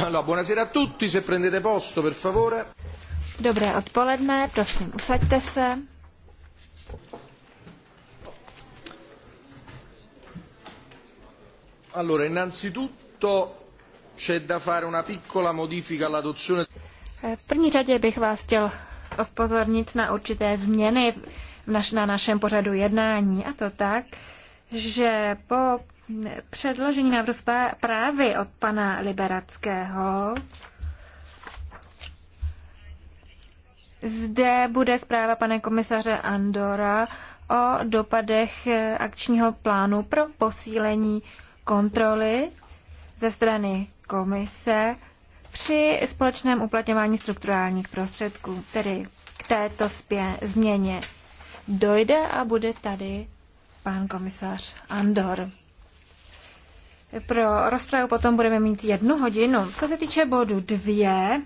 Allora, buonasera a tutti, se prendete posto, per favore. Dobré odpoledne, prosím, usaďte se. Allora, innanzitutto c'è da fare una piccola modifica all'adozione. Eh, v první řadě bych vás chtěl upozornit na určité změny na našem pořadu jednání, a to tak, že po předložení návrhu právě od pana Liberackého. Zde bude zpráva pane komisaře Andora o dopadech akčního plánu pro posílení kontroly ze strany komise při společném uplatňování strukturálních prostředků, tedy k této spě- změně. Dojde a bude tady pan komisař Andor. Pro rozpravu potom budeme mít jednu hodinu. Co se týče bodu dvě,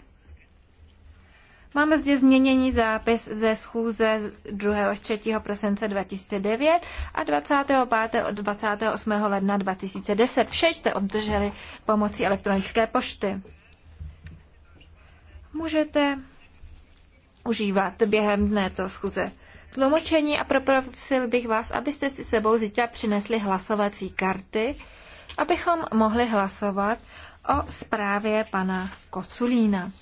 máme zde změnění zápis ze schůze 2. až 3. prosince 2009 a 25. od 28. ledna 2010. Vše jste obdrželi pomocí elektronické pošty. Můžete užívat během dne to schůze tlumočení a proprosil bych vás, abyste si sebou zítra přinesli hlasovací karty, abychom mohli hlasovat o zprávě pana Koculína.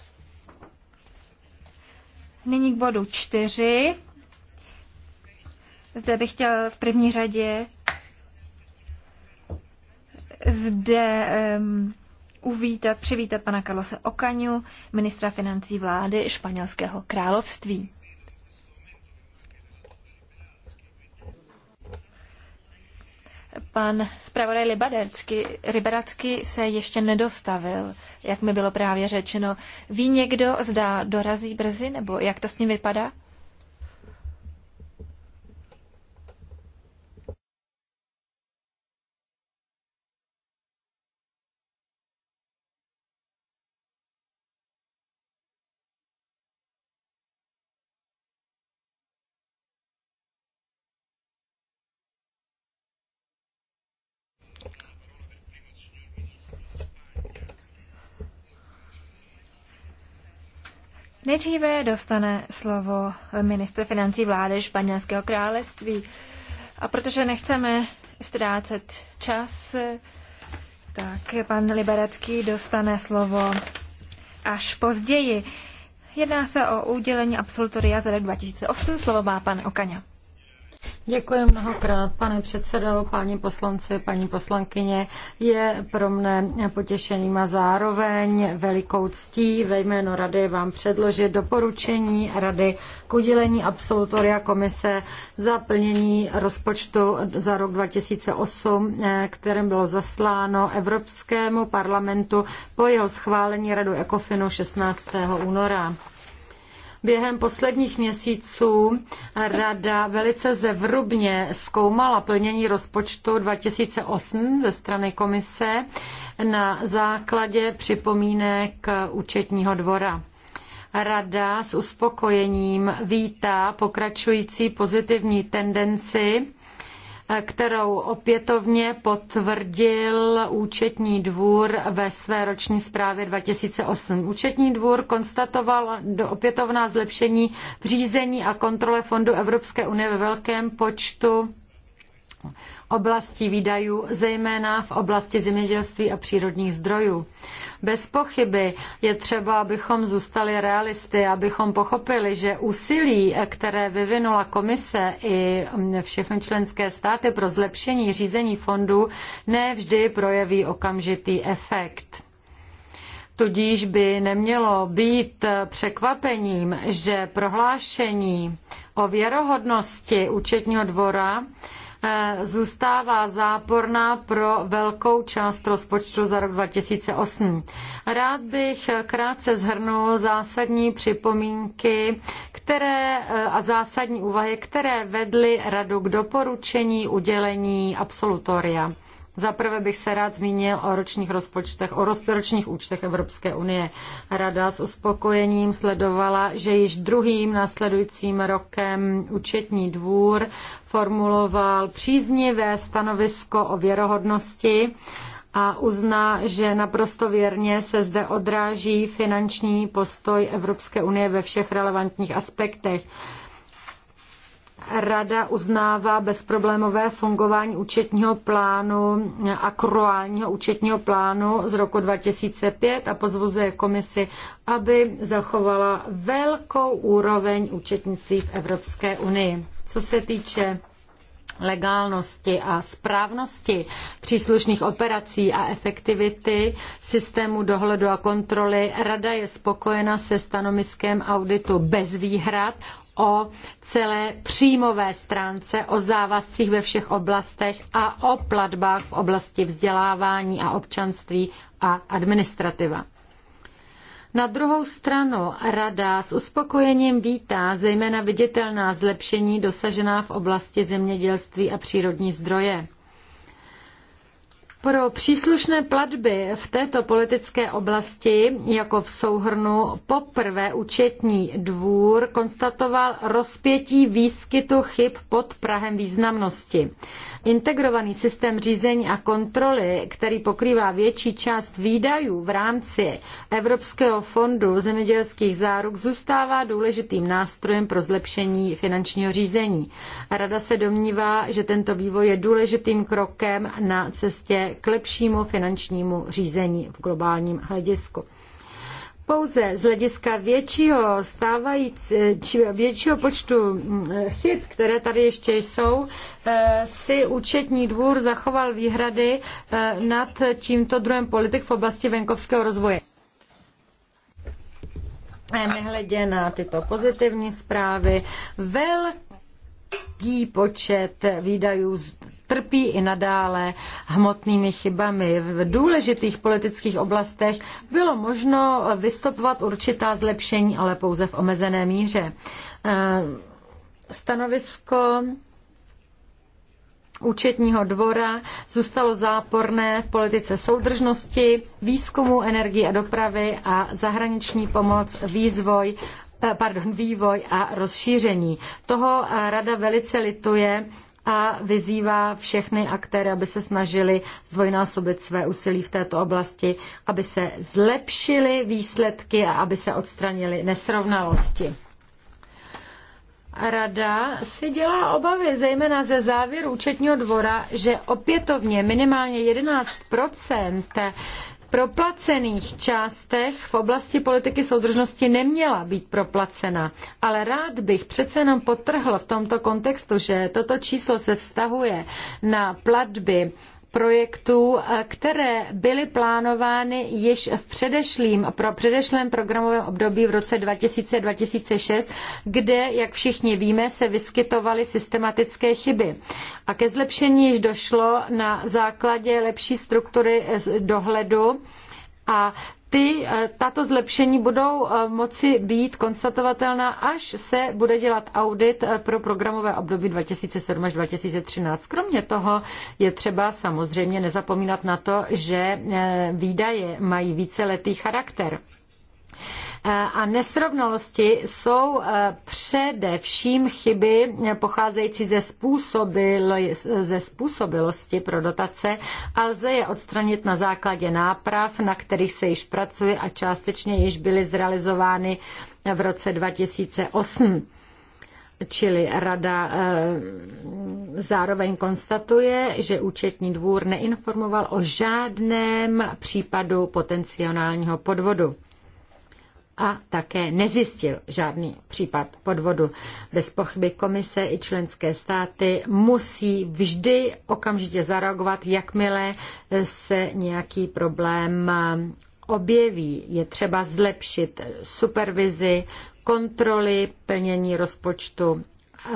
Nyní k bodu čtyři. Zde bych chtěl v první řadě zde um, uvítat, přivítat pana Karlose Okaňu, ministra financí vlády Španělského království. Pan zpravodaj Liberacky, se ještě nedostavil, jak mi bylo právě řečeno. Ví někdo, zda dorazí brzy, nebo jak to s ním vypadá? Nejdříve dostane slovo ministr financí vlády Španělského království. A protože nechceme ztrácet čas, tak pan Liberecký dostane slovo až později. Jedná se o udělení absolutoria za rok 2008. Slovo má pan Okaňa. Děkuji mnohokrát, pane předsedo, páni poslanci, paní poslankyně. Je pro mne potěšením a zároveň velikou ctí ve jménu Rady vám předložit doporučení Rady k udělení absolutoria komise za plnění rozpočtu za rok 2008, kterým bylo zasláno Evropskému parlamentu po jeho schválení Radu Ekofinu 16. února. Během posledních měsíců rada velice zevrubně zkoumala plnění rozpočtu 2008 ze strany komise na základě připomínek účetního dvora. Rada s uspokojením vítá pokračující pozitivní tendenci kterou opětovně potvrdil účetní dvůr ve své roční zprávě 2008. Účetní dvůr konstatoval do opětovná zlepšení v řízení a kontrole Fondu Evropské unie ve velkém počtu oblastí výdajů, zejména v oblasti zemědělství a přírodních zdrojů. Bez pochyby je třeba, abychom zůstali realisty, abychom pochopili, že úsilí, které vyvinula komise i všechny členské státy pro zlepšení řízení fondů, nevždy projeví okamžitý efekt. Tudíž by nemělo být překvapením, že prohlášení o věrohodnosti účetního dvora Eh, zůstává záporná pro velkou část rozpočtu za rok 2008. Rád bych krátce zhrnul zásadní připomínky které, eh, a zásadní úvahy, které vedly radu k doporučení udělení absolutoria. Zaprvé bych se rád zmínil o ročních rozpočtech, o ročních účtech Evropské unie. Rada s uspokojením sledovala, že již druhým následujícím rokem účetní dvůr formuloval příznivé stanovisko o věrohodnosti a uzná, že naprosto věrně se zde odráží finanční postoj Evropské unie ve všech relevantních aspektech. Rada uznává bezproblémové fungování účetního plánu a kruálního účetního plánu z roku 2005 a pozvuzuje komisi, aby zachovala velkou úroveň účetnictví v Evropské unii. Co se týče legálnosti a správnosti příslušných operací a efektivity systému dohledu a kontroly. Rada je spokojena se stanoviskem auditu bez výhrad o celé příjmové stránce, o závazcích ve všech oblastech a o platbách v oblasti vzdělávání a občanství a administrativa. Na druhou stranu Rada s uspokojením vítá zejména viditelná zlepšení dosažená v oblasti zemědělství a přírodní zdroje. Pro příslušné platby v této politické oblasti, jako v souhrnu, poprvé účetní dvůr konstatoval rozpětí výskytu chyb pod Prahem významnosti. Integrovaný systém řízení a kontroly, který pokrývá větší část výdajů v rámci Evropského fondu zemědělských záruk, zůstává důležitým nástrojem pro zlepšení finančního řízení. Rada se domnívá, že tento vývoj je důležitým krokem na cestě k lepšímu finančnímu řízení v globálním hledisku pouze z hlediska většího stávající, většího počtu mm, chyb, které tady ještě jsou, eh, si účetní dvůr zachoval výhrady eh, nad tímto druhem politik v oblasti venkovského rozvoje. Eh, nehledě na tyto pozitivní zprávy, velký počet výdajů trpí i nadále hmotnými chybami. V důležitých politických oblastech bylo možno vystupovat určitá zlepšení, ale pouze v omezené míře. Eh, stanovisko účetního dvora zůstalo záporné v politice soudržnosti, výzkumu energie a dopravy a zahraniční pomoc, výzvoj, eh, pardon, vývoj a rozšíření. Toho eh, rada velice lituje a vyzývá všechny aktéry, aby se snažili zdvojnásobit své úsilí v této oblasti, aby se zlepšily výsledky a aby se odstranily nesrovnalosti. Rada si dělá obavy, zejména ze závěru účetního dvora, že opětovně minimálně 11 proplacených částech v oblasti politiky soudržnosti neměla být proplacena, ale rád bych přece jenom potrhl v tomto kontextu, že toto číslo se vztahuje na platby projektů, které byly plánovány již v předešlým, pro předešlém programovém období v roce 2000-2006, kde, jak všichni víme, se vyskytovaly systematické chyby. A ke zlepšení již došlo na základě lepší struktury eh, dohledu a ty, eh, tato zlepšení budou eh, moci být konstatovatelná, až se bude dělat audit eh, pro programové období 2007 až 2013. Kromě toho je třeba samozřejmě nezapomínat na to, že výdaje mají víceletý charakter. Eh, a nesrovnalosti jsou eh, především chyby eh, pocházející ze, způsobilo, ze způsobilosti pro dotace a lze je odstranit na základě náprav, na kterých se již pracuje a částečně již byly zrealizovány v roce 2008 čili rada zároveň konstatuje, že účetní dvůr neinformoval o žádném případu potenciálního podvodu a také nezjistil žádný případ podvodu. Bez pochyby komise i členské státy musí vždy okamžitě zareagovat, jakmile se nějaký problém objeví. Je třeba zlepšit supervizi, kontroly plnění rozpočtu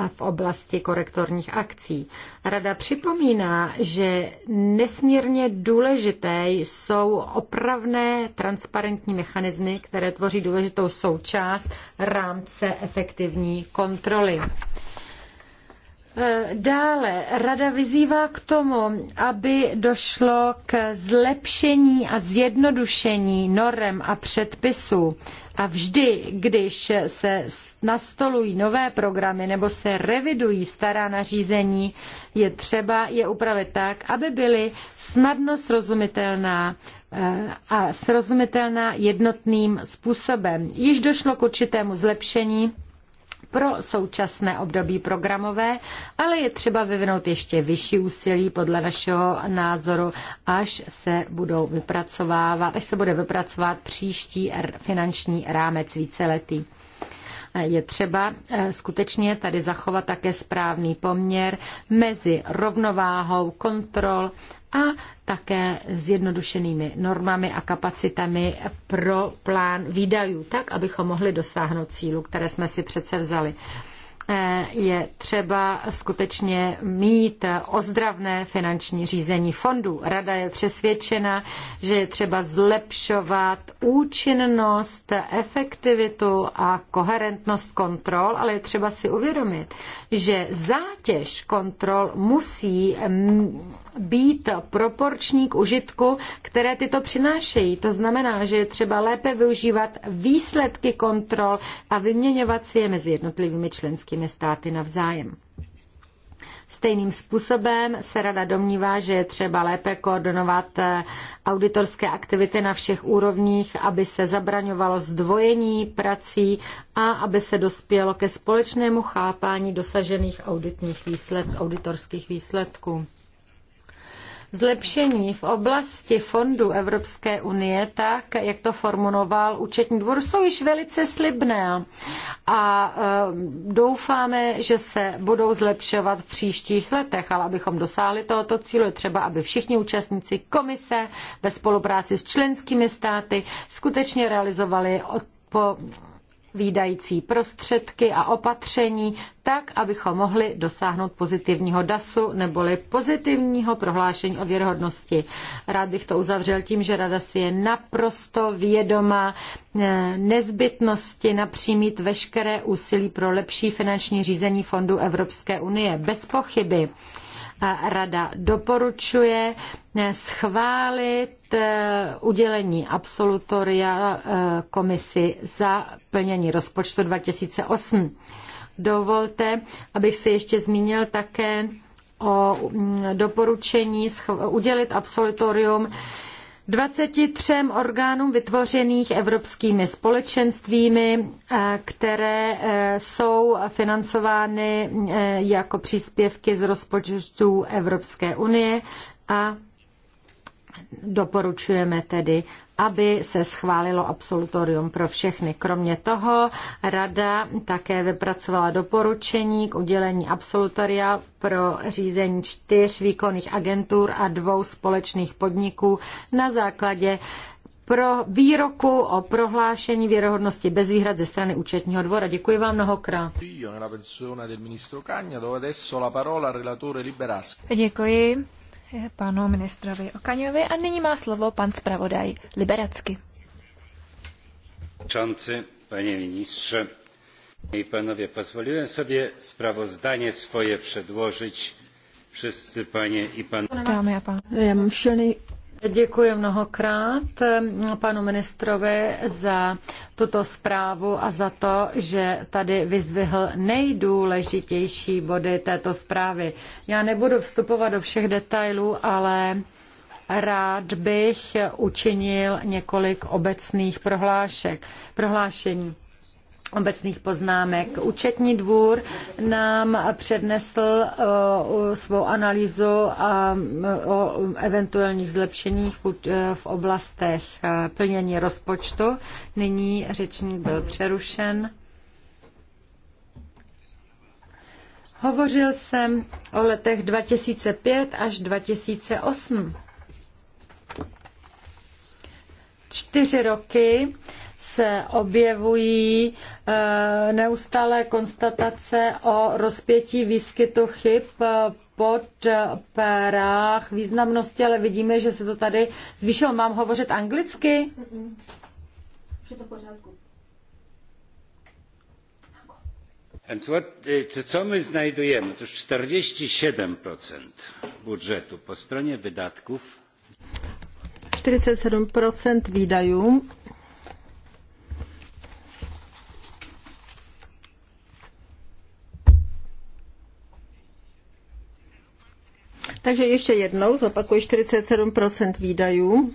v oblasti korektorních akcí. Rada připomíná, že nesmírně důležité jsou opravné transparentní mechanismy, které tvoří důležitou součást rámce efektivní kontroly. Eh, dále rada vyzývá k tomu, aby došlo k zlepšení a zjednodušení norem a předpisů. A vždy, když se nastolují nové programy nebo se revidují stará nařízení, je třeba je upravit tak, aby byly snadno srozumitelná eh, a srozumitelná jednotným způsobem. Již došlo k určitému zlepšení pro současné období programové, ale je třeba vyvinout ještě vyšší úsilí podle našeho názoru, až se budou vypracovávat, až se bude vypracovat příští finanční rámec víceletý je třeba eh, skutečně tady zachovat také správný poměr mezi rovnováhou kontrol a také zjednodušenými normami a kapacitami pro plán výdajů, tak, abychom mohli dosáhnout cílu, které jsme si přece vzali. Eh, je třeba skutečně mít ozdravné finanční řízení fondů. Rada je přesvědčena, že je třeba zlepšovat účinnost, efektivitu a koherentnost kontrol, ale je třeba si uvědomit, že zátěž kontrol musí mm, být proporční k užitku, které tyto přinášejí. To znamená, že je třeba lépe využívat výsledky kontrol a vyměňovat si je mezi jednotlivými členskými členskými státy navzájem. Stejným způsobem se rada domnívá, že je třeba lépe koordinovat eh, auditorské aktivity na všech úrovních, aby se zabraňovalo zdvojení prací a aby se dospělo ke společnému chápání dosažených auditních výsled, auditorských výsledků zlepšení v oblasti fondů Evropské unie, tak jak to formuloval účetní dvor, jsou již velice slibné a eh, doufáme, že se budou zlepšovat v příštích letech, ale abychom dosáhli tohoto cílu, je třeba, aby všichni účastníci komise ve spolupráci s členskými státy skutečně realizovali po výdající prostředky a opatření tak, abychom mohli dosáhnout pozitivního DASu neboli pozitivního prohlášení o věrohodnosti. Rád bych to uzavřel tím, že Rada si je naprosto vědoma eh, nezbytnosti napřímit veškeré úsilí pro lepší finanční řízení fondů Evropské unie. Bez pochyby Rada doporučuje eh, schválit eh, udělení absolutoria eh, komisi za plnění rozpočtu 2008. Dovolte, abych se ještě zmínil také o mm, doporučení udělit absolutorium 23 orgánům vytvořených evropskými společenstvími, eh, které eh, jsou financovány eh, jako příspěvky z rozpočtu Evropské unie a doporučujeme tedy aby se schválilo absolutorium pro všechny. Kromě toho rada také vypracovala doporučení k udělení absolutoria pro řízení čtyř výkonných agentur a dvou společných podniků na základě pro výroku o prohlášení věrohodnosti bez výhrad ze strany účetního dvora. Děkuji vám mnohokrát. Děkuji panu ministrovi Okaňovi a nyní má slovo pan zpravodaj Liberacky. Šanci, panie ministrze i panowie, pozwoliłem sobie sprawozdanie swoje przedłożyć wszyscy panie i panowie. Dámy a pánové, já mám silný Děkuji mnohokrát ehm, panu ministrovi za tuto zprávu a za to, že tady vyzdvihl nejdůležitější body této zprávy. Já nebudu vstupovat do všech detailů, ale rád bych učinil několik obecných prohlášek, prohlášení obecných poznámek. Účetní dvůr nám přednesl eh, svou analýzu eh, o eventuálních zlepšeních v eh, oblastech plnění rozpočtu. Nyní řečník byl přerušen. Hovořil jsem o letech 2005 až 2008. Čtyři roky se objevují eh, neustále konstatace o rozpětí výskytu chyb eh, pod eh, perách významnosti, ale vidíme, že se to tady zvýšilo. Mám hovořit anglicky? Je to pořádku. co my znajdujemy? Otóż 47% budžetu po straně vydatků. 47% výdajů Takže ještě jednou zopakuji 47% výdajů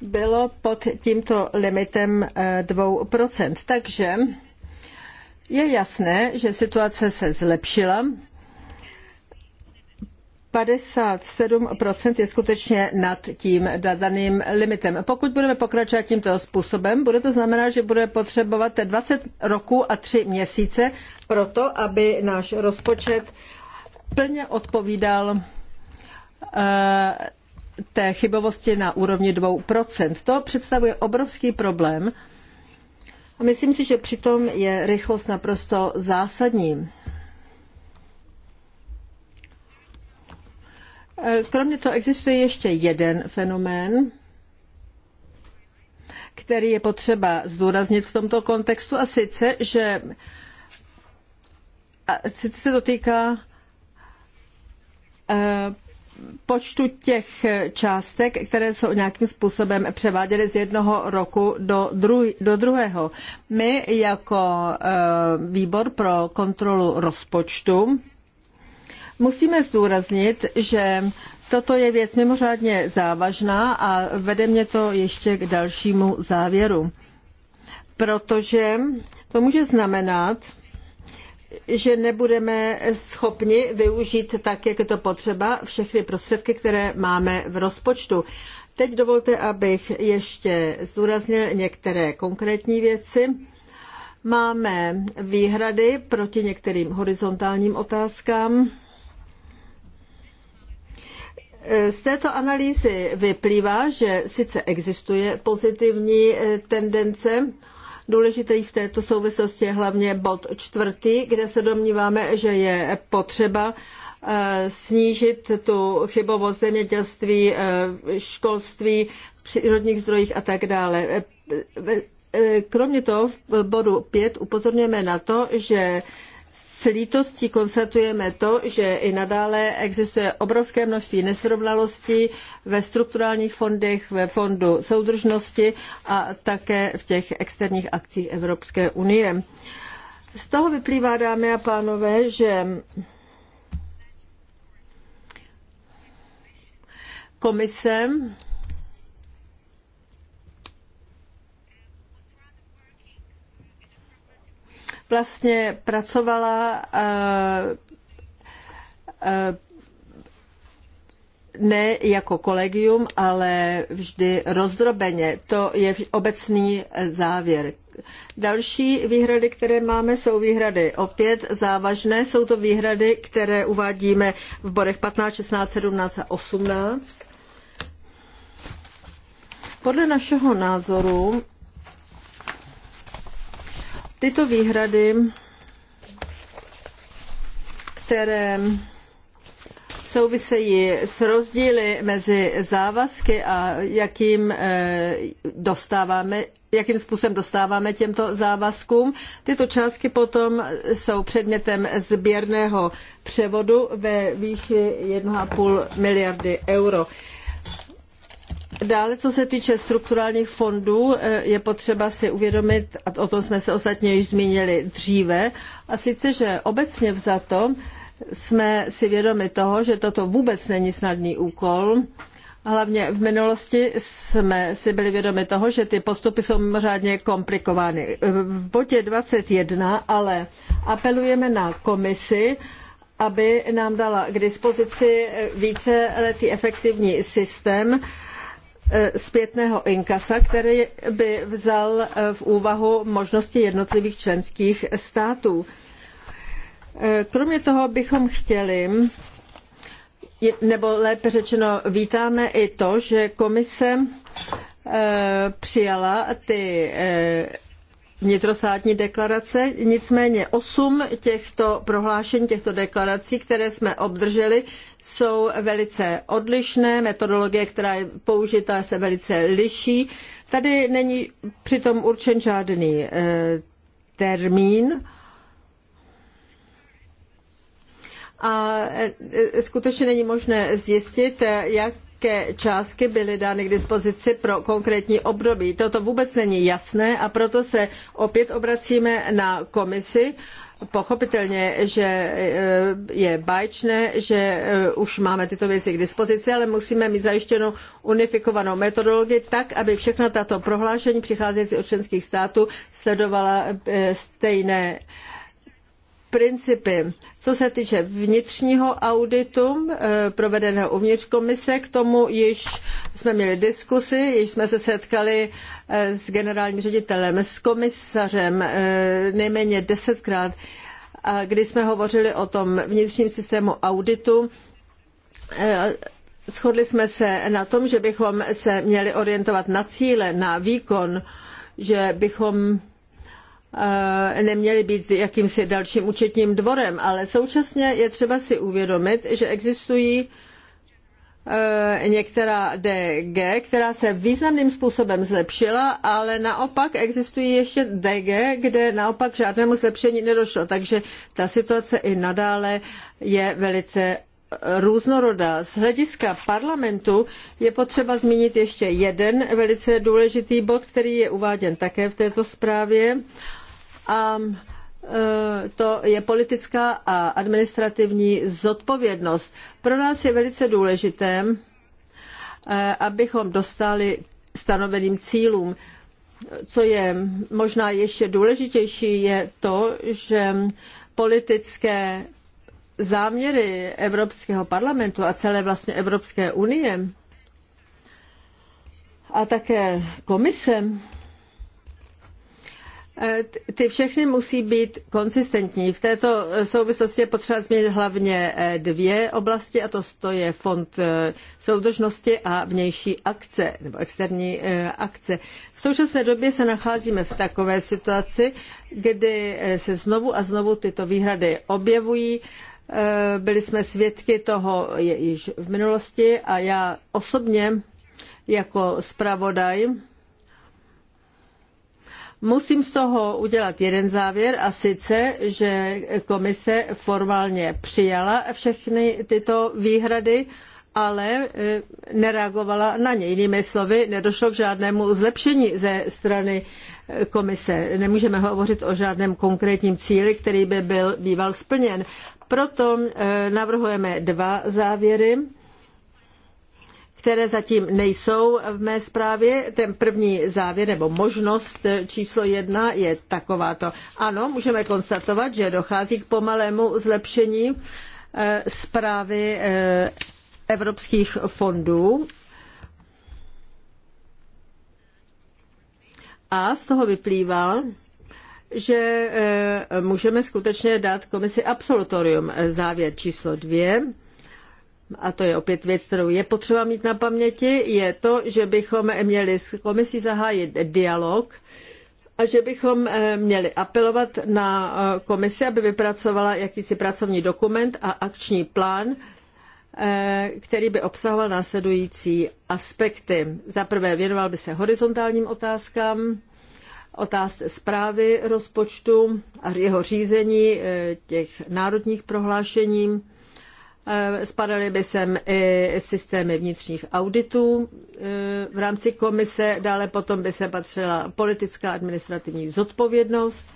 bylo pod tímto limitem 2%. Eh, Takže je jasné, že situace se zlepšila 57% je skutečně nad tím daným limitem. Pokud budeme pokračovat tímto způsobem, bude to znamenat, že budeme potřebovat 20 roků a 3 měsíce pro to, aby náš rozpočet plně odpovídal eh, té chybovosti na úrovni 2%. To představuje obrovský problém a myslím si, že přitom je rychlost naprosto zásadní. Kromě toho existuje ještě jeden fenomén, který je potřeba zdůraznit v tomto kontextu, a sice, že a sice se dotýká eh, počtu těch částek, které jsou nějakým způsobem převáděny z jednoho roku do, druh- do druhého. My jako eh, výbor pro kontrolu rozpočtu Musíme zdůraznit, že toto je věc mimořádně závažná a vede mě to ještě k dalšímu závěru. Protože to může znamenat, že nebudeme schopni využít tak, jak je to potřeba, všechny prostředky, které máme v rozpočtu. Teď dovolte, abych ještě zdůraznil některé konkrétní věci. Máme výhrady proti některým horizontálním otázkám. Eh, z této analýzy vyplývá, že sice existuje pozitivní eh, tendence, Důležitý v této souvislosti je hlavně bod čtvrtý, kde se domníváme, že je potřeba eh, snížit tu chybovost zemědělství, školství, přírodních zdrojích a tak dále. Kromě toho v bodu pět upozorňujeme na to, že s lítostí konstatujeme to, že i nadále existuje obrovské množství nesrovnalostí ve strukturálních fondech, ve fondu soudržnosti a také v těch externích akcích Evropské unie. Z toho vyplývá, dámy a pánové, že komise vlastně pracovala eh, eh, ne jako kolegium, ale vždy rozdrobeně. To je obecný závěr. Další výhrady, které máme, jsou výhrady opět závažné. Jsou to výhrady, které uvádíme v bodech 15, 16, 17 a 18. Podle našeho názoru Tyto výhrady, které souvisejí s rozdíly mezi závazky a jakým eh, dostáváme jakým způsobem dostáváme těmto závazkům. Tyto částky potom jsou předmětem sběrného převodu ve výši 1,5 miliardy euro. Dále, co se týče strukturálních fondů, eh, je potřeba si uvědomit, a o tom jsme se ostatně již zmínili dříve, a sice, že obecně vzato jsme si vědomi toho, že toto vůbec není snadný úkol. Hlavně v minulosti jsme si byli vědomi toho, že ty postupy jsou mimořádně komplikovány. V bodě 21 ale apelujeme na komisi, aby nám dala k dispozici víceletý efektivní systém, E, zpětného inkasa, který by vzal e, v úvahu možnosti jednotlivých členských států. E, kromě toho bychom chtěli, nebo lépe řečeno vítáme i to, že komise přijala ty vnitrostátní deklarace. Nicméně osm těchto prohlášení, těchto deklarací, které jsme obdrželi, jsou velice odlišné, metodologie, která je použitá, se velice liší. Tady není přitom určen žádný eh, termín. A eh, eh, skutečně není možné zjistit, eh, jak jaké částky byly dány k dispozici pro konkrétní období. Toto vůbec není jasné a proto se opět obracíme na komisi. Pochopitelně, že eh, je báječné, že eh, už máme tyto věci k dispozici, ale musíme mít zajištěnou unifikovanou metodologii tak, aby všechna tato prohlášení přicházející od členských států sledovala eh, stejné principy. Co se týče vnitřního auditu eh, provedeného uvnitř komise, k tomu již jsme měli diskusy, již jsme se setkali eh, s generálním ředitelem, s komisařem eh, nejméně desetkrát, kdy jsme hovořili o tom vnitřním systému auditu. Shodli jsme se na tom, že bychom se měli orientovat na cíle, na výkon, že bychom neměly být jakýmsi dalším účetním dvorem, ale současně je třeba si uvědomit, že existují e, některá DG, která se významným způsobem zlepšila, ale naopak existují ještě DG, kde naopak žádnému zlepšení nedošlo. Takže ta situace i nadále je velice e, různorodá. Z hlediska parlamentu je potřeba zmínit ještě jeden velice důležitý bod, který je uváděn také v této zprávě. Uh, a e, to je politická a administrativní zodpovědnost. Pro nás je velice důležité, e, abychom dostali stanoveným cílům. Co je možná ještě důležitější, je to, že politické záměry Evropského parlamentu a celé vlastně Evropské unie a také komise Eh, ty všechny musí být konsistentní. V této eh, souvislosti je potřeba změnit hlavně eh, dvě oblasti, a to, je fond soudržnosti a vnější akce, nebo externí akce. V současné době se nacházíme v takové situaci, kdy se znovu a znovu tyto výhrady objevují. Byli jsme svědky toho již v minulosti a já osobně jako zpravodaj Musím z toho udělat jeden závěr a sice, že komise formálně přijala všechny tyto výhrady, ale eh, nereagovala na ně. Jinými slovy, nedošlo k žádnému zlepšení ze strany eh, komise. Nemůžeme hovořit o žádném konkrétním cíli, který by byl býval splněn. Proto eh, navrhujeme dva závěry které zatím nejsou v mé zprávě. Ten první závěr nebo možnost číslo jedna je takováto. Ano, můžeme konstatovat, že dochází k pomalému zlepšení eh, zprávy eh, evropských fondů. A z toho vyplývá, že eh, můžeme skutečně dát komisi absolutorium závěr číslo dvě a to je opět věc, kterou je potřeba mít na paměti, je to, že bychom měli s komisí zahájit dialog a že bychom eh, měli apelovat na eh, komisi, aby vypracovala jakýsi pracovní dokument a akční plán, eh, který by obsahoval následující aspekty. Za prvé věnoval by se horizontálním otázkám, otázce zprávy rozpočtu a jeho řízení, těch národních prohlášení, Eh, spadaly by sem i systémy vnitřních auditů eh, v rámci komise, dále potom by se patřila politická administrativní zodpovědnost,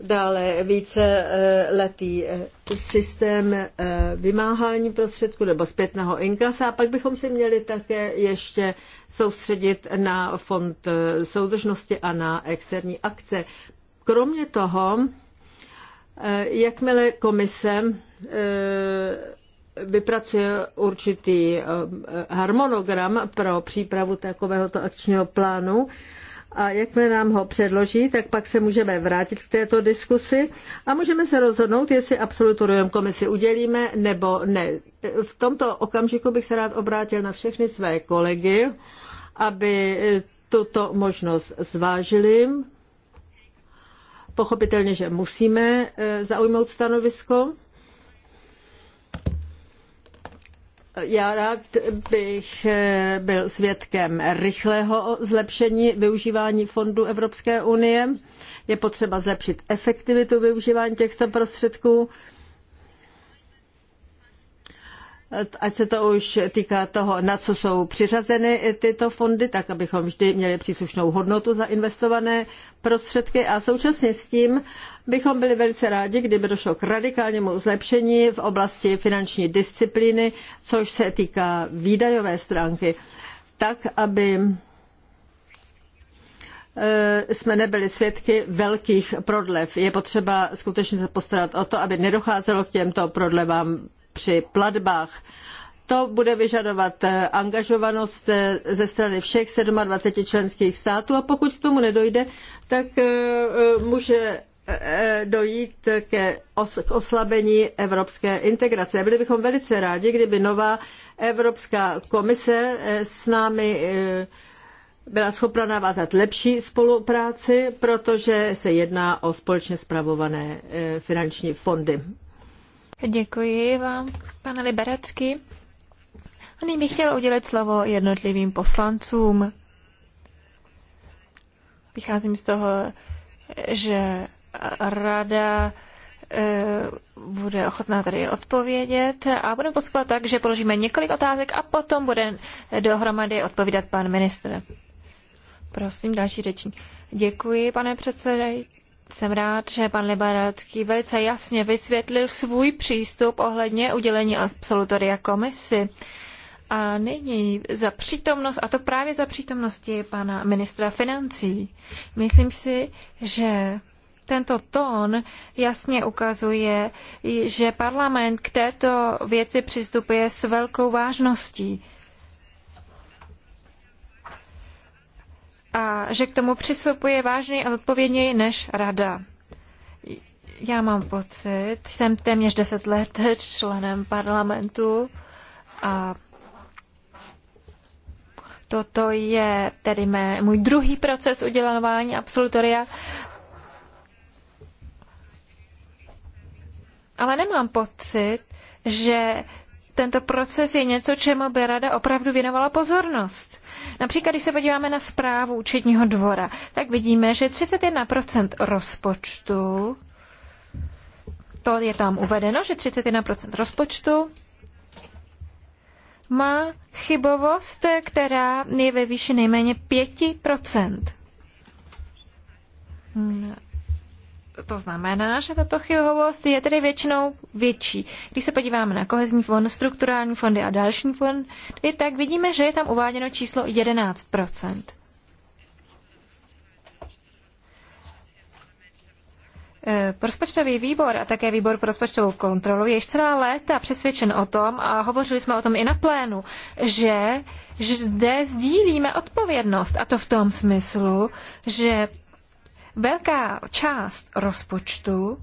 dále více eh, letý systém vymáhání prostředků nebo zpětného inkasa a pak bychom si měli také ještě soustředit na fond soudržnosti a na externí akce. Kromě toho, jakmile komise vypracuje určitý eh, harmonogram pro přípravu takovéhoto akčního plánu a jakmile nám ho předloží, tak pak se můžeme vrátit k této diskusi a můžeme se rozhodnout, jestli absolutorium komisi udělíme nebo ne. V tomto okamžiku bych se rád obrátil na všechny své kolegy, aby tuto možnost zvážili. Pochopitelně, že musíme eh, zaujmout stanovisko. Já rád bych eh, byl svědkem rychlého zlepšení využívání fondů Evropské unie. Je potřeba zlepšit efektivitu využívání těchto prostředků. Ať se to už týká toho, na co jsou přiřazeny tyto fondy, tak abychom vždy měli příslušnou hodnotu za investované prostředky a současně s tím, bychom byli velice rádi, kdyby došlo k radikálnímu zlepšení v oblasti finanční disciplíny, což se týká výdajové stránky, tak, aby e, jsme nebyli svědky velkých prodlev. Je potřeba skutečně se postarat o to, aby nedocházelo k těmto prodlevám při platbách. To bude vyžadovat e, angažovanost e, ze strany všech 27 členských států a pokud k tomu nedojde, tak může Eh, dojít ke os- k oslabení evropské integrace. Byli bychom velice rádi, kdyby nová Evropská komise eh, s námi eh, byla schopna navázat lepší spolupráci, protože se jedná o společně spravované finanční fondy. Děkuji vám, pane Liberecký. A nyní bych chtěl udělit slovo jednotlivým poslancům. Vycházím z toho, že rada eh, bude ochotná tady odpovědět a budeme postupovat tak, že položíme několik otázek a potom bude dohromady odpovídat pan ministr. Prosím, další řečník. Děkuji, pane předsedající. Jsem rád, že pan Liberacký velice jasně vysvětlil svůj přístup ohledně udělení absolutoria komisi. A nyní za přítomnost, a to právě za přítomnosti pana ministra financí. Myslím si, že tento tón jasně ukazuje, že parlament k této věci přistupuje s velkou vážností. A že k tomu přistupuje vážněji a odpovědněji než rada. Já mám pocit, jsem téměř deset let členem parlamentu a toto je tedy mé, můj druhý proces udělování absolutoria ale nemám pocit, že tento proces je něco, čemu by rada opravdu věnovala pozornost. Například, když se podíváme na zprávu účetního dvora, tak vidíme, že 31% rozpočtu, to je tam uvedeno, že 31% rozpočtu má chybovost, která je ve výši nejméně 5% to znamená, že tato chybovost je tedy většinou větší. Když se podíváme na kohezní fond, strukturální fondy a další fondy, tak vidíme, že je tam uváděno číslo 11 e, Rozpočtový výbor a také výbor pro rozpočtovou kontrolu je již celá léta přesvědčen o tom, a hovořili jsme o tom i na plénu, že zde sdílíme odpovědnost. A to v tom smyslu, že velká část rozpočtu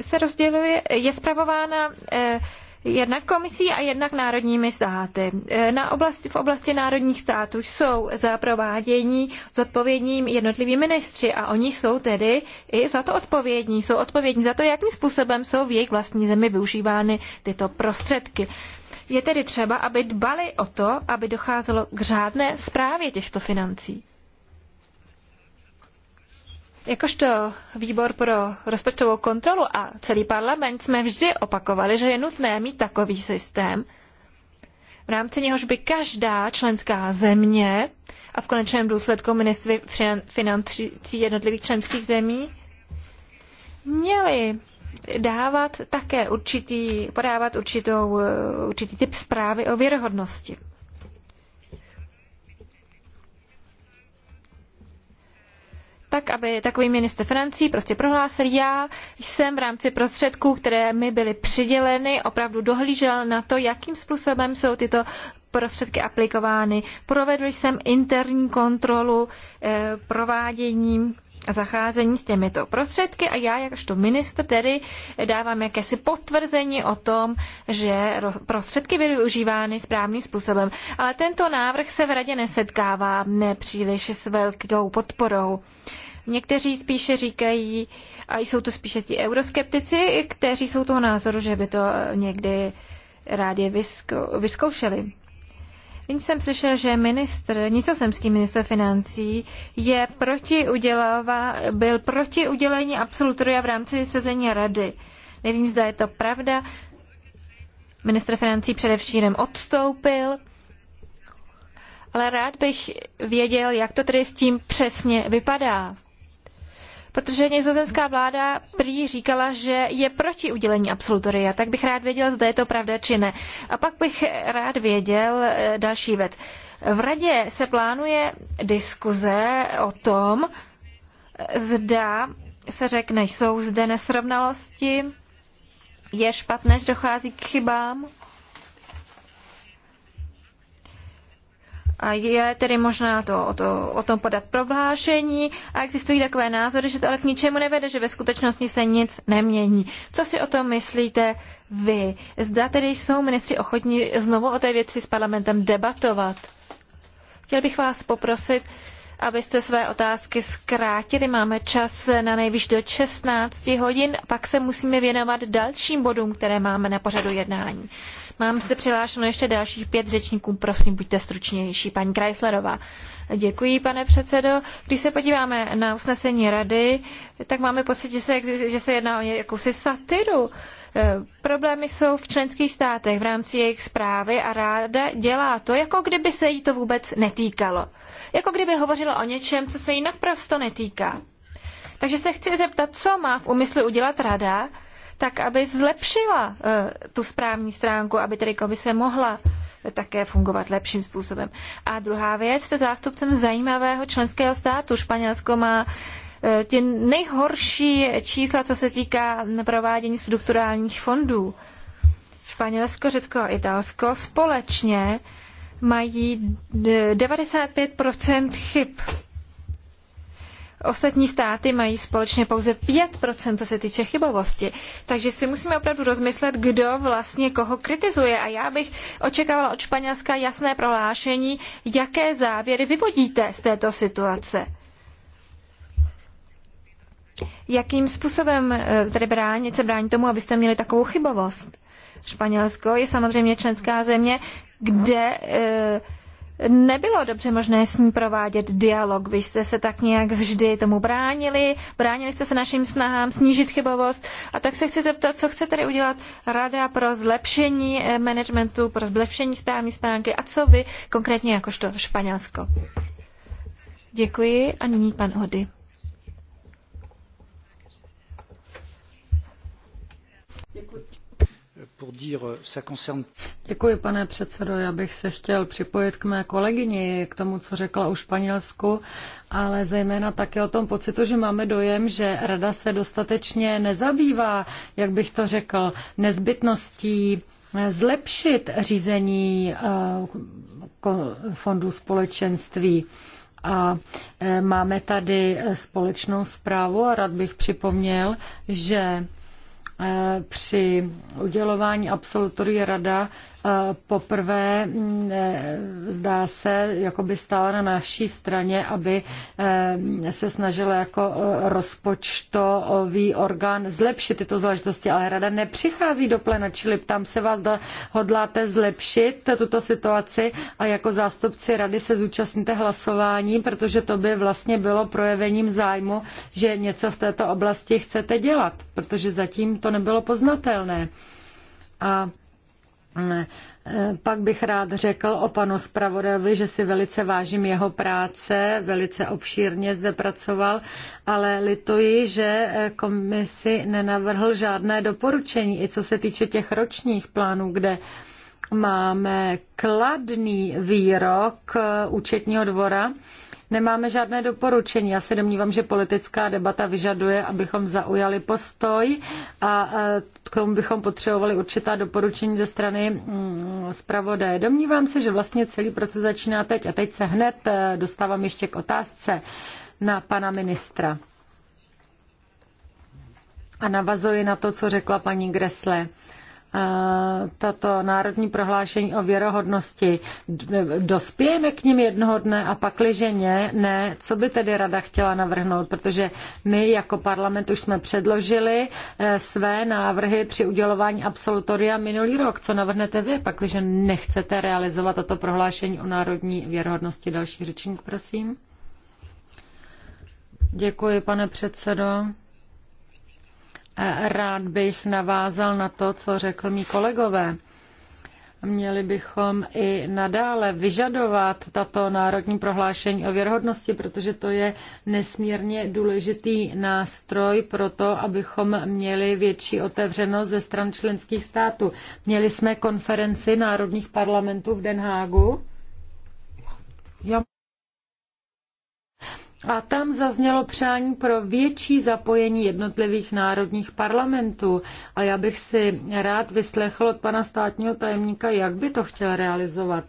se rozděluje, je spravována eh, jednak komisí a jednak národními státy. Eh, na oblasti, v oblasti národních států jsou za provádění zodpovědní jednotliví ministři a oni jsou tedy i za to odpovědní. Jsou odpovědní za to, jakým způsobem jsou v jejich vlastní zemi využívány tyto prostředky. Je tedy třeba, aby dbali o to, aby docházelo k řádné správě těchto financí. Jakožto výbor pro rozpočtovou kontrolu a celý parlament jsme vždy opakovali, že je nutné mít takový systém, v rámci něhož by každá členská země a v konečném důsledku ministry financí jednotlivých členských zemí měli dávat také určitý, podávat určitou, určitý typ zprávy o věrohodnosti. tak, aby takový minister financí prostě prohlásil, já jsem v rámci prostředků, které mi byly přiděleny, opravdu dohlížel na to, jakým způsobem jsou tyto prostředky aplikovány. Provedl jsem interní kontrolu eh, prováděním zacházení s těmito prostředky a já jakožto minister tedy dávám jakési potvrzení o tom, že prostředky byly užívány správným způsobem. Ale tento návrh se v radě nesetkává nepříliš s velkou podporou. Někteří spíše říkají, a jsou to spíše ti euroskeptici, kteří jsou toho názoru, že by to někdy rádi vyzkoušeli. Nyní jsem slyšel, že ministr, nizozemský minister financí je proti udělava, byl proti udělení absolutoria v rámci sezení rady. Nevím, zda je to pravda. Ministr financí především odstoupil, ale rád bych věděl, jak to tedy s tím přesně vypadá protože nizozemská vláda prý říkala, že je proti udělení absolutoria. Tak bych rád věděl, zda je to pravda či ne. A pak bych rád věděl eh, další věc. V radě se plánuje diskuze o tom, zda se řekne, jsou zde nesrovnalosti, je špatné, že dochází k chybám A je tedy možné to, o, to, o tom podat prohlášení a existují takové názory, že to ale k ničemu nevede, že ve skutečnosti se nic nemění. Co si o tom myslíte vy? Zda tedy jsou ministři ochotní znovu o té věci s parlamentem debatovat? Chtěl bych vás poprosit, abyste své otázky zkrátili. Máme čas na nejvýš do 16 hodin, pak se musíme věnovat dalším bodům, které máme na pořadu jednání. Mám zde přihlášeno ještě dalších pět řečníků, prosím, buďte stručnější, paní Kreislerová. Děkuji, pane předsedo. Když se podíváme na usnesení rady, tak máme pocit, že se, že se jedná o jakousi satiru. Eh, problémy jsou v členských státech v rámci jejich zprávy a ráda dělá to, jako kdyby se jí to vůbec netýkalo. Jako kdyby hovořila o něčem, co se jí naprosto netýká. Takže se chci zeptat, co má v úmyslu udělat rada, tak aby zlepšila eh, tu správní stránku, aby tedy komise mohla také fungovat lepším způsobem. A druhá věc, jste zástupcem zajímavého členského státu. Španělsko má eh, ty nejhorší čísla, co se týká provádění strukturálních fondů. Španělsko, Řecko a Italsko společně mají 95 eh, chyb Ostatní státy mají společně pouze 5%, co se týče chybovosti. Takže si musíme opravdu rozmyslet, kdo vlastně koho kritizuje. A já bych očekávala od Španělska jasné prohlášení, jaké závěry vyvodíte z této situace. Jakým způsobem eh, tedy bránit se brání tomu, abyste měli takovou chybovost? Španělsko je samozřejmě členská země, kde eh, nebylo dobře možné s ní provádět dialog. Vy jste se tak nějak vždy tomu bránili, bránili jste se našim snahám snížit chybovost. A tak se chci zeptat, co chce tedy udělat Rada pro zlepšení eh, managementu, pro zlepšení správní stránky a co vy konkrétně jakožto Španělsko. Děkuji a nyní pan Hody. Euh, Děkuji, pane předsedo. Já bych se chtěl připojit k mé kolegyni, k tomu, co řekla o Španělsku, ale zejména také o tom pocitu, že máme dojem, že rada se dostatečně nezabývá, jak bych to řekl, nezbytností eh, zlepšit řízení eh, fondů společenství. A eh, máme tady společnou zprávu a rád bych připomněl, že Eh, při udělování absolutoria rada Poprvé mm, e, zdá se, jako by stála na naší straně, aby e, se snažila jako e, rozpočtový orgán zlepšit tyto záležitosti, ale rada nepřichází do plena, čili ptám se vás, zda hodláte zlepšit tuto situaci a jako zástupci rady se zúčastníte hlasování, protože to by vlastně bylo projevením zájmu, že něco v této oblasti chcete dělat, protože zatím to nebylo poznatelné. A Eh, pak bych rád řekl o panu Spravodajovi, že si velice vážím jeho práce, velice obšírně zde pracoval, ale lituji, že eh, komisi nenavrhl žádné doporučení, i co se týče těch ročních plánů, kde máme kladný výrok eh, účetního dvora, Nemáme žádné doporučení. Já se domnívám, že politická debata vyžaduje, abychom zaujali postoj a e, k tomu bychom potřebovali určitá doporučení ze strany mm, zpravodaje. Domnívám se, že vlastně celý proces začíná teď a teď se hned e, dostávám ještě k otázce na pana ministra. A navazuji na to, co řekla paní Gresle. Eh, tato národní prohlášení o věrohodnosti, dospějeme k ním jednoho dne a pakliže ne, ne, co by tedy rada chtěla navrhnout, protože my jako parlament už jsme předložili eh, své návrhy při udělování absolutoria minulý rok. Co navrhnete vy, pakliže nechcete realizovat toto prohlášení o národní věrohodnosti? Další řečník, prosím. Děkuji, pane předsedo. Rád bych navázal na to, co řekl mý kolegové. Měli bychom i nadále vyžadovat tato národní prohlášení o věrhodnosti, protože to je nesmírně důležitý nástroj pro to, abychom měli větší otevřenost ze stran členských států. Měli jsme konferenci národních parlamentů v Den Hágu. Já... A tam zaznělo přání pro větší zapojení jednotlivých národních parlamentů. A já bych si rád vyslechl od pana státního tajemníka, jak by to chtěl realizovat.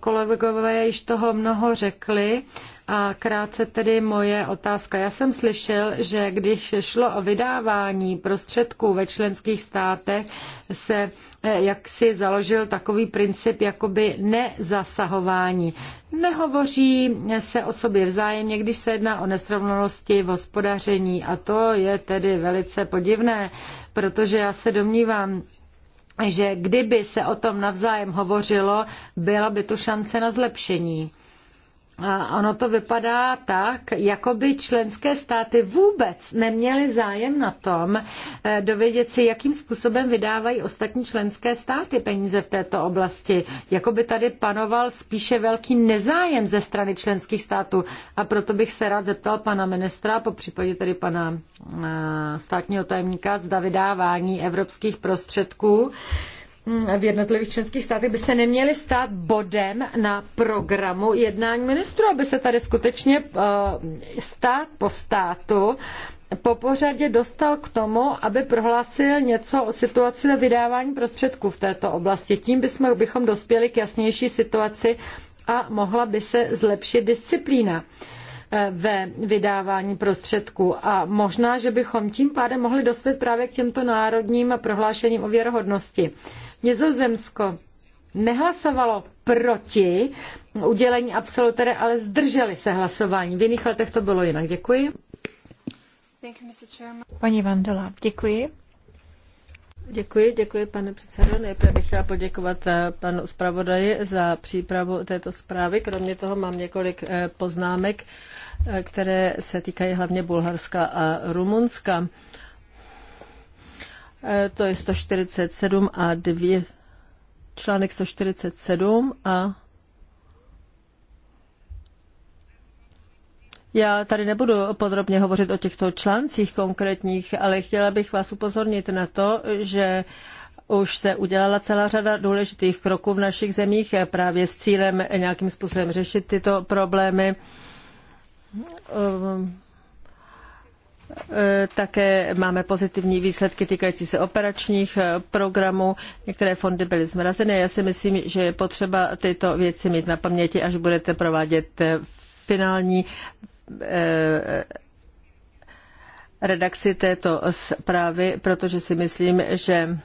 Kolegové již toho mnoho řekli a krátce tedy moje otázka. Já jsem slyšel, že když šlo o vydávání prostředků ve členských státech, se eh, jak si založil takový princip jakoby nezasahování. Nehovoří se o sobě vzájemně, když se jedná o nesrovnalosti v hospodaření a to je tedy velice podivné, protože já se domnívám, že kdyby se o tom navzájem hovořilo, byla by tu šance na zlepšení. A ono to vypadá tak, jako by členské státy vůbec neměly zájem na tom eh, dovědět si, jakým způsobem vydávají ostatní členské státy peníze v této oblasti. Jako by tady panoval spíše velký nezájem ze strany členských států. A proto bych se rád zeptal pana ministra, po případě tedy pana eh, státního tajemníka, zda vydávání evropských prostředků v jednotlivých členských státech by se neměly stát bodem na programu jednání ministrů, aby se tady skutečně eh, stát po státu po pořadě dostal k tomu, aby prohlásil něco o situaci ve vydávání prostředků v této oblasti. Tím bychom, bychom dospěli k jasnější situaci a mohla by se zlepšit disciplína eh, ve vydávání prostředků. A možná, že bychom tím pádem mohli dospět právě k těmto národním prohlášením o věrohodnosti. Nizozemsko nehlasovalo proti udělení absolutory, ale zdrželi se hlasování. V jiných letech to bylo jinak. Děkuji. Paní Vandela, děkuji. Děkuji, děkuji pane předsedo. Nejprve bych chtěla poděkovat eh, panu zpravodaji za přípravu této zprávy. Kromě toho mám několik eh, poznámek, eh, které se týkají hlavně Bulharska a Rumunska. Eh, to je 147 a 2, článek 147 a Já tady nebudu podrobně hovořit o těchto článcích konkrétních, ale chtěla bych vás upozornit na to, že už se udělala celá řada důležitých kroků v našich zemích eh, právě s cílem nějakým způsobem řešit tyto problémy. Um, Eh, také máme pozitivní výsledky týkající se operačních eh, programů. Některé fondy byly zmrazeny. Já si myslím, že je potřeba tyto věci mít na paměti, až budete provádět eh, finální redakci této zprávy, protože si myslím, že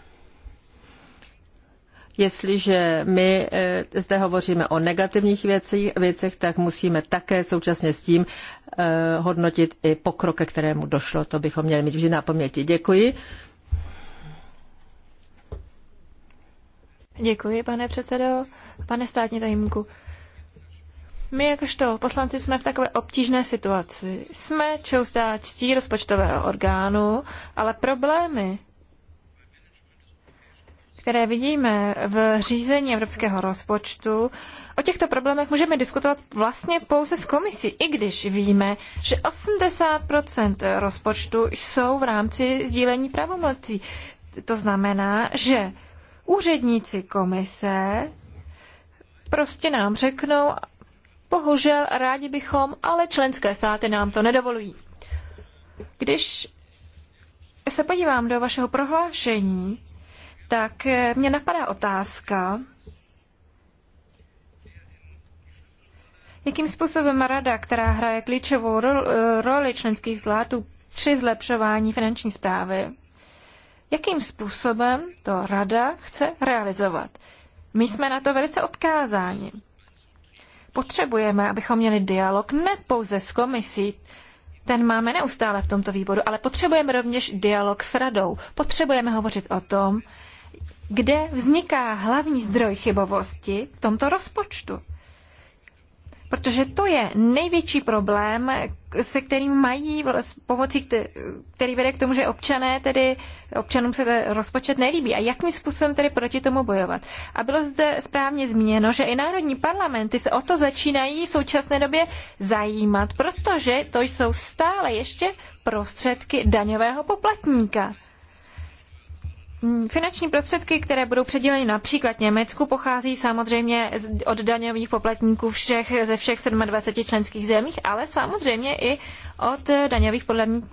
Jestliže my eh, zde hovoříme o negativních věcích, věcech, tak musíme také současně s tím eh, hodnotit i pokroke, kterému došlo. To bychom měli mít vždy na paměti. Děkuji. Děkuji, pane předsedo. Pane státní tajemníku, my jakožto poslanci jsme v takové obtížné situaci. Jsme čoustá ctí rozpočtového orgánu, ale problémy, které vidíme v řízení evropského rozpočtu, o těchto problémech můžeme diskutovat vlastně pouze s komisí, i když víme, že 80% rozpočtu jsou v rámci sdílení pravomocí. To znamená, že úředníci komise prostě nám řeknou, bohužel rádi bychom, ale členské státy nám to nedovolují. Když se podívám do vašeho prohlášení, tak e, mě napadá otázka, jakým způsobem rada, která hraje klíčovou e, roli členských zlátů při zlepšování finanční zprávy, jakým způsobem to rada chce realizovat. My jsme na to velice odkázáni. Potřebujeme, abychom měli dialog ne pouze s komisí, ten máme neustále v tomto výboru, ale potřebujeme rovněž dialog s radou. Potřebujeme hovořit o tom, kde vzniká hlavní zdroj chybovosti v tomto rozpočtu. Protože to je největší problém, se kterým mají pomocí, který vede k tomu, že občané tedy, občanům se ten rozpočet nelíbí. A jakým způsobem tedy proti tomu bojovat? A bylo zde správně zmíněno, že i národní parlamenty se o to začínají v současné době zajímat, protože to jsou stále ještě prostředky daňového poplatníka. Mm, finanční prostředky, které budou předěleny například Německu, pochází samozřejmě od daňových poplatníků všech, ze všech 27 členských zemích, ale samozřejmě i od eh, daňových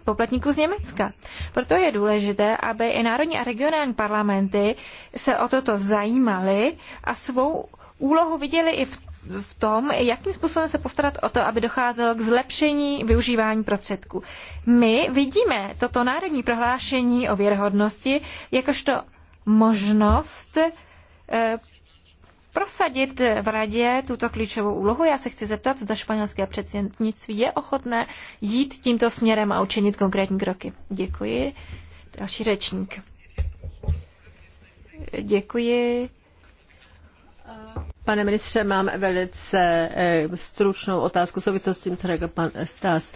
poplatníků z Německa. Proto je důležité, aby i národní a regionální parlamenty se o toto zajímaly a svou úlohu viděli i v v tom, jakým způsobem se postarat o to, aby docházelo k zlepšení využívání prostředků. My vidíme toto národní prohlášení o věrhodnosti jakožto možnost eh, prosadit v radě tuto klíčovou úlohu. Já se chci zeptat, zda španělské předsednictví je ochotné jít tímto směrem a učinit konkrétní kroky. Děkuji. Další řečník. Děkuji. Pane ministře, mám velice eh, stručnou otázku souvislosti s tím, co řekl pan Stas.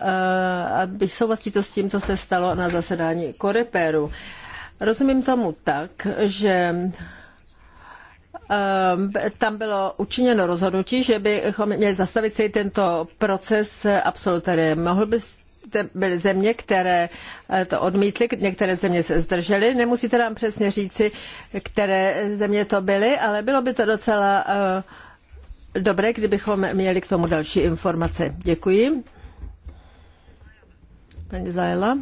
Eh, Aby souvisí to s tím, co se stalo na zasedání Koreperu. Rozumím tomu tak, že eh, tam bylo učiněno rozhodnutí, že bychom měli zastavit celý tento proces absolutorie. Mohl byste byly země, které eh, to odmítly, některé země se zdržely. Nemusíte nám přesně říci, které země to byly, ale bylo by to docela eh, dobré, kdybychom měli k tomu další informace. Děkuji. Paní Zajela.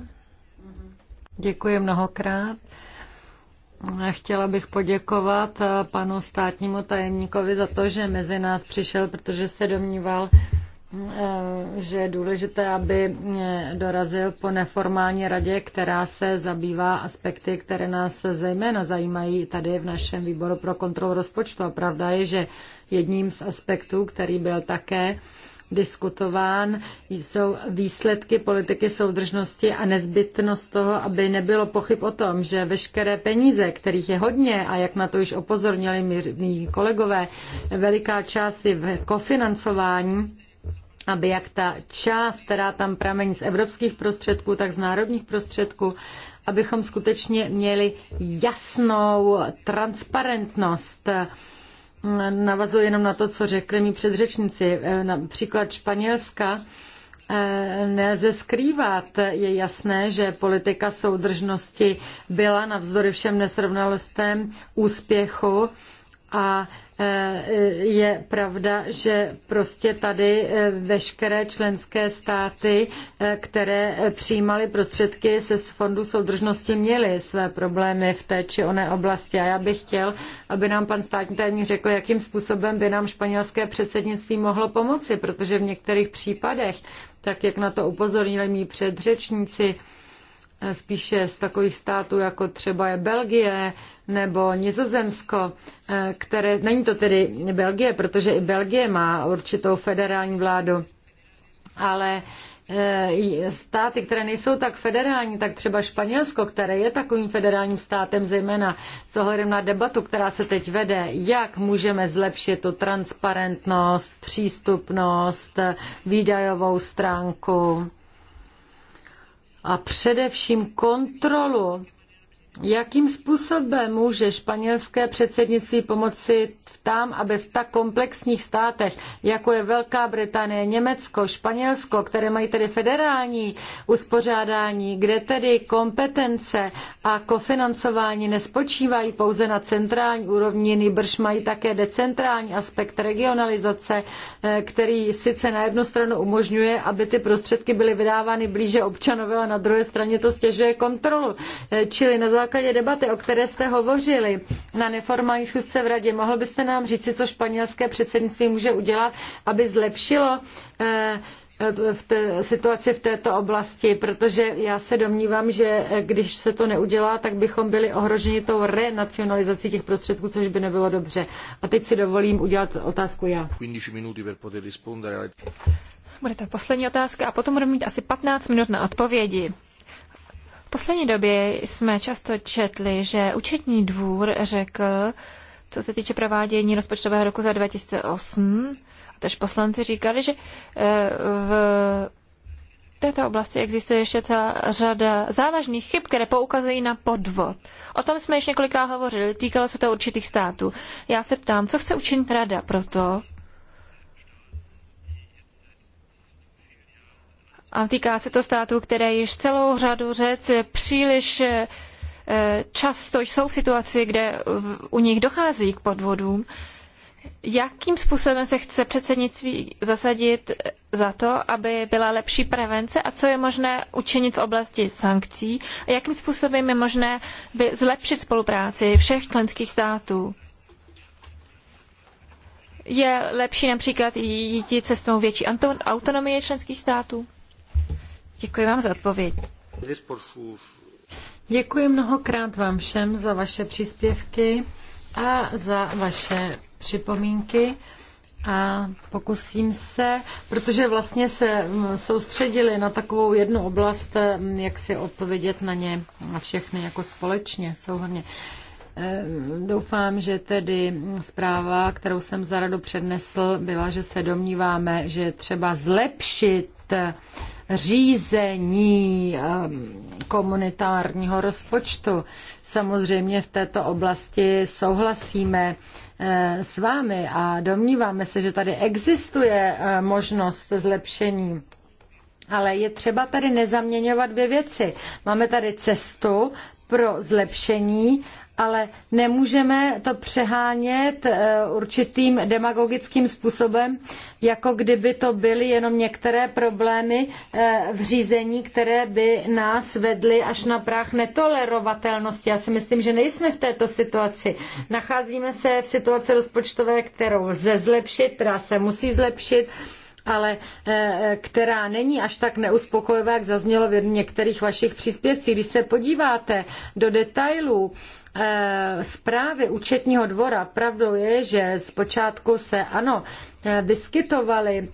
Děkuji mnohokrát. Chtěla bych poděkovat eh, panu státnímu tajemníkovi za to, že mezi nás přišel, protože se domníval, Eh, že je důležité, aby eh, dorazil po neformální radě, která se zabývá aspekty, které nás zejména zajímají tady v našem výboru pro kontrolu rozpočtu. A pravda je, že jedním z aspektů, který byl také diskutován, jsou výsledky politiky soudržnosti a nezbytnost toho, aby nebylo pochyb o tom, že veškeré peníze, kterých je hodně, a jak na to již opozornili mý kolegové, veliká část je v kofinancování, aby jak ta část, která tam pramení z evropských prostředků, tak z národních prostředků, abychom skutečně měli jasnou transparentnost. Navazuji jenom na to, co řekli mi předřečníci. Eh, například Španělska eh, nelze skrývat. Je jasné, že politika soudržnosti byla navzdory všem nesrovnalostem úspěchu a je pravda, že prostě tady eh, veškeré členské státy, eh, které přijímaly prostředky se z Fondu soudržnosti, měly své problémy v té či oné oblasti. A já bych chtěl, aby nám pan státní tajemník řekl, jakým způsobem by nám španělské předsednictví mohlo pomoci, protože v některých případech, tak jak na to upozornili mý předřečníci, spíše z takových států, jako třeba je Belgie nebo Nizozemsko, eh, které, není to tedy Belgie, protože i Belgie má určitou federální vládu, ale eh, státy, které nejsou tak federální, tak třeba Španělsko, které je takovým federálním státem, zejména s ohledem na debatu, která se teď vede, jak můžeme zlepšit tu transparentnost, přístupnost, výdajovou stránku a především kontrolu Jakým způsobem může španělské předsednictví pomoci tam, aby v tak komplexních státech, jako je Velká Británie, Německo, Španělsko, které mají tedy federální uspořádání, kde tedy kompetence a kofinancování nespočívají pouze na centrální úrovni, nýbrž mají také decentrální aspekt regionalizace, eh, který sice na jednu stranu umožňuje, aby ty prostředky byly vydávány blíže občanovi, a na druhé straně to stěžuje kontrolu. Eh, čili na základě debaty, o které jste hovořili na neformální schůzce v radě, mohl byste nám říci, co španělské předsednictví může udělat, aby zlepšilo eh, v té situaci v této oblasti, protože já se domnívám, že eh, když se to neudělá, tak bychom byli ohroženi tou renacionalizací těch prostředků, což by nebylo dobře. A teď si dovolím udělat otázku já. Bude to poslední otázka a potom budeme mít asi 15 minut na odpovědi poslední době jsme často četli, že účetní dvůr řekl, co se týče provádění rozpočtového roku za 2008, a tež poslanci říkali, že eh, v této oblasti existuje ještě celá řada závažných chyb, které poukazují na podvod. O tom jsme již několikrát hovořili, týkalo se to určitých států. Já se ptám, co chce učinit rada proto, A týká se to států, které již celou řadu řec příliš eh, často jsou v situaci, kde u nich dochází k podvodům. Jakým způsobem se chce předsednictví zasadit za to, aby byla lepší prevence a co je možné učinit v oblasti sankcí a jakým způsobem je možné zlepšit spolupráci všech členských států? Je lepší například jít cestou větší autonomie členských států? Děkuji vám za odpověď. Děkuji mnohokrát vám všem za vaše příspěvky a za vaše připomínky. A pokusím se, protože vlastně se soustředili na takovou jednu oblast, jak si odpovědět na ně, na všechny jako společně, souhrně. Ehm, doufám, že tedy zpráva, kterou jsem za radu přednesl, byla, že se domníváme, že třeba zlepšit řízení ehm, komunitárního rozpočtu. Samozřejmě v této oblasti souhlasíme eh, s vámi a domníváme se, že tady existuje eh, možnost zlepšení. Ale je třeba tady nezaměňovat dvě věci. Máme tady cestu pro zlepšení ale nemůžeme to přehánět eh, určitým demagogickým způsobem, jako kdyby to byly jenom některé problémy eh, v řízení, které by nás vedly až na práh netolerovatelnosti. Já si myslím, že nejsme v této situaci. Nacházíme se v situaci rozpočtové, kterou lze zlepšit, která se musí zlepšit ale eh, která není až tak neuspokojivá, jak zaznělo v některých vašich příspěvcích. Když se podíváte do detailů, eh, zprávy účetního dvora, pravdou je, že zpočátku se ano, eh, vyskytovaly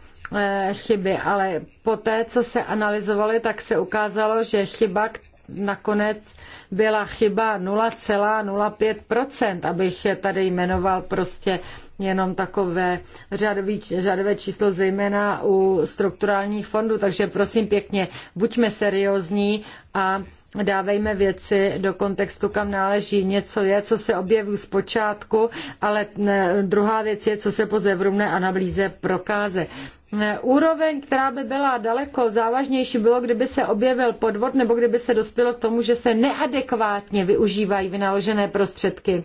chyby, ale poté, co se analyzovaly, tak se ukázalo, že chyba nakonec byla chyba 0,05%, abych tady jmenoval prostě jenom takové řadový, řadové číslo, zejména u strukturálních fondů. Takže prosím pěkně, buďme seriózní a dávejme věci do kontextu, kam náleží. Něco je, co se objeví zpočátku, ale e, druhá věc je, co se po zevrumné analýze prokáže. E, úroveň, která by byla daleko závažnější, bylo, kdyby se objevil podvod nebo kdyby se dospělo k tomu, že se neadekvátně využívají vynaložené prostředky.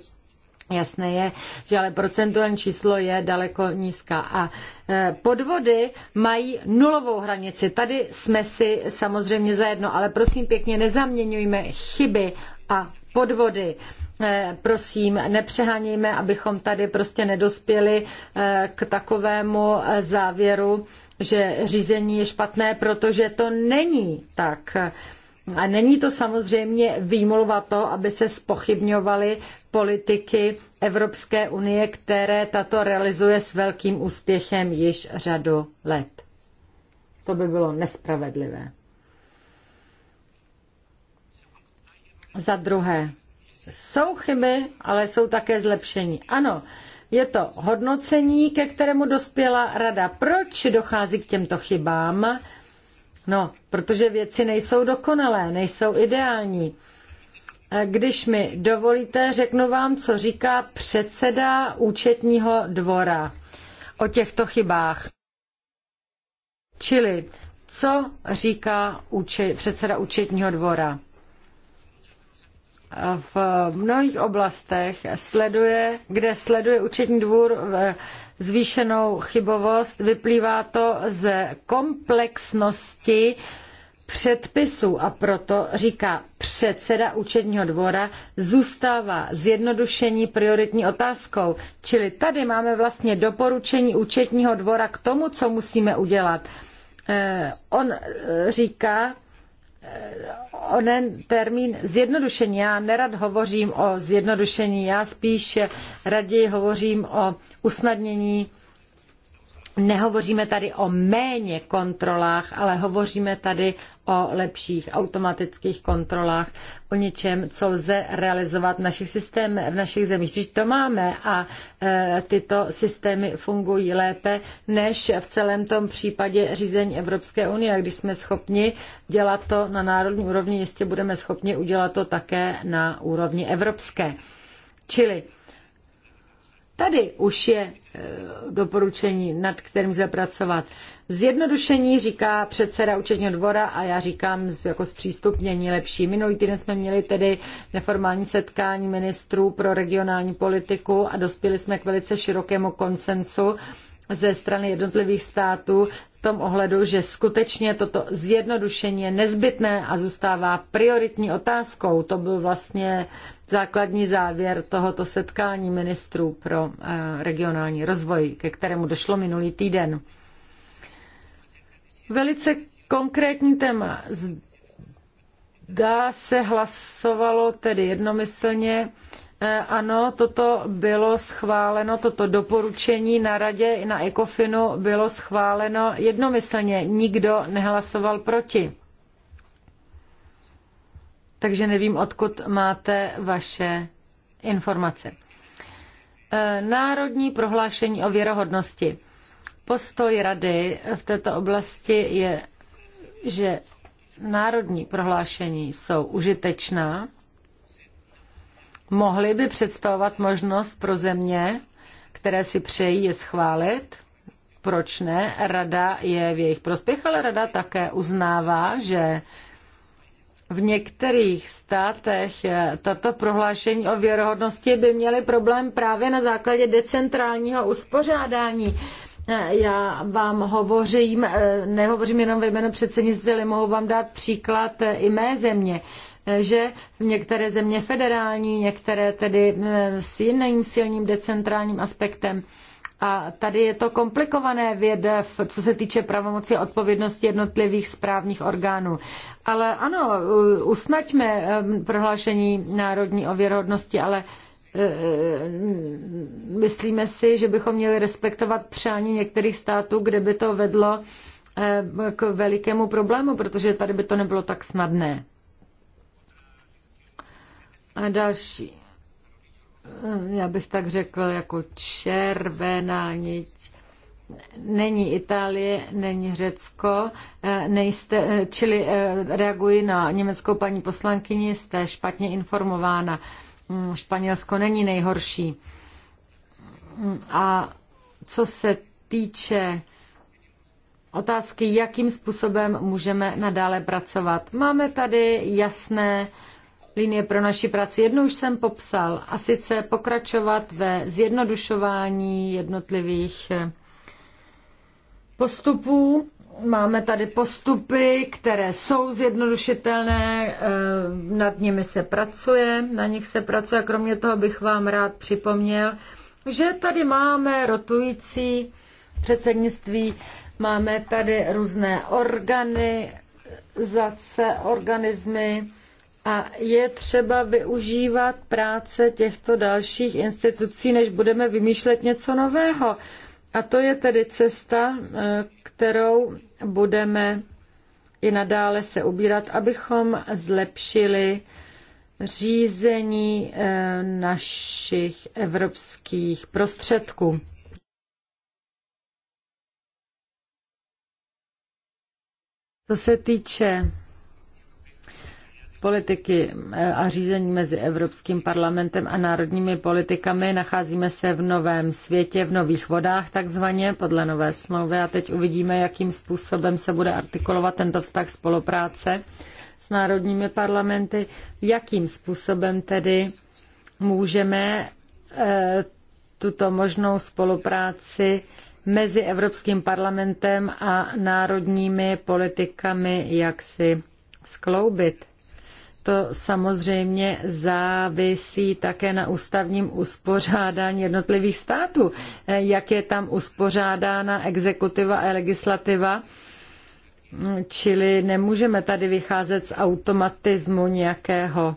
Jasné je, že ale procentuální číslo je daleko nízká. A e, podvody mají nulovou hranici. Tady jsme si samozřejmě zajedno, ale prosím pěkně nezaměňujme chyby a podvody. E, prosím, nepřehánějme, abychom tady prostě nedospěli e, k takovému závěru, že řízení je špatné, protože to není tak. A není to samozřejmě výmluva to, aby se spochybňovaly politiky Evropské unie, které tato realizuje s velkým úspěchem již řadu let. To by bylo nespravedlivé. Za druhé, jsou chyby, ale jsou také zlepšení. Ano, je to hodnocení, ke kterému dospěla rada. Proč dochází k těmto chybám? No, protože věci nejsou dokonalé, nejsou ideální. Když mi dovolíte, řeknu vám, co říká předseda účetního dvora o těchto chybách. Čili, co říká předseda účetního dvora? V mnohých oblastech sleduje, kde sleduje účetní dvůr eh, zvýšenou chybovost. Vyplývá to z komplexnosti předpisů a proto říká předseda účetního dvora, zůstává zjednodušení prioritní otázkou. Čili tady máme vlastně doporučení účetního dvora k tomu, co musíme udělat. Eh, on eh, říká, onen termín zjednodušení. Já nerad hovořím o zjednodušení, já spíš raději hovořím o usnadnění Nehovoříme tady o méně kontrolách, ale hovoříme tady o lepších automatických kontrolách, o něčem, co lze realizovat v našich systémech, v našich zemích. Když to máme a e, tyto systémy fungují lépe, než v celém tom případě řízení Evropské unie. A když jsme schopni dělat to na národní úrovni, jistě budeme schopni udělat to také na úrovni evropské. Čili Tady už je eh, doporučení, nad kterým zapracovat. Zjednodušení říká předseda účetního dvora a já říkám jako zpřístupnění lepší. Minulý týden jsme měli tedy neformální setkání ministrů pro regionální politiku a dospěli jsme k velice širokému konsensu ze strany jednotlivých států v tom ohledu, že skutečně toto zjednodušení je nezbytné a zůstává prioritní otázkou. To byl vlastně základní závěr tohoto setkání ministrů pro eh, regionální rozvoj, ke kterému došlo minulý týden. Velice konkrétní téma. Zdá se hlasovalo tedy jednomyslně. Eh, ano, toto bylo schváleno, toto doporučení na radě i na ECOFINu bylo schváleno jednomyslně. Nikdo nehlasoval proti takže nevím, odkud máte vaše informace. E, národní prohlášení o věrohodnosti. Postoj rady v této oblasti je, že národní prohlášení jsou užitečná, mohly by představovat možnost pro země, které si přejí je schválit. Proč ne? Rada je v jejich prospěch, ale rada také uznává, že v některých státech eh, tato prohlášení o věrohodnosti by měly problém právě na základě decentrálního uspořádání. Eh, Já vám hovořím, eh, nehovořím jenom ve jménu předsednictví, ale mohu vám dát příklad i mé země že některé země federální, některé tedy s jiným silným decentrálním aspektem. A tady je to komplikované věd, co se týče pravomoci a odpovědnosti jednotlivých správních orgánů. Ale ano, usnaďme prohlášení národní o věrohodnosti, ale e, e, myslíme si, že bychom měli respektovat přání některých států, kde by to vedlo e, k velikému problému, protože tady by to nebylo tak snadné. A další já bych tak řekl, jako červená niť. Není Itálie, není Řecko, eh, nejste, eh, čili eh, reaguji na německou paní poslankyni, jste špatně informována. Mm, Španělsko není nejhorší. Mm, a co se týče otázky, jakým způsobem můžeme nadále pracovat, máme tady jasné linie pro naši práci. Jednu už jsem popsal, a sice pokračovat ve zjednodušování jednotlivých eh, postupů. Máme tady postupy, které jsou zjednodušitelné, eh, nad nimi se pracuje, na nich se pracuje. Kromě toho bych vám rád připomněl, že tady máme rotující předsednictví, máme tady různé organizace, organismy, a je třeba využívat práce těchto dalších institucí, než budeme vymýšlet něco nového. A to je tedy cesta, e, kterou budeme i nadále se ubírat, abychom zlepšili řízení e, našich evropských prostředků. Co se týče politiky eh, a řízení mezi Evropským parlamentem a národními politikami. Nacházíme se v novém světě, v nových vodách takzvaně, podle nové smlouvy a teď uvidíme, jakým způsobem se bude artikulovat tento vztah spolupráce s národními parlamenty, jakým způsobem tedy můžeme eh, tuto možnou spolupráci mezi Evropským parlamentem a národními politikami jak si skloubit to samozřejmě závisí také na ústavním uspořádání jednotlivých států, eh, jak je tam uspořádána exekutiva a legislativa. Čili nemůžeme tady vycházet z automatismu nějakého,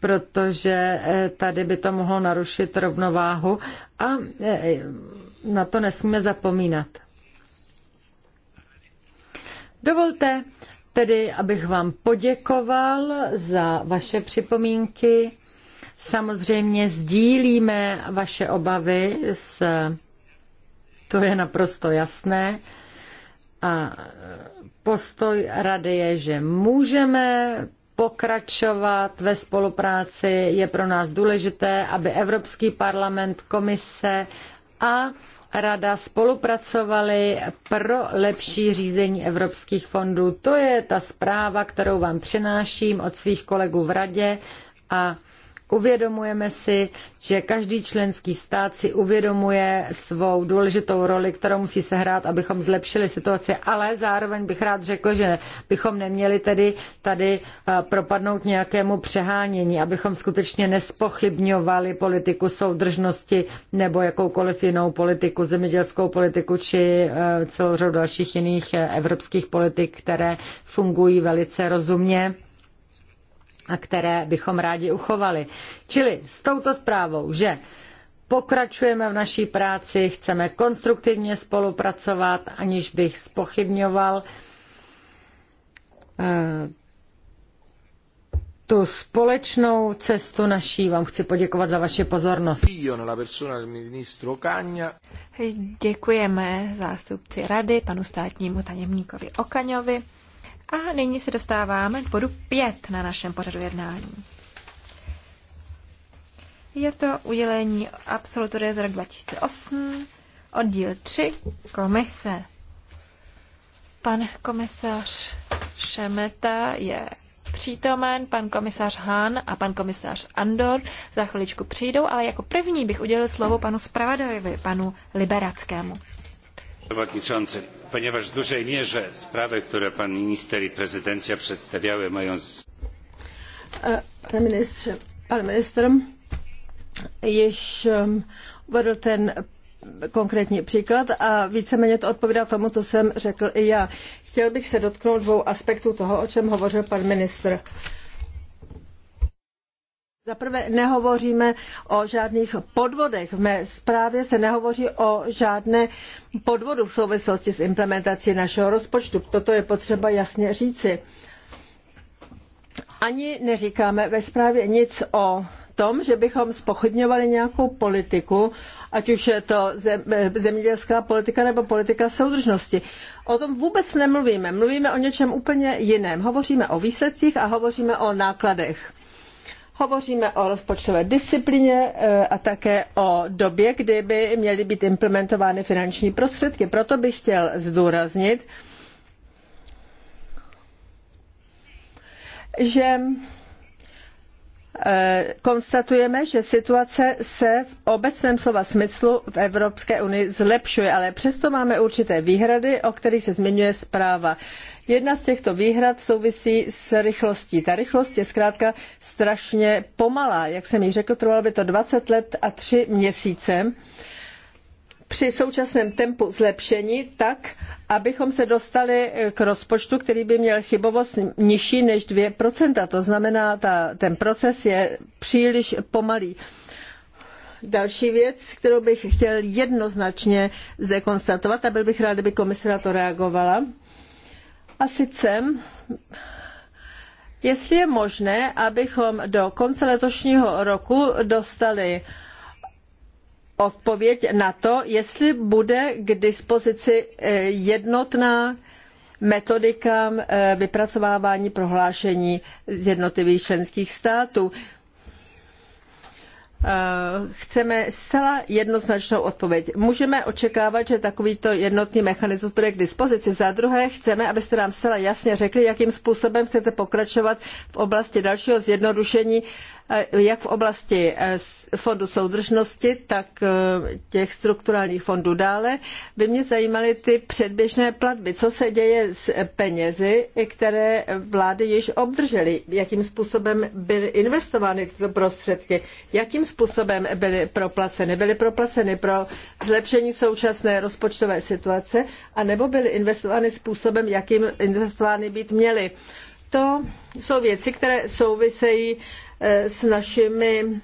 protože eh, tady by to mohlo narušit rovnováhu a eh, na to nesmíme zapomínat. Dovolte, tedy abych vám poděkoval za vaše připomínky. Samozřejmě sdílíme vaše obavy, s, to je naprosto jasné. A postoj rady je, že můžeme pokračovat ve spolupráci. Je pro nás důležité, aby Evropský parlament, komise a rada spolupracovali pro lepší řízení evropských fondů. To je ta zpráva, kterou vám přináším od svých kolegů v radě a Uvědomujeme si, že každý členský stát si uvědomuje svou důležitou roli, kterou musí sehrát, abychom zlepšili situaci, ale zároveň bych rád řekl, že bychom neměli tedy tady eh, propadnout nějakému přehánění, abychom skutečně nespochybňovali politiku soudržnosti nebo jakoukoliv jinou politiku, zemědělskou politiku či eh, celou řadu dalších jiných eh, evropských politik, které fungují velice rozumně a které bychom rádi uchovali. Čili s touto zprávou, že pokračujeme v naší práci, chceme konstruktivně spolupracovat, aniž bych spochybňoval eh, tu společnou cestu naší. Vám chci poděkovat za vaši pozornost. Děkujeme zástupci rady, panu státnímu tajemníkovi Okaňovi. A nyní se dostáváme k bodu 5 na našem pořadu jednání. Je to udělení absolutory z roku 2008, oddíl 3, komise. Pan komisař Šemeta je přítomen, pan komisař Han a pan komisař Andor za chviličku přijdou, ale jako první bych udělil slovo panu zpravodajovi, panu Liberackému. Przewodniczący, ponieważ w dużej mierze sprawy, które pan minister i prezydencja przedstawiały, mają. E, Pane ministře, pan minister již um, uvedl ten konkrétní příklad a víceméně to odpovídá tomu, co jsem řekl i já. Chtěl bych se dotknout dvou aspektů toho, o čem hovořil pan ministr. Uh, za prvé nehovoříme o žádných podvodech. V mé zprávě se nehovoří o žádné podvodu v souvislosti s implementací našeho rozpočtu. Toto je potřeba jasně říci. Ani neříkáme ve zprávě nic o tom, že bychom spochybňovali nějakou politiku, ať už je to zemědělská politika nebo politika soudržnosti. O tom vůbec nemluvíme. Mluvíme o něčem úplně jiném. Hovoříme o výsledcích a hovoříme o nákladech. Hovoříme o rozpočtové disciplině eh, a také o době, kdy by měly být implementovány finanční prostředky. Proto bych chtěl zdůraznit, že Eh, konstatujeme, že situace se v obecném slova smyslu v Evropské unii zlepšuje, ale přesto máme určité výhrady, o kterých se zmiňuje zpráva. Jedna z těchto výhrad souvisí s rychlostí. Ta rychlost je zkrátka strašně pomalá. Jak jsem již řekl, trvalo by to 20 let a 3 měsíce. Uh, při současném tempu zlepšení tak, abychom se dostali k rozpočtu, který by měl chybovost nižší než 2%. To znamená, ta, ten proces je příliš pomalý. Další věc, kterou bych chtěl jednoznačně zde konstatovat, a byl bych rád, kdyby komise na to reagovala, a sice, jestli je možné, abychom do konce letošního roku dostali odpověď na to, jestli bude k dispozici eh, jednotná metodika eh, vypracovávání prohlášení z jednotlivých členských států. Eh, chceme zcela jednoznačnou odpověď. Můžeme očekávat, že takovýto jednotný mechanismus bude k dispozici. Za druhé, chceme, abyste nám zcela jasně řekli, jakým způsobem chcete pokračovat v oblasti dalšího zjednodušení Eh, jak v oblasti eh, fondu soudržnosti, tak eh, těch strukturálních fondů dále, by mě zajímaly ty předběžné platby. Co se děje s penězi, které vlády již obdržely? Jakým způsobem byly investovány tyto prostředky? Jakým způsobem byly proplaceny? Byly proplaceny pro zlepšení současné rozpočtové situace, anebo byly investovány způsobem, jakým investovány být měly? To jsou věci, které souvisejí Eh, s našimi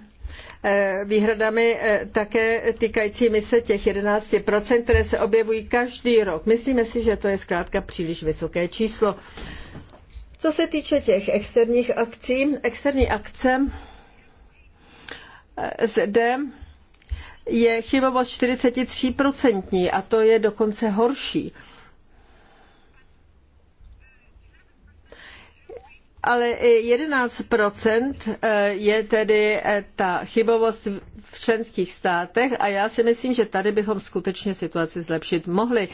eh, výhradami eh, také týkajícími se těch 11%, které se objevují každý rok. Myslíme si, že to je zkrátka příliš vysoké číslo. Co se týče těch externích akcí, externí akce zde je chybovost 43% a to je dokonce horší. ale 11% eh, je tedy eh, ta chybovost v členských státech a já si myslím, že tady bychom skutečně situaci zlepšit mohli.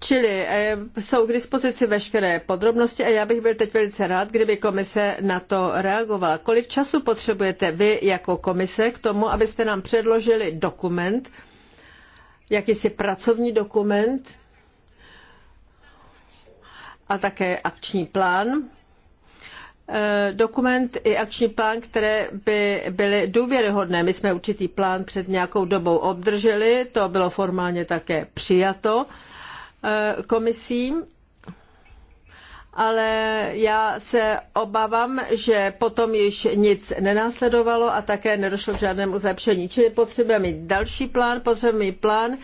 Čili eh, jsou k dispozici veškeré podrobnosti a já bych byl teď velice rád, kdyby komise na to reagovala. Kolik času potřebujete vy jako komise k tomu, abyste nám předložili dokument, jakýsi pracovní dokument, a také akční plán. Eh, dokument i akční plán, které by byly důvěryhodné. My jsme určitý plán před nějakou dobou obdrželi, to bylo formálně také přijato eh, komisí ale já se obávám, že potom již nic nenásledovalo a také nedošlo k žádnému zlepšení. Čili potřebujeme mít další plán, potřebujeme mít plán,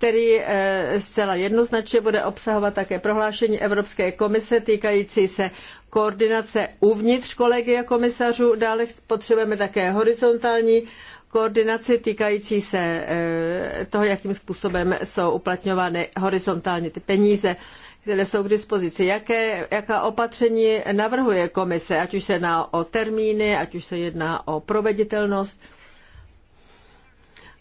který eh, zcela jednoznačně bude obsahovat také prohlášení Evropské komise týkající se koordinace uvnitř kolegia komisařů. Dále potřebujeme také horizontální koordinaci týkající se eh, toho, jakým způsobem jsou uplatňovány horizontálně ty peníze které jsou k dispozici. Jaké, jaká opatření navrhuje komise, ať už se jedná o termíny, ať už se jedná o proveditelnost?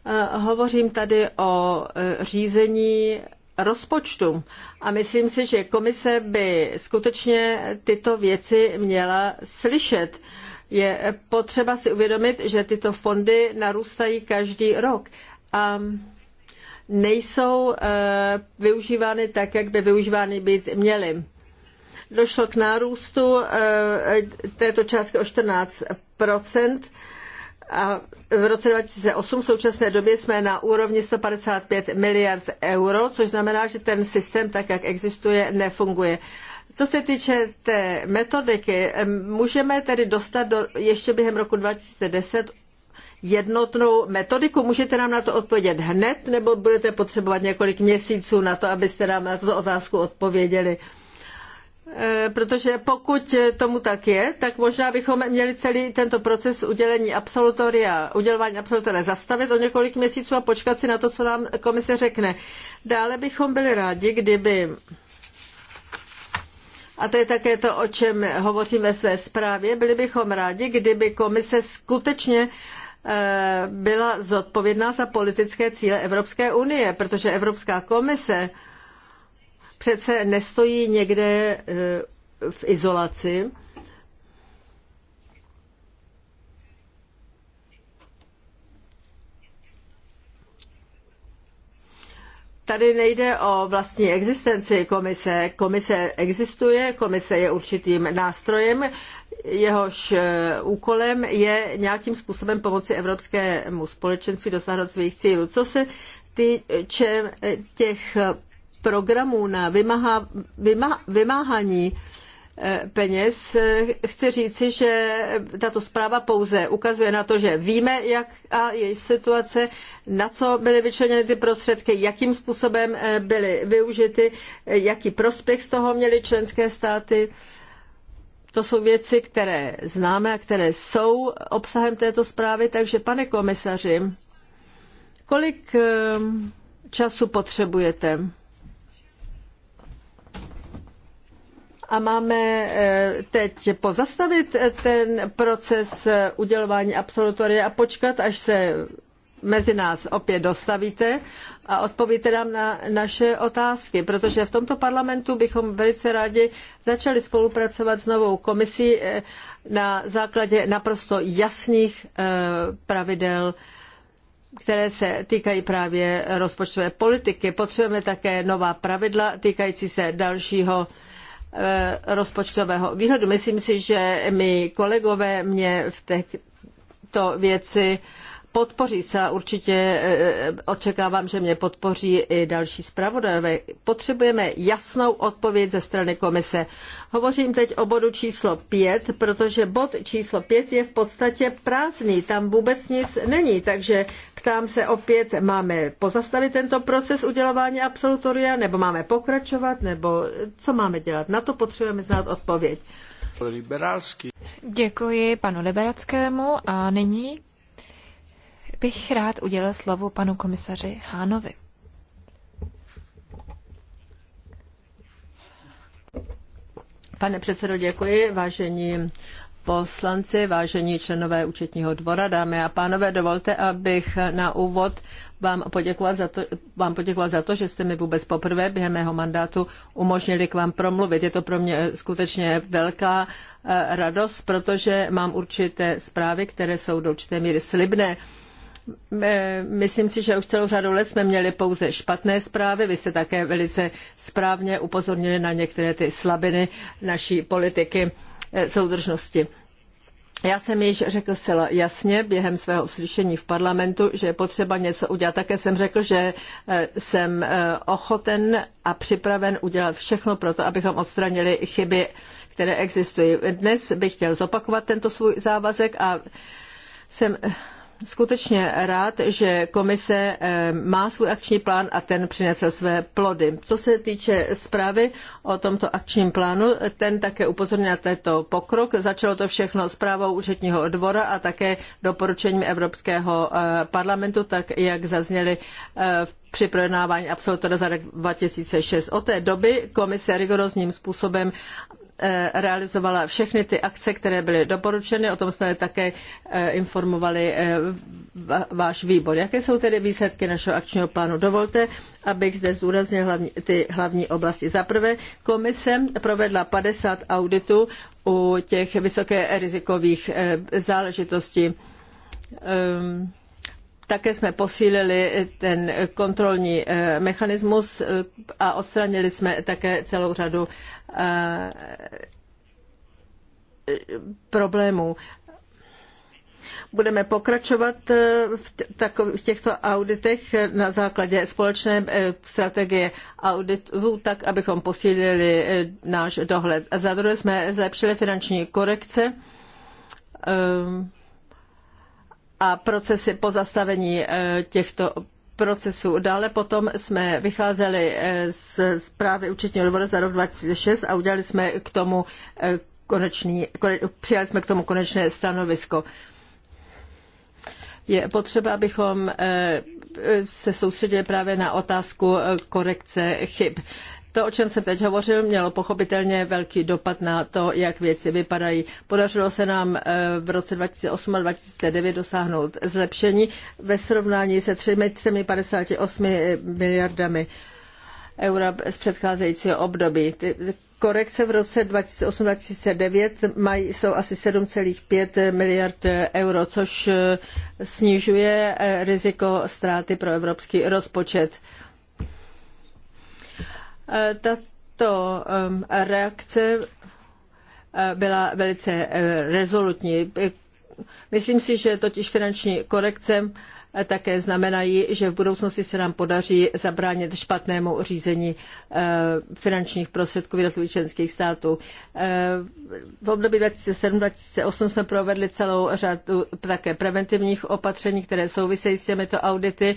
Eh, hovořím tady o eh, řízení rozpočtu a myslím si, že komise by skutečně tyto věci měla slyšet. Je potřeba si uvědomit, že tyto fondy narůstají každý rok a nejsou eh, využívány tak, jak by využívány být měly došlo k nárůstu této částky o 14 a v roce 2008 v současné době jsme na úrovni 155 miliard euro, což znamená, že ten systém tak, jak existuje, nefunguje. Co se týče té metodiky, můžeme tedy dostat do, ještě během roku 2010 jednotnou metodiku? Můžete nám na to odpovědět hned, nebo budete potřebovat několik měsíců na to, abyste nám na tuto otázku odpověděli? Uh, Eh, protože pokud tomu tak je, tak možná bychom měli celý tento proces udělení absolutoria, udělování absolutoria zastavit o několik měsíců a počkat si na to, co nám komise řekne. Dále bychom byli rádi, kdyby a to je také to, o čem hovořím ve své zprávě, byli bychom rádi, kdyby komise skutečně eh, byla zodpovědná za politické cíle Evropské unie, protože Evropská komise přece nestojí někde e, v izolaci. Tady nejde o vlastní existenci komise. Komise existuje, komise je určitým nástrojem, jehož e, úkolem je nějakým způsobem pomoci evropskému společenství dosáhnout svých cílů. Co se týče e, těch programů na vymáha, vymá, vymáhání eh, peněz, eh, chci říci, že tato zpráva pouze ukazuje na to, že víme, jak a její situace, na co byly vyčleněny ty prostředky, jakým způsobem eh, byly využity, jaký prospěch z toho měly členské státy. To jsou věci, které známe a které jsou obsahem této zprávy, takže pane komisaři, kolik času potřebujete? a máme eh, teď pozastavit eh, ten proces eh, udělování absolutoria a počkat, až se mezi nás opět dostavíte a odpovíte nám na naše otázky, protože v tomto parlamentu bychom velice rádi začali spolupracovat s novou komisí na základě naprosto jasných pravidel, které se týkají právě rozpočtové politiky. Potřebujeme také nová pravidla týkající se dalšího Eh, rozpočtového výhledu. Myslím si, že my kolegové mě v této věci podpoří se určitě, eh, eh, očekávám, že mě podpoří i další zpravodajové. Potřebujeme jasnou odpověď ze strany komise. Hovořím teď o bodu číslo 5, protože bod číslo 5 je v podstatě prázdný, tam vůbec nic není, takže ptám se opět, máme pozastavit tento proces udělování absolutoria, nebo máme pokračovat, nebo co máme dělat? Na to potřebujeme znát odpověď. Liberalský. Děkuji panu Liberackému a nyní bych rád udělal slovo panu komisaři Hánovi. Pane předsedo, děkuji. Vážení poslanci, vážení členové účetního dvora, dámy a pánové, dovolte, abych na úvod vám poděkoval za to, vám poděkoval za to že jste mi vůbec poprvé během mého mandátu umožnili k vám promluvit. Je to pro mě skutečně velká eh, radost, protože mám určité zprávy, které jsou do určité míry slibné. Eh, myslím si, že už celou řadu let jsme měli pouze špatné zprávy. Vy jste také velice správně upozornili na některé ty slabiny naší politiky eh, soudržnosti. Já jsem již řekl zcela jasně během svého slyšení v parlamentu, že je potřeba něco udělat. Také jsem řekl, že eh, jsem ochoten a připraven udělat všechno pro to, abychom odstranili chyby, které existují. Dnes bych chtěl zopakovat tento svůj závazek a jsem skutečně rád, že komise eh, má svůj akční plán a ten přinesl své plody. Co se týče zprávy o tomto akčním plánu, ten také upozorňuje na tento pokrok. Začalo to všechno zprávou účetního dvora a také doporučením Evropského eh, parlamentu, tak jak zazněly eh, v při projednávání absolutora za rok 2006. Od té doby komise rigorózním způsobem Eh, realizovala všechny ty akce, které byly doporučeny. O tom jsme také eh, informovali eh, váš výbor. Jaké jsou tedy výsledky našeho akčního plánu? Dovolte, abych zde zúraznil hlavní, ty hlavní oblasti. Za prvé, komise provedla 50 auditů u těch vysoké rizikových záležitostí. Um, také jsme posílili ten kontrolní eh, mechanismus eh, a odstranili jsme také celou řadu eh, problémů. Budeme pokračovat v, těchto auditech na základě společné strategie auditů, tak abychom posílili náš dohled. A za druhé jsme zlepšili finanční korekce. Um, a procesy pozastavení eh, těchto procesů. Dále potom jsme vycházeli eh, z zprávy účetního dvora za rok 2006 a udělali jsme k tomu eh, konečný, kone, přijali jsme k tomu konečné stanovisko. Je potřeba, abychom se soustředili právě na otázku korekce chyb. To, o čem jsem teď hovořil, mělo pochopitelně velký dopad na to, jak věci vypadají. Podařilo se nám eh, v roce 2008 a 2009 dosáhnout zlepšení ve srovnání se 358 eh, miliardami eura z předcházejícího období. Ty korekce v roce 2008-2009 mají, jsou asi 7,5 miliard euro, což eh, snižuje riziko ztráty pro evropský rozpočet. Tato reakce byla velice rezolutní. Myslím si, že totiž finanční korekce také znamenají, že v budoucnosti se nám podaří zabránit špatnému řízení eh, finančních prostředků jednotlivých členských států. Eh, v období 2007-2008 jsme provedli celou řadu také preventivních opatření, které souvisejí s těmito audity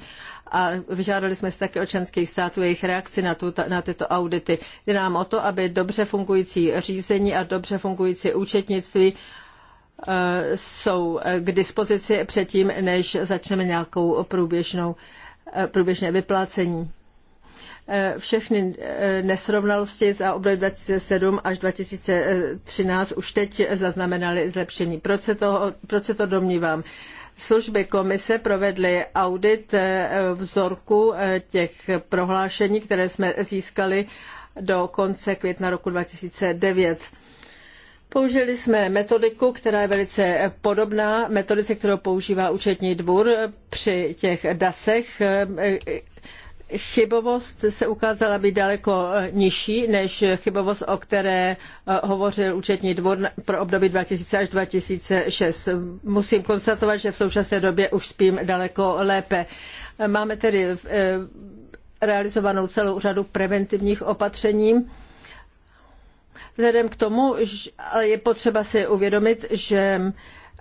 a vyžádali jsme si také od členských států jejich reakci na, tuto, na tyto audity. Jde nám o to, aby dobře fungující řízení a dobře fungující účetnictví Eh, jsou k dispozici předtím, než začneme nějakou průběžnou, eh, průběžné vyplácení. Eh, všechny nesrovnalosti za období 2007 až 2013 už teď zaznamenaly zlepšení. Proč se to, proč se to domnívám? Služby komise provedly audit vzorku těch prohlášení, které jsme získali do konce května roku 2009 Použili jsme metodiku, která je velice podobná metodice, kterou používá účetní dvůr při těch DASech. Chybovost se ukázala být daleko nižší než chybovost, o které hovořil účetní dvůr pro období 2000 až 2006. Musím konstatovat, že v současné době už spím daleko lépe. Máme tedy eh, realizovanou celou řadu preventivních opatření Vzhledem k tomu je potřeba si uvědomit, že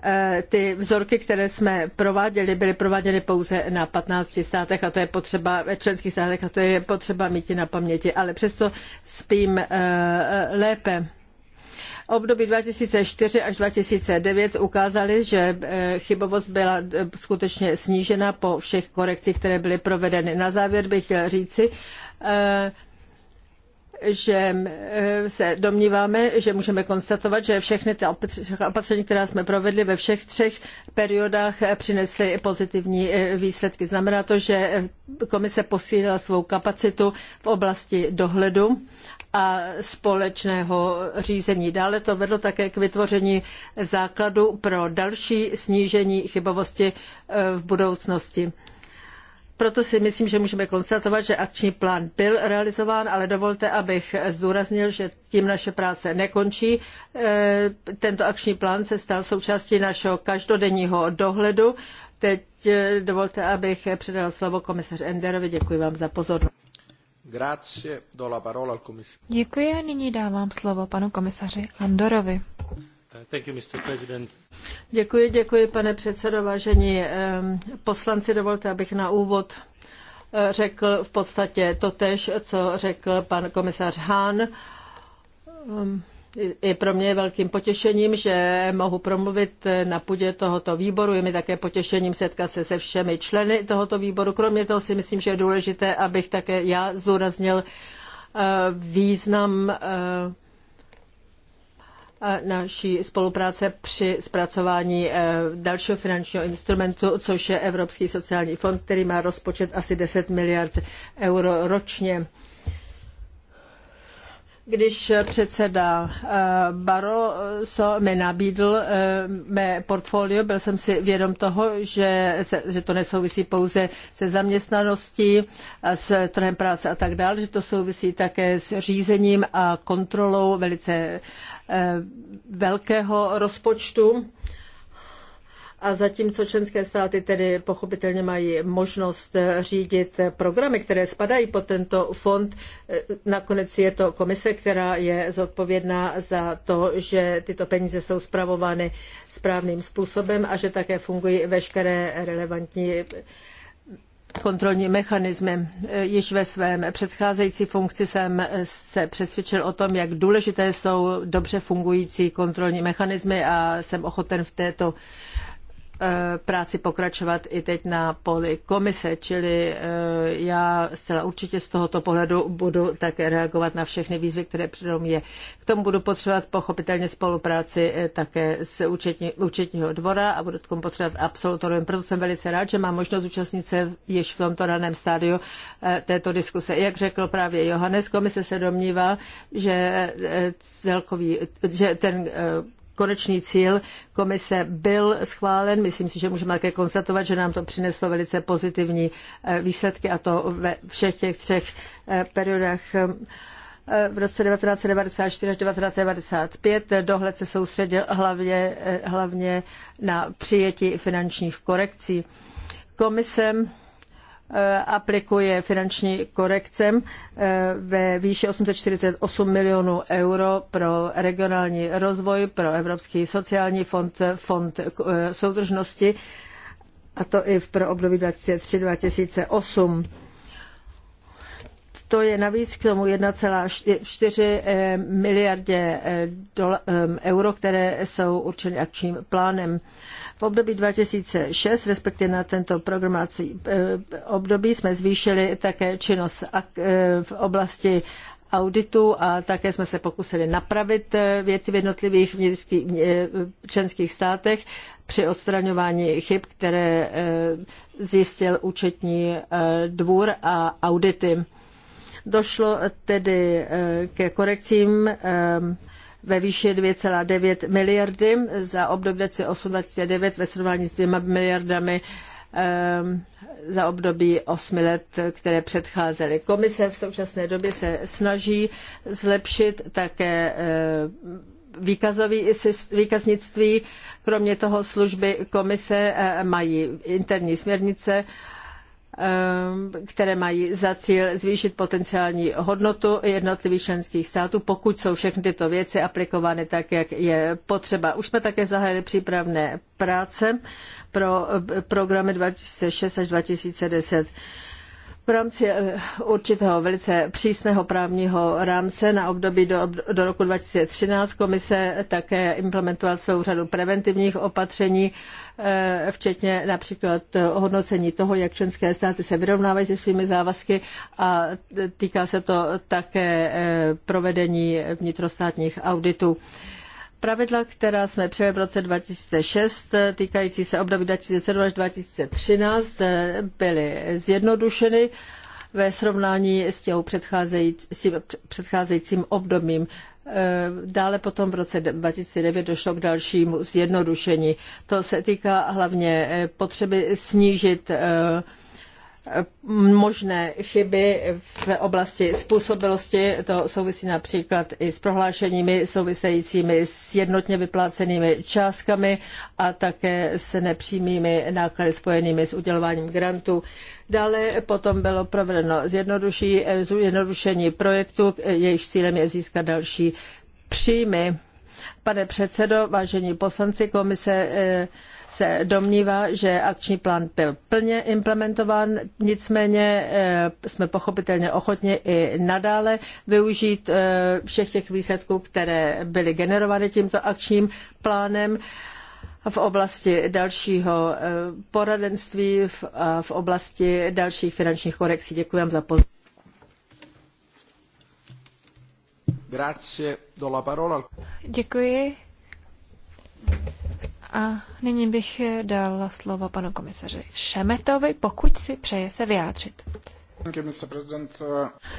eh, ty vzorky, které jsme prováděli, byly prováděny pouze na 15 státech a to je potřeba, členských státech a to je potřeba mít na paměti, ale přesto spím eh, eh, lépe. Období 2004 až 2009 ukázali, že chybovost byla skutečně snížena po všech korekcích, které byly provedeny. Na závěr bych chtěla říci, že eh, se domníváme, že můžeme konstatovat, že všechny ty opatření, která jsme provedli ve všech třech periodách, eh, přinesly pozitivní eh, výsledky. Znamená to, že komise posílila svou kapacitu v oblasti dohledu a společného řízení. Dále to vedlo také k vytvoření základu pro další snížení chybovosti v budoucnosti. Proto si myslím, že můžeme konstatovat, že akční plán byl realizován, ale dovolte, abych zdůraznil, že tím naše práce nekončí. E, tento akční plán se stal součástí našeho každodenního dohledu. Teď e, dovolte, abych předal slovo komisař Enderovi. Děkuji vám za pozornost. Děkuji a nyní dávám slovo panu komisaři Andorovi děkuji, děkuji, pane předsedo, vážení poslanci. Dovolte, abych na úvod eh, řekl v podstatě totež, co řekl pan komisař Hahn. I pro mě je velkým potěšením, že mohu promluvit na půdě tohoto výboru. Je mi také potěšením setkat se se všemi členy tohoto výboru. Kromě toho si myslím, že je důležité, abych také já zdůraznil eh, význam eh, naší spolupráce při zpracování eh, dalšího finančního instrumentu, což je Evropský sociální fond, který má rozpočet asi 10 miliard euro ročně. Když předseda eh, Baroso mi nabídl eh, mé portfolio, byl jsem si vědom toho, že, se, že to nesouvisí pouze se zaměstnaností, s trhem práce a tak dále, že to souvisí také s řízením a kontrolou velice Eh, velkého rozpočtu. A zatímco členské státy tedy pochopitelně mají možnost řídit programy, které spadají pod tento fond, eh, nakonec je to komise, která je zodpovědná za to, že tyto peníze jsou zpravovány správným způsobem a že také fungují veškeré relevantní kontrolní mechanismy. Již ve svém předcházející funkci jsem se přesvědčil o tom, jak důležité jsou dobře fungující kontrolní mechanismy a jsem ochoten v této Eh, práci pokračovat i teď na poli komise, čili eh, já zcela určitě z tohoto pohledu budu také reagovat na všechny výzvy, které přijdou mě. K tomu budu potřebovat pochopitelně spolupráci eh, také s účetní, účetního dvora a budu k tomu potřebovat absolutorium. Proto jsem velice rád, že mám možnost zúčastnit se již v tomto raném stádiu této diskuse. Jak řekl právě Johannes, komise se domnívá, že celkový, že ten konečný cíl komise byl schválen. Myslím si, že můžeme také konstatovat, že nám to přineslo velice pozitivní eh, výsledky a to ve všech těch třech eh, periodách eh, v roce 1994 až 1995 dohled se soustředil hlavně, hlavně na přijetí finančních korekcí. Komisem Eh, aplikuje finanční korekce eh, ve výši 848 milionů euro pro regionální rozvoj, pro Evropský sociální fond, fond eh, soudržnosti a to i pro období 2003-2008 to je navíc k tomu 1,4 eh, miliardě eh, eh, euro, které jsou určeny akčním plánem. V období 2006, respektive na tento programací období, jsme zvýšili také činnost v oblasti auditu a také jsme se pokusili napravit věci v jednotlivých členských státech při odstraňování chyb, které zjistil účetní dvůr a audity. Došlo tedy eh, ke korekcím eh, ve výši 2,9 miliardy za období 2008-2009 ve srovnání s 2 miliardami eh, za období osmi let, které předcházely. Komise v současné době se snaží zlepšit také výkazový, výkaznictví. Kromě toho služby komise mají interní směrnice Eh, které mají za cíl zvýšit potenciální hodnotu jednotlivých členských států, pokud jsou všechny tyto věci aplikovány tak, jak je potřeba. Už jsme také zahájili přípravné práce pro eh, programy 2006 až 2010 rámci eh, určitého velice přísného právního rámce na období do, do roku 2013 komise také implementovala celou řadu preventivních opatření, eh, včetně například eh, hodnocení toho, jak členské státy se vyrovnávají se svými závazky a týká se to také provedení vnitrostátních auditů. Pravidla, která jsme přijali v roce 2006, týkající se období 2007 až 2013, eh, byly zjednodušeny ve srovnání s, těm předcházejícím, předcházejícím obdobím. Eh, dále potom v roce 2009 došlo k dalšímu zjednodušení. To se týká hlavně eh, potřeby snížit možné chyby v oblasti způsobilosti. To souvisí například i s prohlášeními souvisejícími s jednotně vyplácenými částkami a také s nepřímými náklady spojenými s udělováním grantů. Dále potom bylo provedeno zjednodušení projektu, jejichž cílem je získat další příjmy. Pane předsedo, vážení poslanci komise, eh, se domnívá, že akční plán byl plně implementován, nicméně eh, jsme pochopitelně ochotně i nadále využít eh, všech těch výsledků, které byly generovány tímto akčním plánem v oblasti dalšího eh, poradenství v oblasti dalších finančních korekcí. Děkuji vám za pozornost. Grazie do la parola. Děkuji. A nyní bych dal slovo panu komisaři Šemetovi, pokud si přeje se vyjádřit.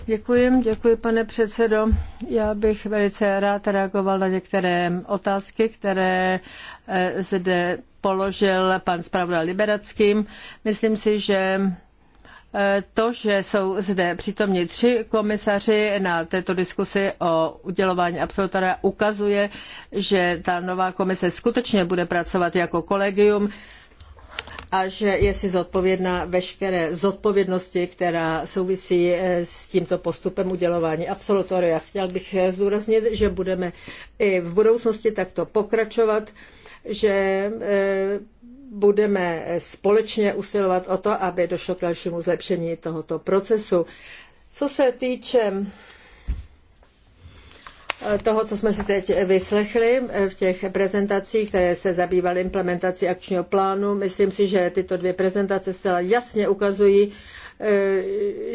Děkuji, děkuji, pane předsedo. Já bych velice rád reagoval na některé otázky, které eh, zde položil pan zpravodaj Liberacký. Myslím si, že to, že jsou zde přítomni tři komisaři na této diskusi o udělování absolutoria, ukazuje, že ta nová komise skutečně bude pracovat jako kolegium a že je si zodpovědná veškeré zodpovědnosti, která souvisí eh, s tímto postupem udělování absolutoria. Chtěl bych eh, zdůraznit, že budeme i v budoucnosti takto pokračovat, že eh, budeme společně usilovat o to, aby došlo k dalšímu zlepšení tohoto procesu. Co se týče eh, toho, co jsme si teď vyslechli eh, v těch prezentacích, které se zabývaly implementací akčního plánu. Myslím si, že tyto dvě prezentace zcela jasně ukazují, eh,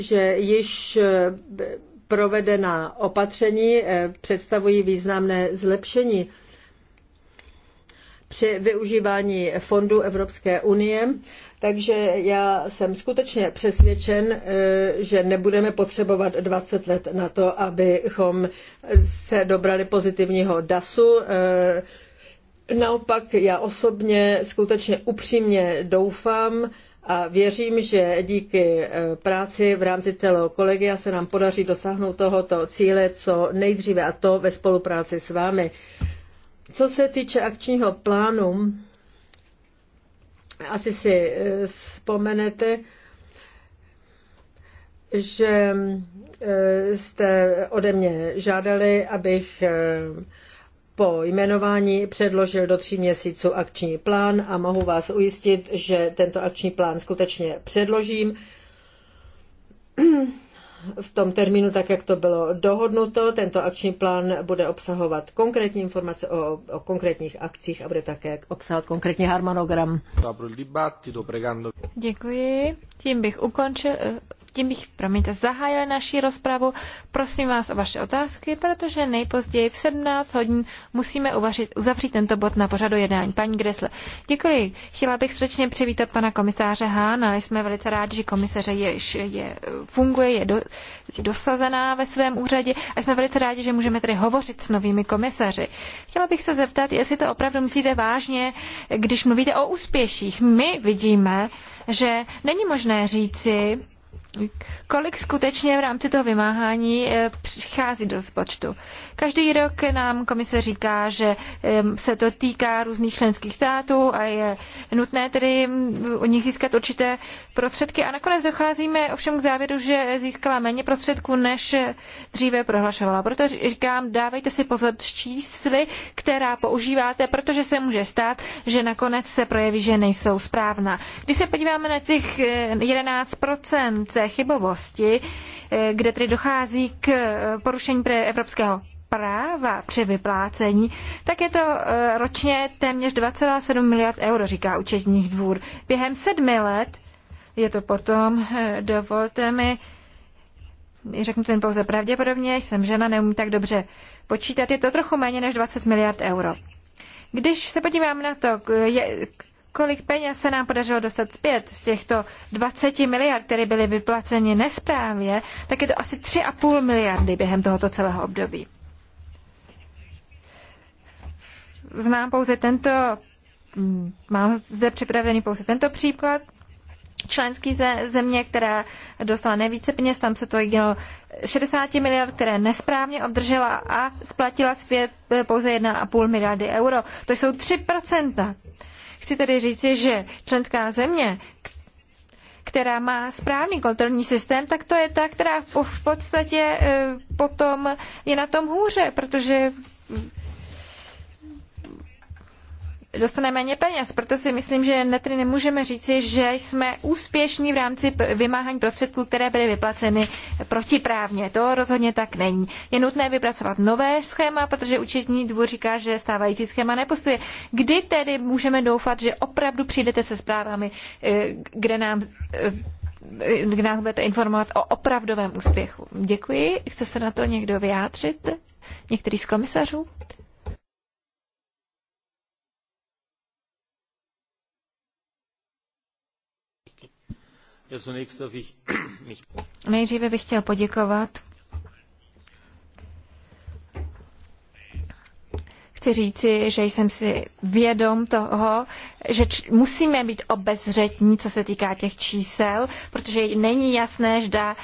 že již provedená opatření představují významné zlepšení při využívání fondů Evropské unie. Takže já jsem skutečně přesvědčen, eh, že nebudeme potřebovat 20 let na to, abychom se dobrali pozitivního DASu. Eh, naopak já osobně skutečně upřímně doufám a věřím, že díky eh, práci v rámci celého kolegia se nám podaří dosáhnout tohoto cíle co nejdříve a to ve spolupráci s vámi. Co se týče akčního plánu, asi si eh, vzpomenete, že eh, jste ode mě žádali, abych eh, po jmenování předložil do tří měsíců akční plán a mohu vás ujistit, že tento akční plán skutečně předložím. v tom termínu, tak jak to bylo dohodnuto. Tento akční plán bude obsahovat konkrétní informace o, o konkrétních akcích a bude také obsahovat konkrétní harmonogram. Děkuji. Tím bych ukončil, tím bych, promiňte, zahájil naši rozpravu. Prosím vás o vaše otázky, protože nejpozději v 17 hodin musíme uvařit, uzavřít tento bod na pořadu jednání. Paní Gresle, děkuji. Chtěla bych srdečně přivítat pana komisáře Hána. Jsme velice rádi, že komisaře je, je, funguje, je do, dosazená ve svém úřadě a jsme velice rádi, že můžeme tedy hovořit s novými komisaři. Chtěla bych se zeptat, jestli to opravdu myslíte vážně, když mluvíte o úspěších. My vidíme, že není možné říci, kolik skutečně v rámci toho vymáhání eh, přichází do rozpočtu. Každý rok nám komise říká, že se to týká různých členských států a je nutné tedy od mm, nich získat určité prostředky. A nakonec docházíme ovšem k závěru, že získala méně prostředků, než dříve prohlašovala. Proto říkám, dávejte si pozor s čísly, která používáte, protože se může stát, že nakonec se projeví, že nejsou správná. Když se podíváme na těch 11 eh, chybovosti, eh, kde tedy dochází k eh, porušení evropského práva při vyplácení, tak je to eh, ročně téměř 2,7 miliard euro, říká účetní dvůr. Během sedmi let je to potom, dovolte mi, řeknu to jen pouze pravděpodobně, jsem žena, neumím tak dobře počítat, je to trochu méně než 20 miliard euro. Když se podívám na to, kolik peněz se nám podařilo dostat zpět z těchto 20 miliard, které byly vyplaceny nesprávně, tak je to asi 3,5 miliardy během tohoto celého období. Znám pouze tento, mám zde připravený pouze tento příklad, členský země, která dostala nejvíce peněz, tam se to jednalo 60 miliard, které nesprávně obdržela a splatila zpět pouze 1,5 miliardy euro. To jsou 3%. Chci tedy říci, že členská země, která má správný kontrolní systém, tak to je ta, která v podstatě eh, potom je na tom hůře, protože dostane méně peněz. Proto si myslím, že netry nemůžeme říci, že jsme úspěšní v rámci vymáhání prostředků, které byly vyplaceny protiprávně. To rozhodně tak není. Je nutné vypracovat nové schéma, protože účetní dvůr říká, že stávající schéma nepostuje. Kdy tedy můžeme doufat, že opravdu přijdete se zprávami, eh, kde nám eh, kde nás budete informovat o opravdovém úspěchu. Děkuji. Chce se na to někdo vyjádřit? Některý z komisařů? Nejdříve bych chtěl poděkovat chci říci, že jsem si vědom toho, že musíme být obezřetní, co se týká těch čísel, protože není jasné, že dá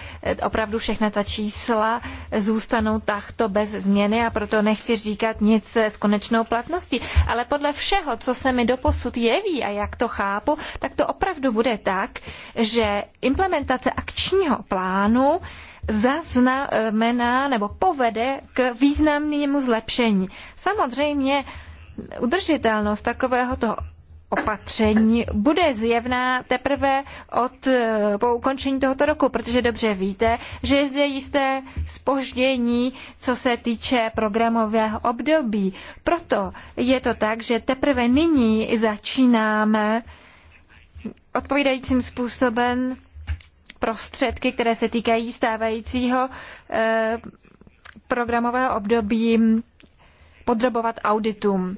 opravdu všechna ta čísla zůstanou takto bez změny a proto nechci říkat nic s konečnou platností. Ale podle všeho, co se mi doposud jeví a jak to chápu, tak to opravdu bude tak, že implementace akčního plánu zaznamená nebo povede k významnému zlepšení. Samozřejmě udržitelnost takového toho opatření bude zjevná teprve od, eh, po ukončení tohoto roku, protože dobře víte, že je zde jisté spoždění, co se týče programového období. Proto je to tak, že teprve nyní začínáme odpovídajícím způsobem prostředky, které se týkají stávajícího eh, programového období podrobovat auditům.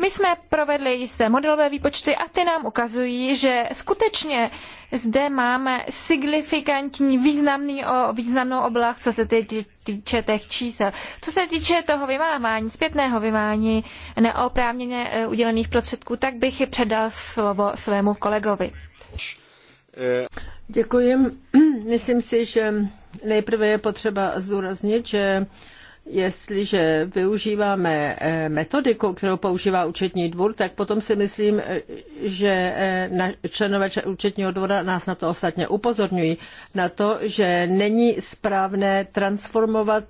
My jsme provedli jisté modelové výpočty a ty nám ukazují, že skutečně zde máme signifikantní významný o, významnou oblast, co se týče těch čísel. Co se týče toho vymávání, zpětného vymávání neoprávněně eh, udělených prostředků, tak bych předal slovo svému kolegovi. Děkuji. Myslím si, že nejprve je potřeba zdůraznit, že jestliže využíváme eh, metodiku, kterou používá účetní dvůr, tak potom si myslím, eh, že eh, členové účetního dvora nás na to ostatně upozorňují, na to, že není správné transformovat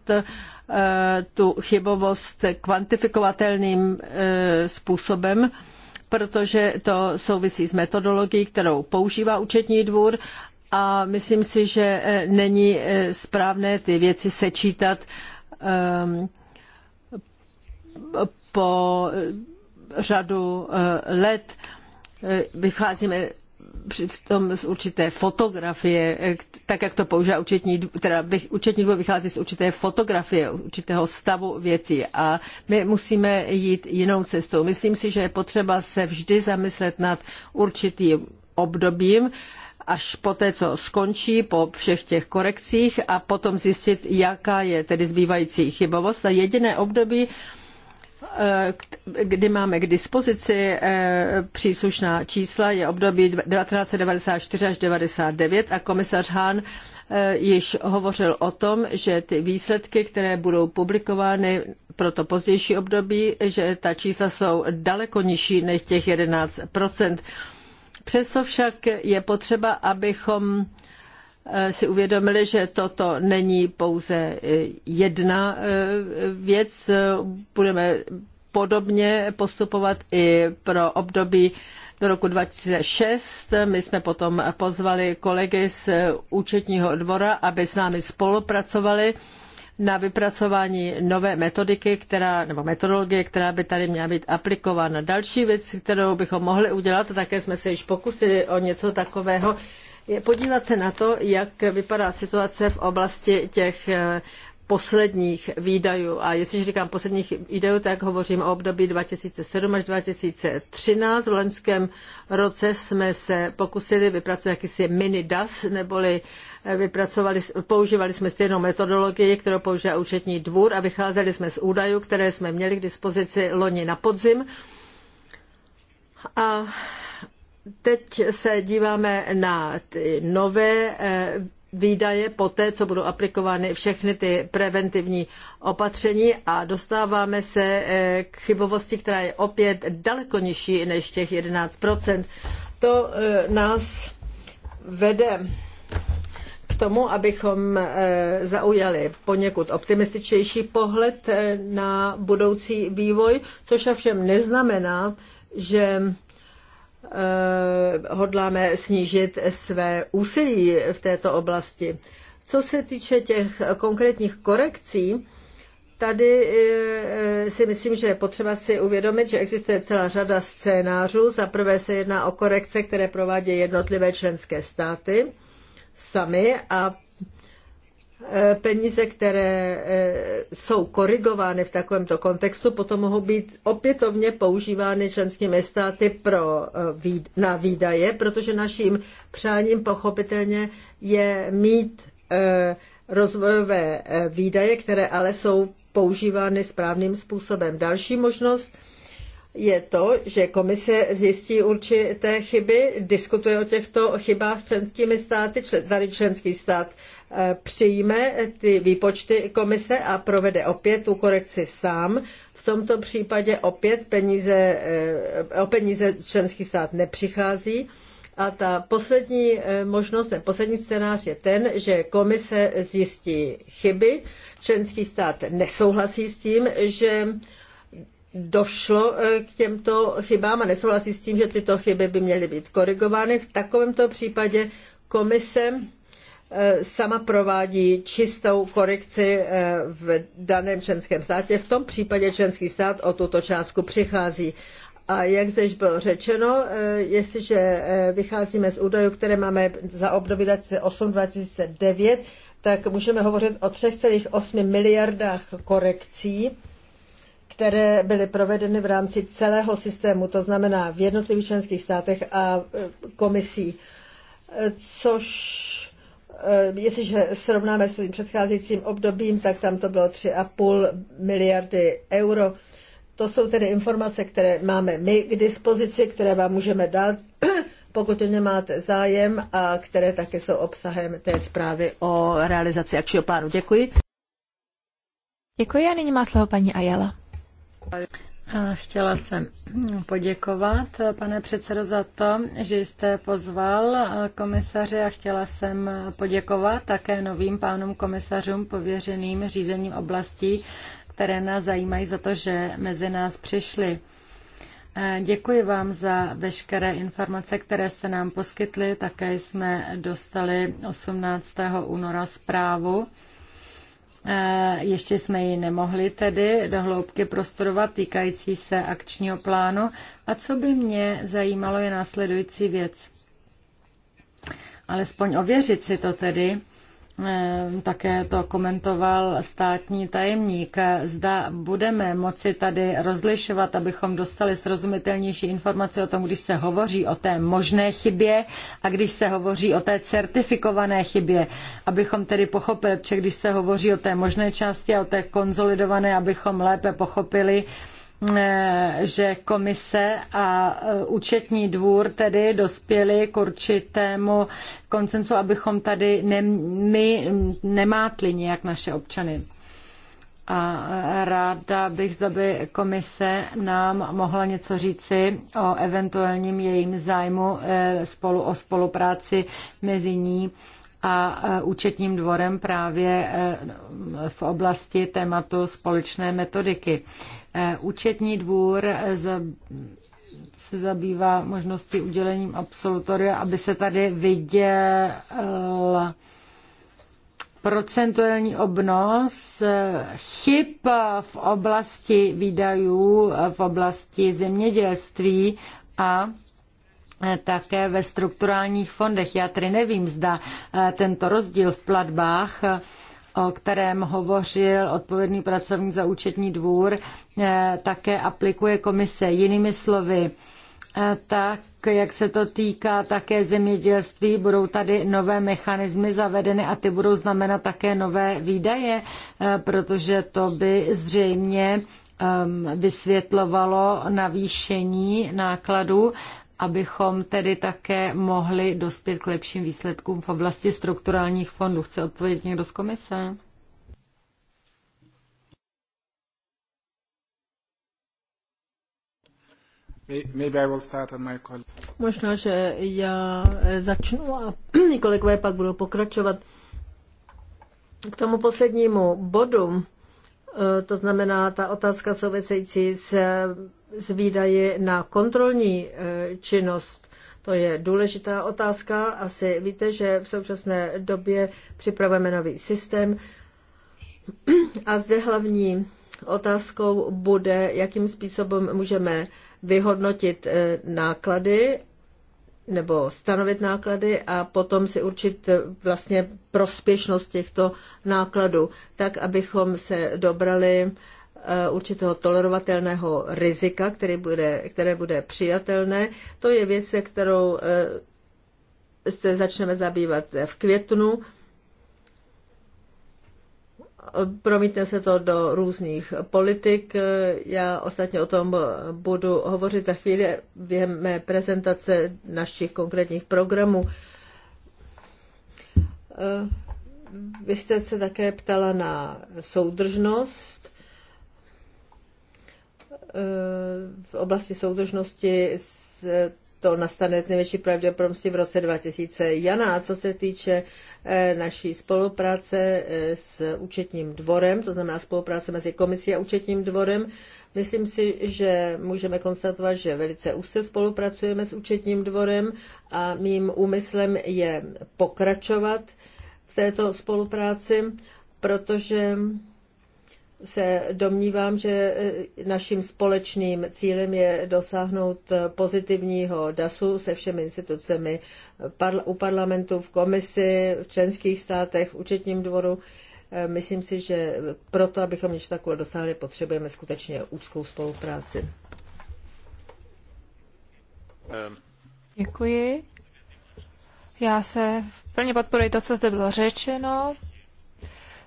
tu chybovost kvantifikovatelným způsobem, protože to souvisí s metodologií, kterou používá účetní dvůr a myslím si, že eh, není eh, správné ty věci sečítat ehm, po eh, řadu let. Vycházíme přitom z určité fotografie, tak jak to používá účetní, teda účetní dvůr vychází z určité fotografie, určitého stavu věcí a my musíme jít jinou cestou. Myslím si, že je potřeba se vždy zamyslet nad určitým obdobím, až po té, co skončí po všech těch korekcích a potom zjistit, jaká je tedy zbývající chybovost. A jediné období, Eh, kdy máme k dispozici eh, příslušná čísla, je období 1994 až 1999 a komisař Hahn eh, již hovořil o tom, že ty výsledky, které budou publikovány pro to pozdější období, že ta čísla jsou daleko nižší než těch 11 Přesto však je potřeba, abychom Eh, si uvědomili, že toto není pouze eh, jedna eh, věc. Budeme podobně postupovat i pro období do roku 2006. My jsme potom pozvali kolegy z účetního dvora, aby s námi spolupracovali na vypracování nové metodiky, která, nebo metodologie, která by tady měla být aplikována. Další věc, kterou bychom mohli udělat, také jsme se již pokusili o něco takového, podívat se na to, jak vypadá situace v oblasti těch eh, posledních výdajů. A jestliže říkám posledních výdajů, tak hovořím o období 2007 až 2013. V loňském roce jsme se pokusili vypracovat jakýsi mini DAS, neboli eh, vypracovali, používali jsme stejnou metodologii, kterou používá účetní dvůr a vycházeli jsme z údajů, které jsme měli k dispozici loni na podzim. A Teď se díváme na ty nové eh, výdaje po té, co budou aplikovány všechny ty preventivní opatření a dostáváme se eh, k chybovosti, která je opět daleko nižší než těch 11%. To eh, nás vede k tomu, abychom zaujali poněkud optimističtější pohled na budoucí vývoj, což ovšem neznamená, že Eh, hodláme snížit své úsilí v této oblasti. Co se týče těch konkrétních korekcí, tady eh, si myslím, že je potřeba si uvědomit, že existuje celá řada scénářů. Za prvé se jedná o korekce, které provádějí jednotlivé členské státy sami a Eh, peníze, které eh, jsou korigovány v takovémto kontextu, potom mohou být opětovně používány členskými státy pro, eh, na výdaje, protože naším přáním pochopitelně je mít rozvojové výdaje, které ale jsou používány správným způsobem. Další možnost je to, že komise zjistí určité chyby, diskutuje o těchto chybách s členskými státy, tady členský stát přijme ty výpočty komise a provede opět tu korekci sám. V tomto případě opět peníze, eh, o peníze členský stát nepřichází. A ta poslední eh, možnost, ten poslední scénář je ten, že komise zjistí chyby, členský stát nesouhlasí s tím, že došlo eh, k těmto chybám a nesouhlasí s tím, že tyto chyby by měly být korigovány. V takovémto případě komise Eh, sama provádí čistou korekci eh, v daném členském státě. V tom případě členský stát o tuto částku přichází. A jak zde bylo řečeno, eh, jestliže vycházíme z údajů, které máme za období 2008-2009, tak můžeme hovořit o 3,8 miliardách korekcí, které byly provedeny v rámci celého systému, to znamená v jednotlivých členských státech a komisí, což Eh, jestliže srovnáme s tím předcházejícím obdobím, tak tam to bylo 3,5 miliardy euro. To jsou tedy informace, které máme my k dispozici, které vám můžeme dát, pokud ně nemáte zájem a které také jsou obsahem té zprávy o realizaci akčního plánu. Děkuji. Děkuji a nyní má slovo paní Ajala. Chtěla jsem poděkovat, pane předsedo, za to, že jste pozval komisaře a chtěla jsem poděkovat také novým pánům komisařům pověřeným řízením oblastí, které nás zajímají za to, že mezi nás přišli. E, děkuji vám za veškeré informace, které jste nám poskytli. Také jsme dostali 18. února zprávu Eh, ještě jsme ji nemohli tedy do hloubky prostorovat týkající se akčního plánu. A co by mě zajímalo je následující věc. Alespoň ověřit si to tedy, Eh, také to komentoval státní tajemník. Zda budeme moci tady rozlišovat, abychom dostali srozumitelnější informace o tom, když se hovoří o té možné chybě a když se hovoří o té certifikované chybě, abychom tedy pochopili, protože když se hovoří o té možné části a o té konzolidované, abychom lépe pochopili, Eh, že komise a eh, účetní dvůr tedy dospěli k určitému koncensu, abychom tady nem, my nemátli nějak naše občany. A eh, ráda bych, aby by komise nám mohla něco říci o eventuálním jejím zájmu spolu o spolupráci mezi ní a účetním dvorem právě v oblasti tématu společné metodiky Eh, účetní dvůr eh, se zabývá možností udělením absolutoria, aby se tady viděl procentuální obnos eh, chyb v oblasti výdajů, v oblasti zemědělství a také ve strukturálních fondech. Já tedy nevím, zda tento rozdíl v platbách o kterém hovořil odpovědný pracovník za účetní dvůr, eh, také aplikuje komise. Jinými slovy, eh, tak jak se to týká také zemědělství, budou tady nové mechanismy zavedeny a ty budou znamenat také nové výdaje, eh, protože to by zřejmě ehm, vysvětlovalo navýšení nákladů abychom tedy také mohli dospět k lepším výsledkům v oblasti strukturálních fondů. Chce odpovědět někdo z komise? Možná, že já eh, začnu a kolegové pak budou pokračovat. K tomu poslednímu bodu, eh, to znamená ta otázka související s s výdaji na kontrolní e, činnost. To je důležitá otázka. Asi víte, že v současné době připravujeme nový systém. A zde hlavní otázkou bude, jakým způsobem můžeme vyhodnotit e, náklady nebo stanovit náklady a potom si určit e, vlastně prospěšnost těchto nákladů, tak abychom se dobrali Eh, určitého tolerovatelného rizika, které bude, které bude přijatelné. To je věc, se kterou eh, se začneme zabývat v květnu. Promítne se to do různých politik. Já ostatně o tom budu hovořit za chvíli během mé prezentace našich konkrétních programů. Eh, vy jste se také ptala na soudržnost v oblasti soudržnosti to nastane z největší pravděpodobností v roce 2001. A co se týče eh, naší spolupráce eh, s účetním dvorem, to znamená spolupráce mezi komisí a účetním dvorem, Myslím si, že můžeme konstatovat, že velice úzce spolupracujeme s účetním dvorem a mým úmyslem je pokračovat v této spolupráci, protože se domnívám, že eh, naším společným cílem je dosáhnout eh, pozitivního DASu se všemi institucemi eh, u parlamentu, v komisi, v členských státech, v účetním dvoru. Myslím si, že proto, abychom něco takové dosáhli, potřebujeme skutečně úzkou spolupráci. Ehm. Děkuji. Já se plně podporuji to, co zde bylo řečeno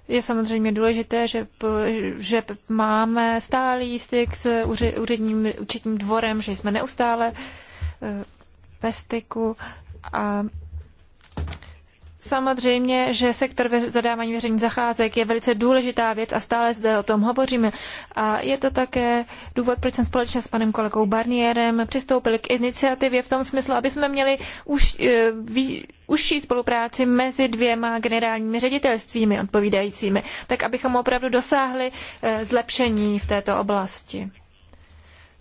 je samozřejmě důležité, že, že máme stálý styk s úředním účetním dvorem, že jsme neustále eh, ve styku a Samozřejmě, že sektor zadávání veřejných zacházek je velice důležitá věc a stále zde o tom hovoříme. A je to také důvod, proč jsem společně s panem kolegou Barnierem přistoupil k iniciativě v tom smyslu, aby jsme měli už, e, ví, užší spolupráci mezi dvěma generálními ředitelstvími odpovídajícími, tak abychom opravdu dosáhli e, zlepšení v této oblasti.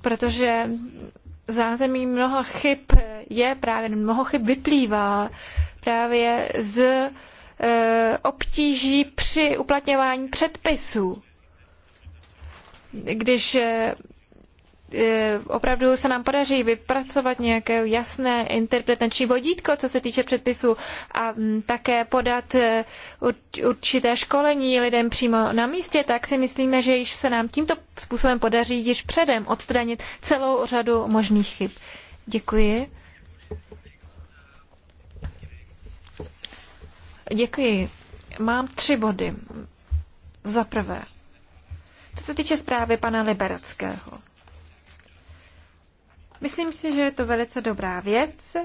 Protože zázemí mnoha chyb je právě, mnoho chyb vyplývá právě z e, obtíží při uplatňování předpisů. Když e, Eh, opravdu se nám podaří vypracovat nějaké jasné interpretační vodítko, co se týče předpisů a mm, také podat eh, určité školení lidem přímo na místě, tak si myslíme, že již se nám tímto způsobem podaří již předem odstranit celou řadu možných chyb. Děkuji. Děkuji. Mám tři body. Za prvé, co se týče zprávy pana Liberackého. Myslím si, že je to velice dobrá věc,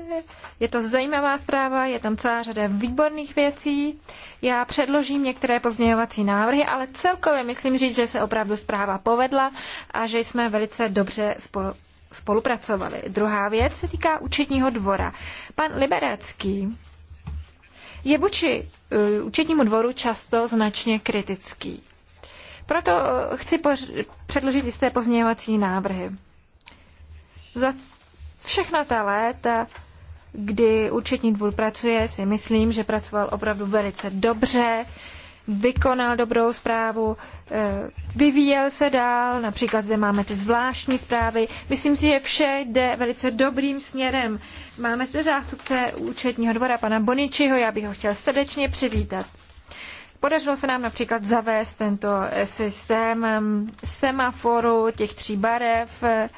je to zajímavá zpráva, je tam celá řada výborných věcí. Já předložím některé pozměňovací návrhy, ale celkově myslím říct, že se opravdu zpráva povedla a že jsme velice dobře spolu spolupracovali. Druhá věc se týká účetního dvora. Pan Liberecký je vůči eh, účetnímu dvoru často značně kritický. Proto eh, chci předložit jisté pozměňovací návrhy. Za všechna ta léta, kdy účetní dvůr pracuje, si myslím, že pracoval opravdu velice dobře, vykonal dobrou zprávu, eh, vyvíjel se dál, například zde máme ty zvláštní zprávy. Myslím si, že vše jde velice dobrým směrem. Máme zde zástupce účetního dvora, pana Boničiho, já bych ho chtěl srdečně přivítat. Podařilo se nám například zavést tento eh, systém ehm, semaforu těch tří barev, eh,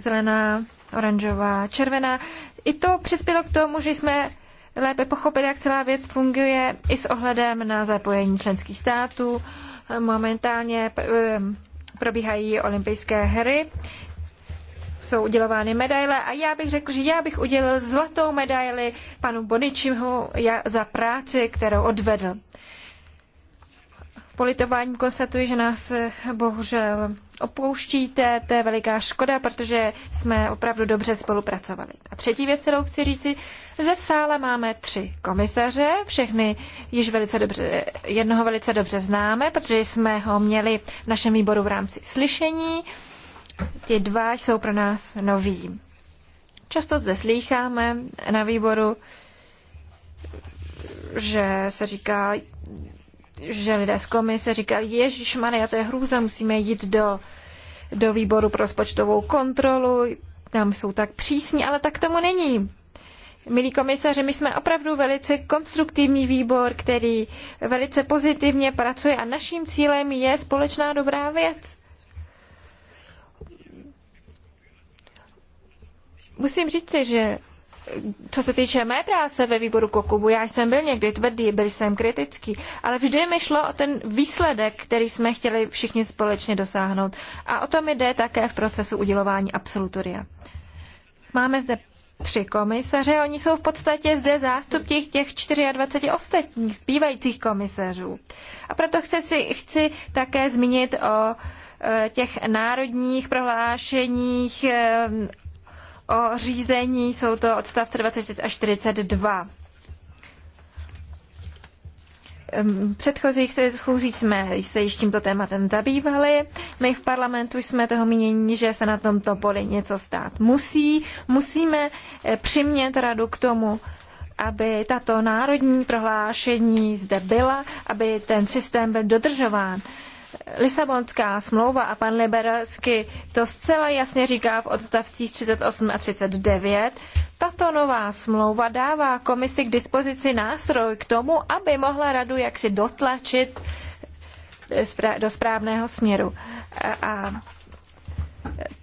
zelená, oranžová, červená. I to přispělo k tomu, že jsme lépe pochopili, jak celá věc funguje i s ohledem na zapojení členských států. Momentálně eh, probíhají olympijské hry, jsou udělovány medaile a já bych řekl, že já bych udělil zlatou medaili panu Boničimu za práci, kterou odvedl politováním konstatuji, že nás eh, bohužel opouštíte. To je veliká škoda, protože jsme opravdu dobře spolupracovali. A třetí věc, kterou chci říci, ze v sále máme tři komisaře, všechny již velice dobře, jednoho velice dobře známe, protože jsme ho měli v našem výboru v rámci slyšení. Ti dva jsou pro nás noví. Často zde slýcháme na výboru, že se říká, že lidé z komise říkali, Ježíš Maria, to je hrůza, musíme jít do, do výboru pro rozpočtovou kontrolu, tam jsou tak přísní, ale tak tomu není. Milí komisaři, my jsme opravdu velice konstruktivní výbor, který velice pozitivně pracuje a naším cílem je společná dobrá věc. Musím říci, že co se týče mé práce ve výboru Kokubu, já jsem byl někdy tvrdý, byl jsem kritický, ale vždy mi šlo o ten výsledek, který jsme chtěli všichni společně dosáhnout. A o to mi jde také v procesu udělování absolutoria. Máme zde tři komisaře, oni jsou v podstatě zde zástupci těch 24 ostatních zbývajících komisařů. A proto chci, si, chci také zmínit o e, těch národních prohlášeních e, o řízení, jsou to odstavce 24 a 42. Předchozích schůzí jsme se již tímto tématem zabývali. My v parlamentu jsme toho mínění, že se na tomto poli něco stát musí. Musíme eh, přimět radu k tomu, aby tato národní prohlášení zde byla, aby ten systém byl dodržován. Lisabonská smlouva a pan Liberalsky to zcela jasně říká v odstavcích 38 a 39, tato nová smlouva dává komisi k dispozici nástroj k tomu, aby mohla radu jaksi dotlačit do správného směru. A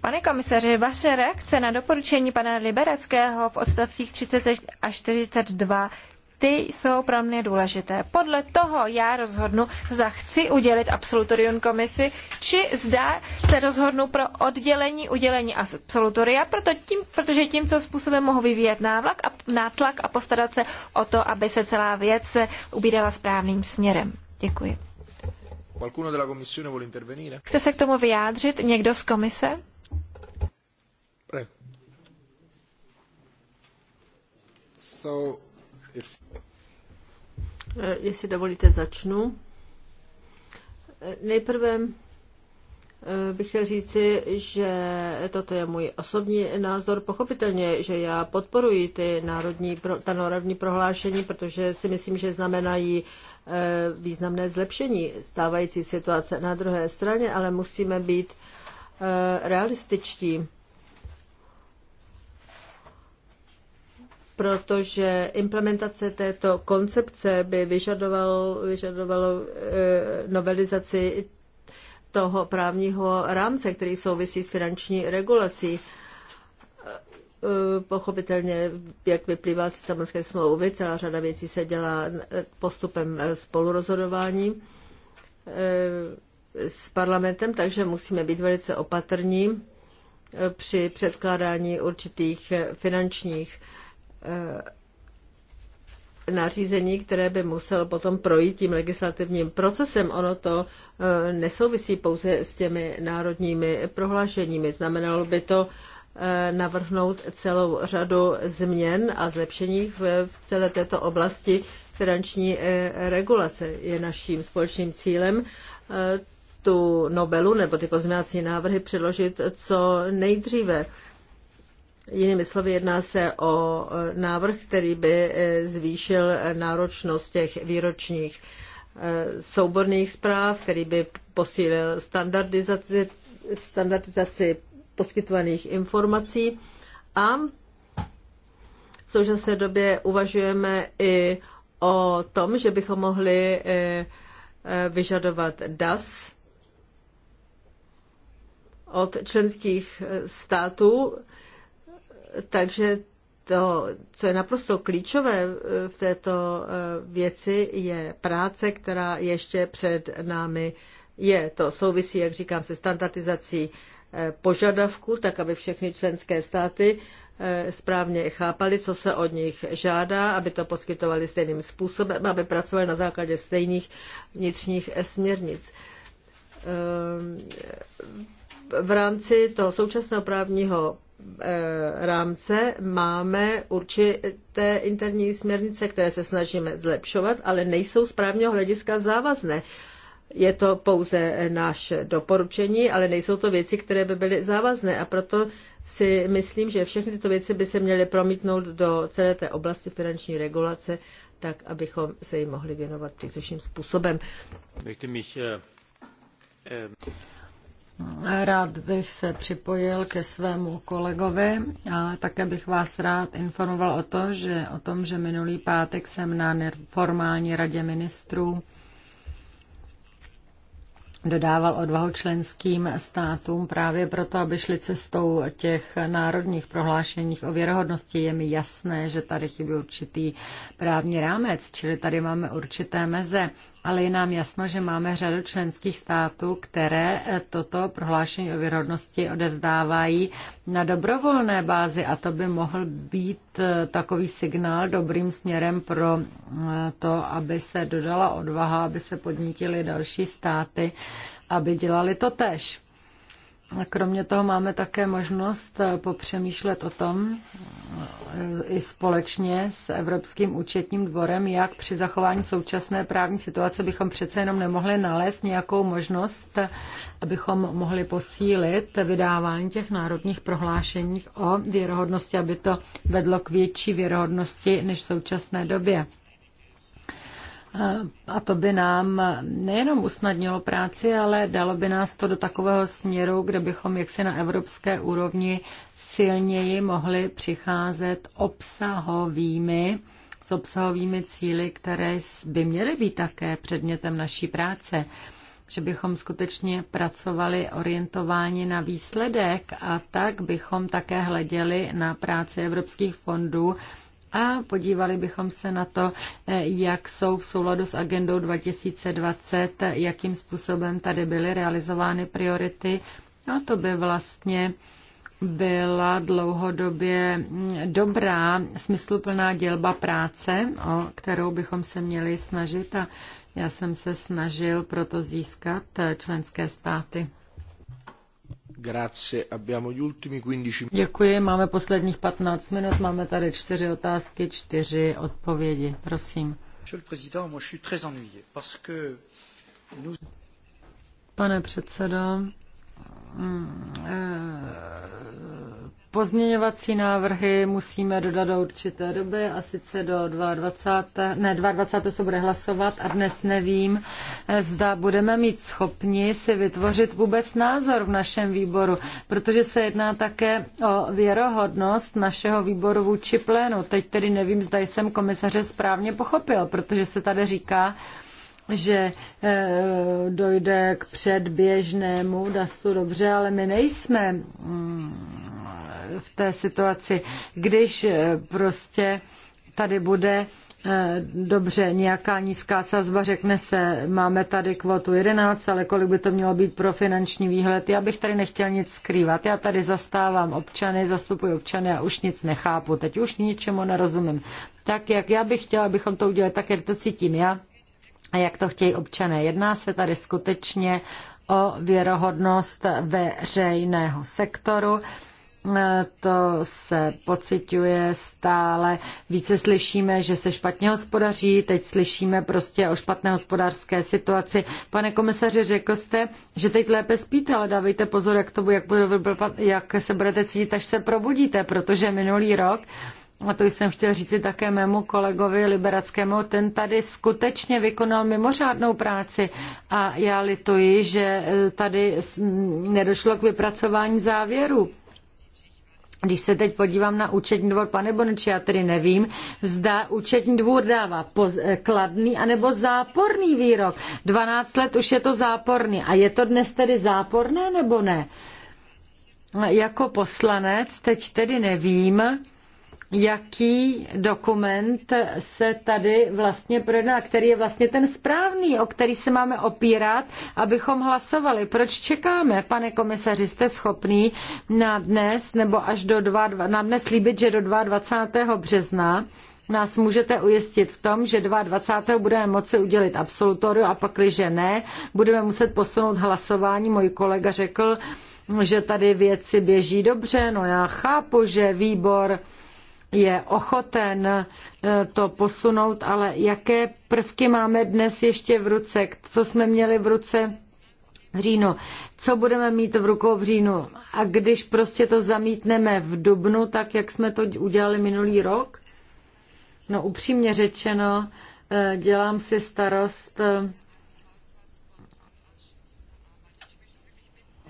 Pane komisaři, vaše reakce na doporučení pana Liberackého v odstavcích 30 až 42 ty jsou pro mě důležité. Podle toho já rozhodnu, zda chci udělit absolutorium komisi, či zda se rozhodnu pro oddělení udělení absolutoria, proto tím, protože tímto způsobem mohu vyvíjet návlak a, nátlak a postarat se o to, aby se celá věc ubírala správným směrem. Děkuji. Chce se k tomu vyjádřit někdo z komise? So, Eh, jestli dovolíte, začnu. Eh, nejprve eh, bych chtěl říci, že toto je můj osobní názor. Pochopitelně, že já podporuji ty národní, ta národní prohlášení, protože si myslím, že znamenají významné zlepšení stávající situace. Na druhé straně ale musíme být realističtí. protože implementace této koncepce by vyžadovalo, vyžadovalo eh, novelizaci toho právního rámce, který souvisí s finanční regulací. Eh, pochopitelně, jak vyplývá z samozřejmě smlouvy, celá řada věcí se dělá eh, postupem spolurozhodování s parlamentem, takže musíme být velice opatrní při předkládání určitých finančních Eh, nařízení, které by musel potom projít tím legislativním procesem. Ono to eh, nesouvisí pouze s těmi národními prohlášeními. Znamenalo by to eh, navrhnout celou řadu změn a zlepšení v celé této oblasti finanční regulace. Je naším společným cílem tu Nobelu nebo ty pozměňovací návrhy předložit co nejdříve. Jinými slovy, jedná se o e, návrh, který by e, zvýšil e, náročnost těch výročních souborných zpráv, který by posílil standardizaci, standardizaci poskytovaných informací a v současné době uvažujeme i o tom, že bychom mohli vyžadovat DAS od členských států, takže to, co je naprosto klíčové eh, v této eh, věci, je práce, která ještě před námi je. To souvisí, jak říkám, se standardizací eh, požadavků, tak aby všechny členské státy správně chápali, co se od nich žádá, aby to poskytovali stejným způsobem, aby pracovali na základě stejných vnitřních směrnic. Ehm, v rámci toho současného právního Eh, rámce máme určité interní směrnice, které se snažíme zlepšovat, ale nejsou z právního hlediska závazné. Je to pouze náš doporučení, ale nejsou to věci, které by byly závazné a proto si myslím, že všechny tyto věci by se měly promítnout do celé té oblasti finanční regulace, tak abychom se jim mohli věnovat příslušným způsobem. Rád bych se připojil ke svému kolegovi a také bych vás rád informoval o, to, že, o tom, že minulý pátek jsem na neformální radě ministrů dodával odvahu členským státům právě proto, aby šli cestou těch národních prohlášeních o věrohodnosti. Je mi jasné, že tady chybí určitý právní rámec, čili tady máme určité meze ale je nám jasno, že máme řadu členských států, které eh, toto prohlášení o věrohodnosti odevzdávají na dobrovolné bázi a to by mohl být eh, takový signál dobrým směrem pro eh, to, aby se dodala odvaha, aby se podnítily další státy, aby dělali to tež. A kromě toho máme také možnost eh, popřemýšlet o tom eh, i společně s Evropským účetním dvorem, jak při zachování současné právní situace bychom přece jenom nemohli nalézt nějakou možnost, abychom mohli posílit vydávání těch národních prohlášení o věrohodnosti, aby to vedlo k větší věrohodnosti než v současné době. Eh, a to by nám nejenom usnadnilo práci, ale dalo by nás to do takového směru, kde bychom jaksi na evropské úrovni silněji mohli přicházet obsahovými, s obsahovými cíly, které by měly být také předmětem naší práce. Že bychom skutečně pracovali orientováni na výsledek a tak bychom také hleděli na práci evropských fondů a podívali bychom se na to, eh, jak jsou v souladu s agendou 2020, eh, jakým způsobem tady byly realizovány priority. No to by vlastně byla dlouhodobě mm, dobrá, smysluplná dělba práce, o kterou bychom se měli snažit a já jsem se snažil proto získat eh, členské státy. Děkuji, máme posledních 15 minut, máme tady čtyři otázky, čtyři odpovědi, prosím. Pane předsedo, mm, eh, Pozměňovací návrhy musíme dodat do určité doby a sice do 22. Ne, 22. se bude hlasovat a dnes nevím, zda budeme mít schopni si vytvořit vůbec názor v našem výboru, protože se jedná také o věrohodnost našeho výboru vůči plénu. Teď tedy nevím, zda jsem komisaře správně pochopil, protože se tady říká, že e, dojde k předběžnému DASu dobře, ale my nejsme mm, v té situaci, když eh, prostě tady bude eh, dobře, nějaká nízká sazba, řekne se, máme tady kvotu 11, ale kolik by to mělo být pro finanční výhled. Já bych tady nechtěl nic skrývat. Já tady zastávám občany, zastupuji občany a už nic nechápu. Teď už ničemu nerozumím. Tak, jak já bych chtěla, abychom to udělali, tak, jak to cítím já a jak to chtějí občané. Jedná se tady skutečně o věrohodnost veřejného sektoru to se pociťuje stále. Více slyšíme, že se špatně hospodaří, teď slyšíme prostě o špatné hospodářské situaci. Pane komisaři, řekl jste, že teď lépe spíte, ale dávejte pozor, jak, to bude, jak, bude jak se budete cítit, až se probudíte, protože minulý rok a to jsem chtěl říci také mému kolegovi Liberackému, ten tady skutečně vykonal mimořádnou práci a já lituji, že tady nedošlo k vypracování závěru když se teď podívám na účetní dvor, pane Bonucci, já tedy nevím, zda účetní dvůr dává poz, eh, kladný anebo záporný výrok. 12 let už je to záporný. A je to dnes tedy záporné nebo ne? Jako poslanec teď tedy nevím, jaký dokument se tady vlastně projedná, který je vlastně ten správný, o který se máme opírat, abychom hlasovali. Proč čekáme, pane komisaři, jste schopný na dnes nebo až do dva, na dnes líbit, že do 22. března nás můžete ujistit v tom, že 22. budeme moci udělit absolutoriu a pakliže ne, budeme muset posunout hlasování. Můj kolega řekl, že tady věci běží dobře, no já chápu, že výbor je ochoten eh, to posunout, ale jaké prvky máme dnes ještě v ruce, co jsme měli v ruce v říjnu, co budeme mít v rukou v říjnu a když prostě to zamítneme v dubnu, tak jak jsme to udělali minulý rok? No upřímně řečeno, eh, dělám si starost eh,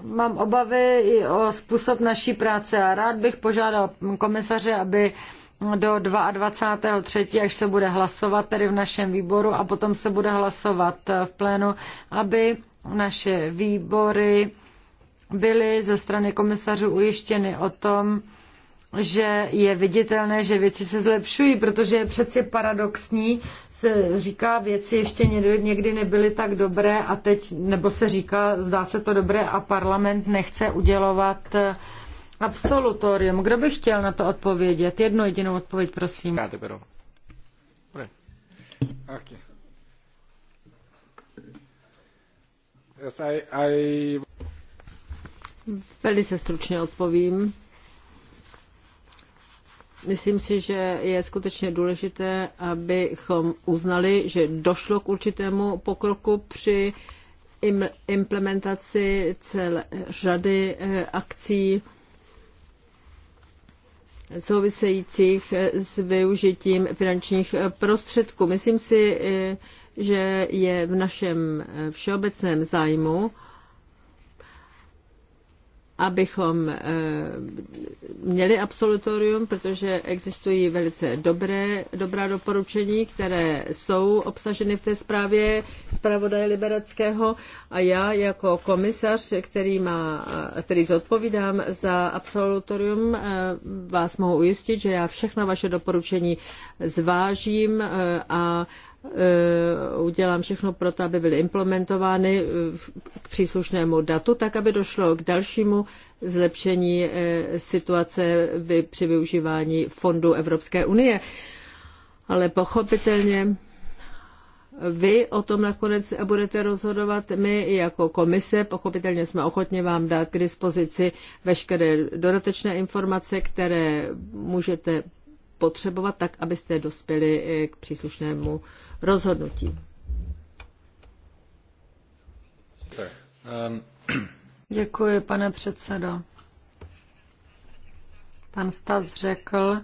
mám obavy i o způsob naší práce a rád bych požádal komisaře, aby do 22.3., až se bude hlasovat tedy v našem výboru a potom se bude hlasovat v plénu, aby naše výbory byly ze strany komisařů ujištěny o tom, že je viditelné, že věci se zlepšují, protože je přeci paradoxní, se říká, věci ještě někdy nebyly tak dobré a teď, nebo se říká, zdá se to dobré a parlament nechce udělovat eh, absolutorium. Kdo by chtěl na to odpovědět? Jednu jedinou odpověď, prosím. Já to beru. Velice stručně odpovím. Myslím si, že je skutečně důležité, abychom uznali, že došlo k určitému pokroku při implementaci celé řady eh, akcí souvisejících eh, s využitím finančních eh, prostředků. Myslím si, že je v našem všeobecném zájmu, abychom eh, měli absolutorium, protože existují velice dobré, dobrá doporučení, které jsou obsaženy v té zprávě zpravodaje Liberackého a já jako komisař, který, má, eh, který zodpovídám za absolutorium, eh, vás mohu ujistit, že já všechna vaše doporučení zvážím a Eh, udělám všechno pro to, aby byly implementovány eh, k příslušnému datu, tak aby došlo k dalšímu zlepšení eh, situace při využívání fondů Evropské unie. Ale pochopitelně vy o tom nakonec budete rozhodovat. My jako komise pochopitelně jsme ochotně vám dát k dispozici veškeré dodatečné informace, které můžete potřebovat, tak abyste dospěli eh, k příslušnému rozhodnutí. Um, Děkuji, pane předsedo. Pan Stas řekl,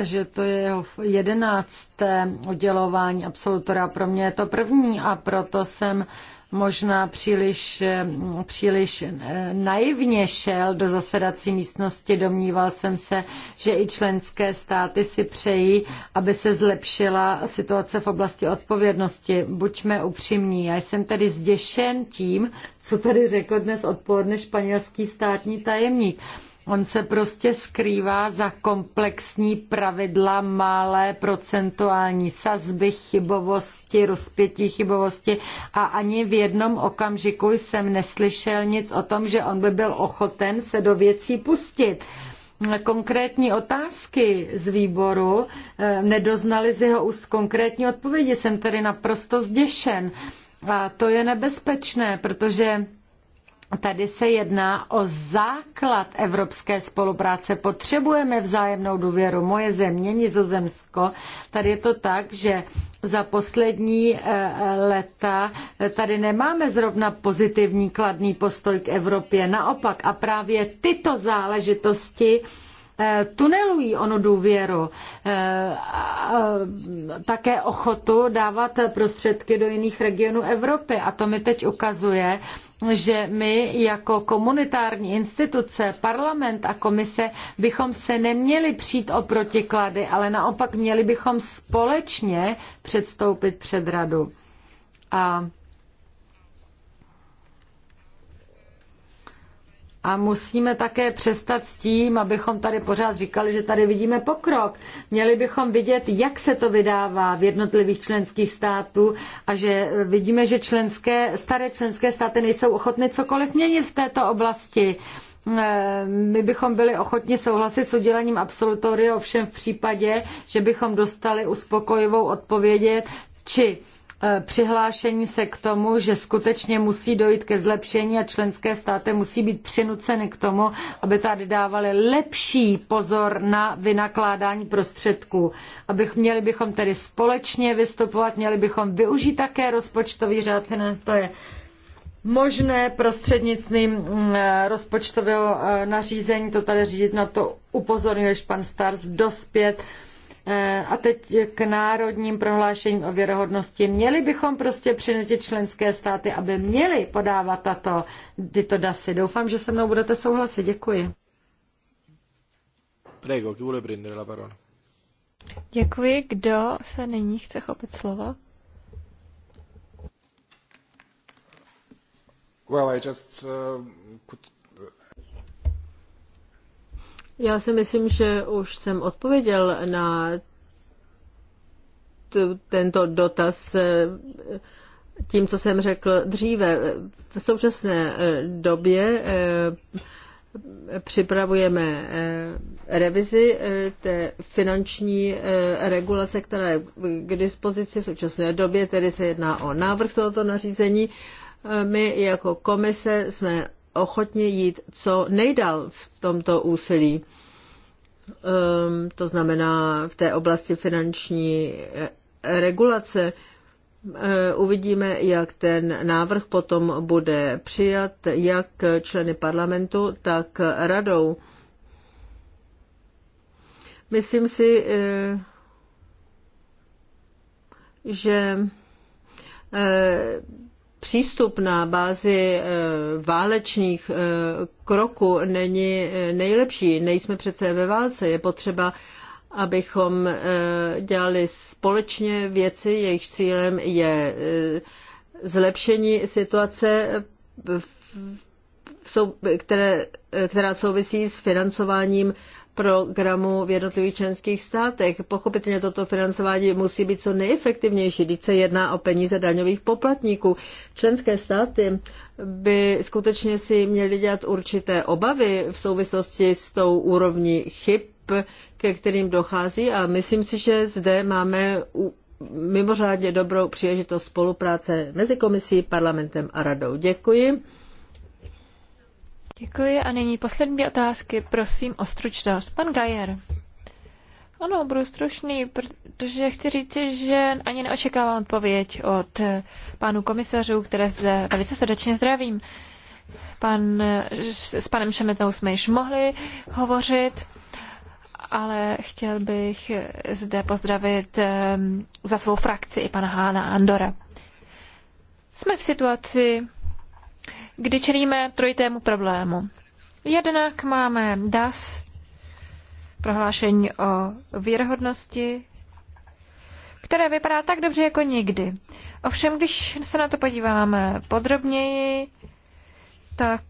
že to je jeho jedenácté udělování absolutora. Pro mě je to první a proto jsem možná příliš, eh, příliš eh, naivně šel do zasedací místnosti. Domníval jsem se, že i členské státy si přejí, aby se zlepšila situace v oblasti odpovědnosti. Buďme upřímní. Já jsem tedy zděšen tím, co tady řekl dnes odpoledne španělský státní tajemník. On se prostě skrývá za komplexní pravidla malé procentuální sazby, chybovosti, rozpětí chybovosti a ani v jednom okamžiku jsem neslyšel nic o tom, že on by byl ochoten se do věcí pustit konkrétní otázky z výboru, eh, nedoznali z jeho úst konkrétní odpovědi. Jsem tedy naprosto zděšen. A to je nebezpečné, protože Tady se jedná o základ evropské spolupráce. Potřebujeme vzájemnou důvěru. Moje země, Nizozemsko, tady je to tak, že za poslední eh, leta eh, tady nemáme zrovna pozitivní kladný postoj k Evropě. Naopak a právě tyto záležitosti eh, tunelují onu důvěru, také ochotu dávat prostředky do jiných regionů Evropy. A to mi teď ukazuje, že my jako komunitární instituce, parlament a komise bychom se neměli přijít o protiklady, ale naopak měli bychom společně předstoupit před radu. A A musíme také přestat s tím, abychom tady pořád říkali, že tady vidíme pokrok. Měli bychom vidět, jak se to vydává v jednotlivých členských států a že vidíme, že členské, staré členské státy nejsou ochotny cokoliv měnit v této oblasti eh, my bychom byli ochotni souhlasit s udělením absolutoria, ovšem v případě, že bychom dostali uspokojivou odpověď, či Eh, přihlášení se k tomu, že skutečně musí dojít ke zlepšení a členské státy musí být přinuceny k tomu, aby tady dávali lepší pozor na vynakládání prostředků. Abych, měli bychom tedy společně vystupovat, měli bychom využít také rozpočtový řád, ne, to je možné prostřednictvím mm, rozpočtového eh, nařízení, to tady řídit na to upozornil pan Stars, dospět Eh, a teď k národním prohlášením o věrohodnosti. Měli bychom prostě přinutit členské státy, aby měli podávat tato, tyto dasy. Doufám, že se mnou budete souhlasit. Děkuji. Prego, chi vuole prendere la parola? Děkuji. Kdo se nyní chce chopit slova? Well, I just uh, could já si myslím, že už jsem odpověděl na tento dotaz eh, tím, co jsem řekl dříve. V současné eh, době eh, připravujeme revizi té finanční regulace, která je k dispozici v současné době, tedy se jedná o návrh tohoto nařízení. My jako komise jsme ochotně jít co nejdál v tomto úsilí. Ehm, to znamená v té oblasti finanční eh, regulace. Eh, uvidíme, jak ten návrh potom bude přijat jak členy parlamentu, tak radou. Myslím si, eh, že přístup na bázi e, válečných e, kroků není e, nejlepší. Nejsme přece ve válce, je potřeba abychom dělali společně věci, jejich cílem je zlepšení situace, které, která souvisí s financováním programů v jednotlivých členských státech. Pochopitelně toto financování musí být co nejefektivnější, když se jedná o peníze daňových poplatníků. Členské státy by skutečně si měly dělat určité obavy v souvislosti s tou úrovní chyb, ke kterým dochází a myslím si, že zde máme mimořádně dobrou příležitost spolupráce mezi komisí, parlamentem a radou. Děkuji. Děkuji a nyní poslední otázky. Prosím o stručnost. Pan Gajer. Ano, budu stručný, protože chci říct, že ani neočekávám odpověď od pánů komisařů, které zde velice srdečně zdravím. Pan, s panem Šemetou jsme již mohli hovořit, ale chtěl bych zde pozdravit ehm, za svou frakci i pana Hána Andora. Jsme v situaci, kdy čelíme trojitému problému. Jednak máme DAS, prohlášení o věrohodnosti, které vypadá tak dobře jako nikdy. Ovšem, když se na to podíváme podrobněji, tak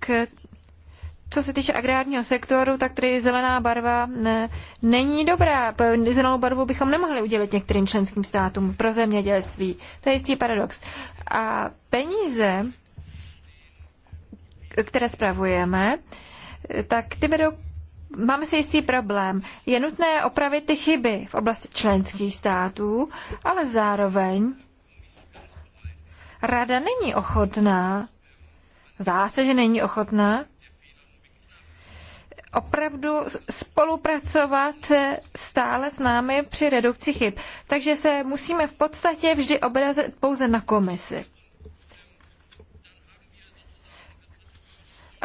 co se týče agrárního sektoru, tak tady zelená barva ne, není dobrá. Zelenou barvu bychom nemohli udělit některým členským státům pro zemědělství. To je jistý paradox. A peníze, které spravujeme, tak ty vedou máme si jistý problém. Je nutné opravit ty chyby v oblasti členských států, ale zároveň rada není ochotná, zdá se, že není ochotná, opravdu spolupracovat stále s námi při redukci chyb. Takže se musíme v podstatě vždy obrazit pouze na komisi.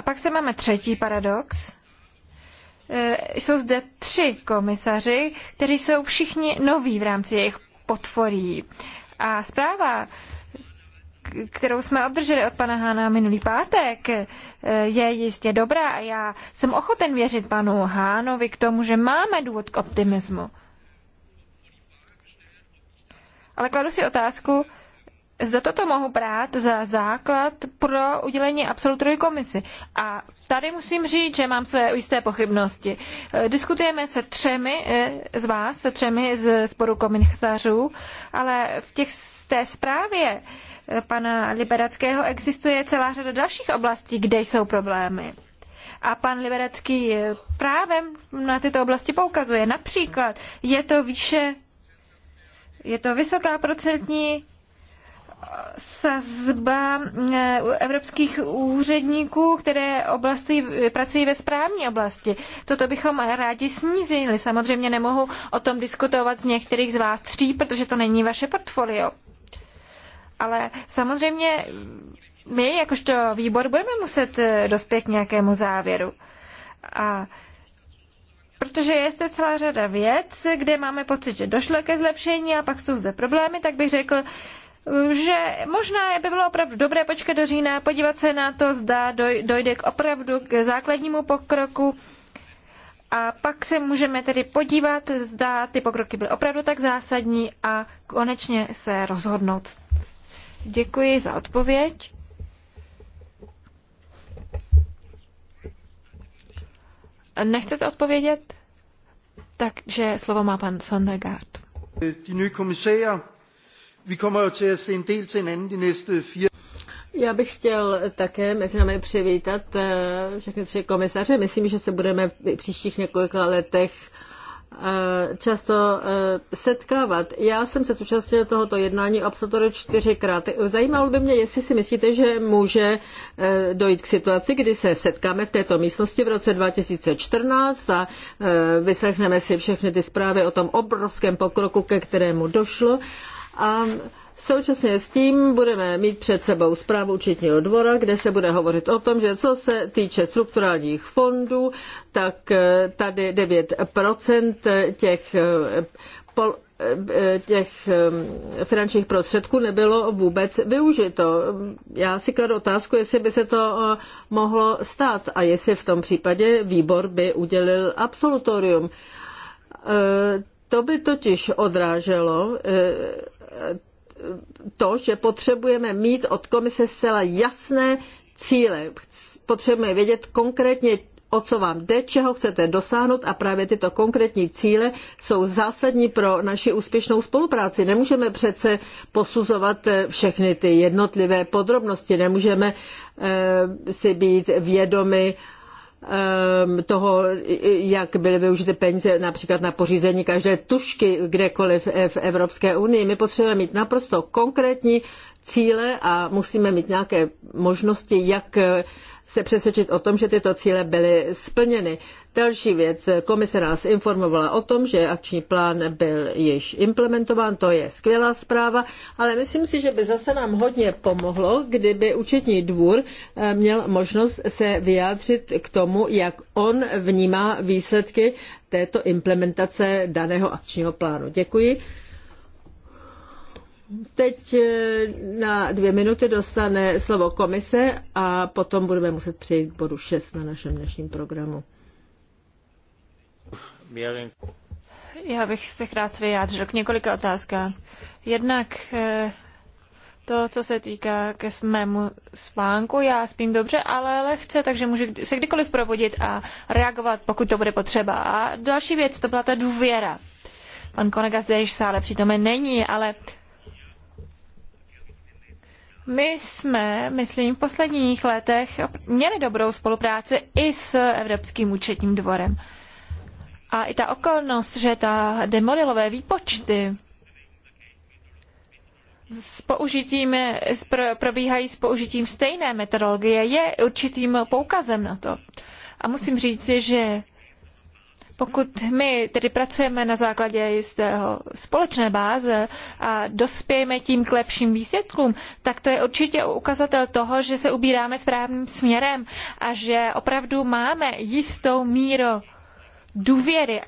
pak se máme třetí paradox. E, jsou zde tři komisaři, kteří jsou všichni noví v rámci jejich potvorí. A zpráva, kterou jsme obdrželi od pana Hána minulý pátek, e, je jistě dobrá a já jsem ochoten věřit panu Hánovi k tomu, že máme důvod k optimismu. Ale kladu si otázku, zda toto mohu brát za základ pro udělení absolutory komisi. A tady musím říct, že mám své jisté pochybnosti. Eh, diskutujeme se třemi eh, z vás, se třemi z sporu komisařů, ale v těch, té zprávě eh, pana Liberackého existuje celá řada dalších oblastí, kde jsou problémy. A pan Liberecký právem na tyto oblasti poukazuje. Například je to výše, je to vysoká procentní sazba eh, evropských úředníků, které oblasti, pracují ve správní oblasti. Toto bychom rádi snížili. Samozřejmě nemohu o tom diskutovat s některých z vás tří, protože to není vaše portfolio. Ale samozřejmě my, jakožto výbor, budeme muset eh, dospět k nějakému závěru. A Protože je zde celá řada věc, kde máme pocit, že došlo ke zlepšení a pak jsou zde problémy, tak bych řekl, že možná by bylo opravdu dobré počkat do října, podívat se na to, zda dojde k opravdu k základnímu pokroku a pak se můžeme tedy podívat, zda ty pokroky byly opravdu tak zásadní a konečně se rozhodnout. Děkuji za odpověď. Nechcete odpovědět? Takže slovo má pan Sondergaard. Die nye se fire já bych chtěl také mezi námi přivítat eh, všechny tři komisaře. Myslím, že se budeme v příštích několika letech eh, často eh, setkávat. Já jsem se zúčastnil tohoto jednání absolutně čtyřikrát. Zajímalo by mě, jestli si myslíte, že může dojít k situaci, kdy se setkáme v této místnosti v roce 2014 a vyslechneme si všechny ty zprávy o tom obrovském pokroku, ke kterému došlo a Současně s tím budeme mít před sebou zprávu účetního dvora, kde se bude hovořit o tom, že co se týče strukturálních fondů, tak eh, tady 9% těch, eh, eh, těch finančních prostředků nebylo vůbec využito. Já si kladu otázku, jestli by se to mohlo stát a jestli v tom případě výbor by udělil absolutorium. To by totiž odráželo to, že potřebujeme mít od komise zcela jasné cíle. Potřebujeme vědět konkrétně, o co vám jde, čeho chcete dosáhnout a právě tyto konkrétní cíle jsou zásadní pro naši úspěšnou spolupráci. Nemůžeme přece posuzovat eh, všechny ty jednotlivé podrobnosti, nemůžeme eh, si být vědomi Ehm, toho, jak byly využity peníze například na pořízení každé tušky kdekoliv v Evropské unii. My potřebujeme mít naprosto konkrétní cíle a musíme mít nějaké možnosti, jak se přesvědčit o tom, že tyto cíle byly splněny. Další věc, komise nás informovala o tom, že akční plán byl již implementován, to je skvělá zpráva, ale myslím si, že by zase nám hodně pomohlo, kdyby účetní dvůr eh, měl možnost se vyjádřit k tomu, jak on vnímá výsledky této implementace daného akčního plánu. Děkuji. Teď eh, na dvě minuty dostane slovo komise a potom budeme muset přejít k bodu 6 na našem dnešním programu. Já bych se rád vyjádřil k několika otázkám. Jednak eh, to, co se týká ke svému spánku, já spím dobře, ale lehce, takže můžu se kdykoliv probudit a reagovat, pokud to bude potřeba. A další věc, to byla ta důvěra. Pan kolega zde již v sále přítomen není, ale my jsme, myslím, v posledních letech měli dobrou spolupráci i s Evropským účetním dvorem. A i ta okolnost, že ta demodilové výpočty s použitím, probíhají s použitím stejné metodologie, je určitým poukazem na to. A musím říci, že pokud my tedy pracujeme na základě jistého společné báze a dospějeme tím k lepším výsledkům, tak to je určitě ukazatel toho, že se ubíráme správným směrem a že opravdu máme jistou míru důvěry,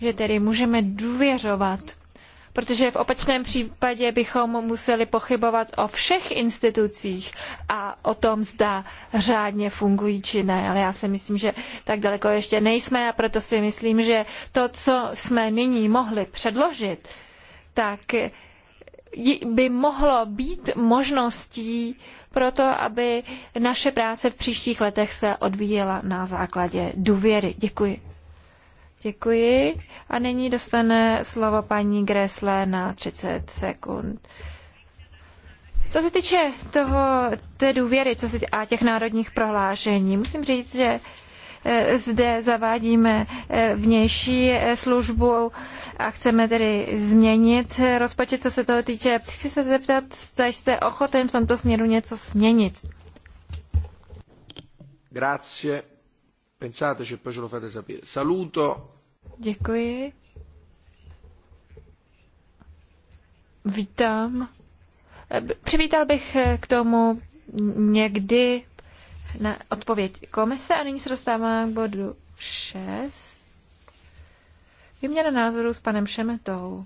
že tedy můžeme důvěřovat, protože v opačném případě bychom museli pochybovat o všech institucích a o tom, zda řádně fungují či ne. Ale já si myslím, že tak daleko ještě nejsme a proto si myslím, že to, co jsme nyní mohli předložit, tak by mohlo být možností pro to, aby naše práce v příštích letech se odvíjela na základě důvěry. Děkuji. Děkuji. A nyní dostane slovo paní Gresle na 30 sekund. Co se týče toho, té důvěry co se týče a těch národních prohlášení, musím říct, že e, zde zavádíme e, vnější e, službu a chceme tedy změnit rozpočet, co se toho týče. Chci se zeptat, zda jste ochoten v tomto směru něco změnit. Grazie. Pensateci e poi ce lo fate sapere. Saluto Děkuji. Vítám. Eh, přivítal bych eh, k tomu někdy na odpověď komise a nyní se dostávám k bodu 6. Vyměna názoru s panem Šemetou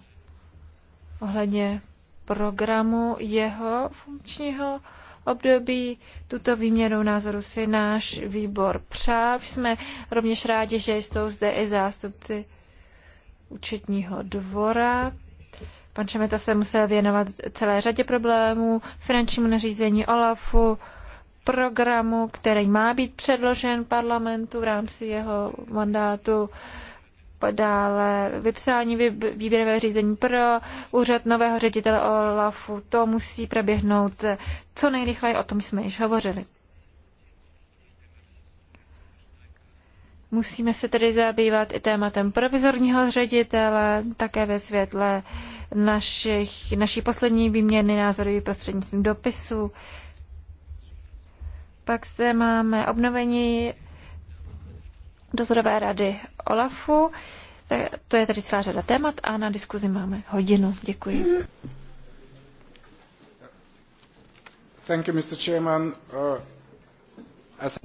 ohledně programu jeho funkčního období. Tuto výměnu názoru si náš výbor přál. Jsme rovněž rádi, že jsou zde i zástupci účetního dvora. Pan Šemeta se musel věnovat celé řadě problémů, finančnímu nařízení OLAFu, programu, který má být předložen parlamentu v rámci jeho mandátu dále vypsání výběrové řízení pro úřad nového ředitele OLAFu. To musí proběhnout co nejrychleji, o tom jsme již hovořili. Musíme se tedy zabývat i tématem provizorního ředitele, také ve světle našich, naší poslední výměny názorů prostřednictvím dopisu. Pak se máme obnovení dozorové rady OLAFu. Eh, to je tady celá řada témat a na diskuzi máme hodinu. Děkuji. Thank you, Mr. Chairman. Uh, as...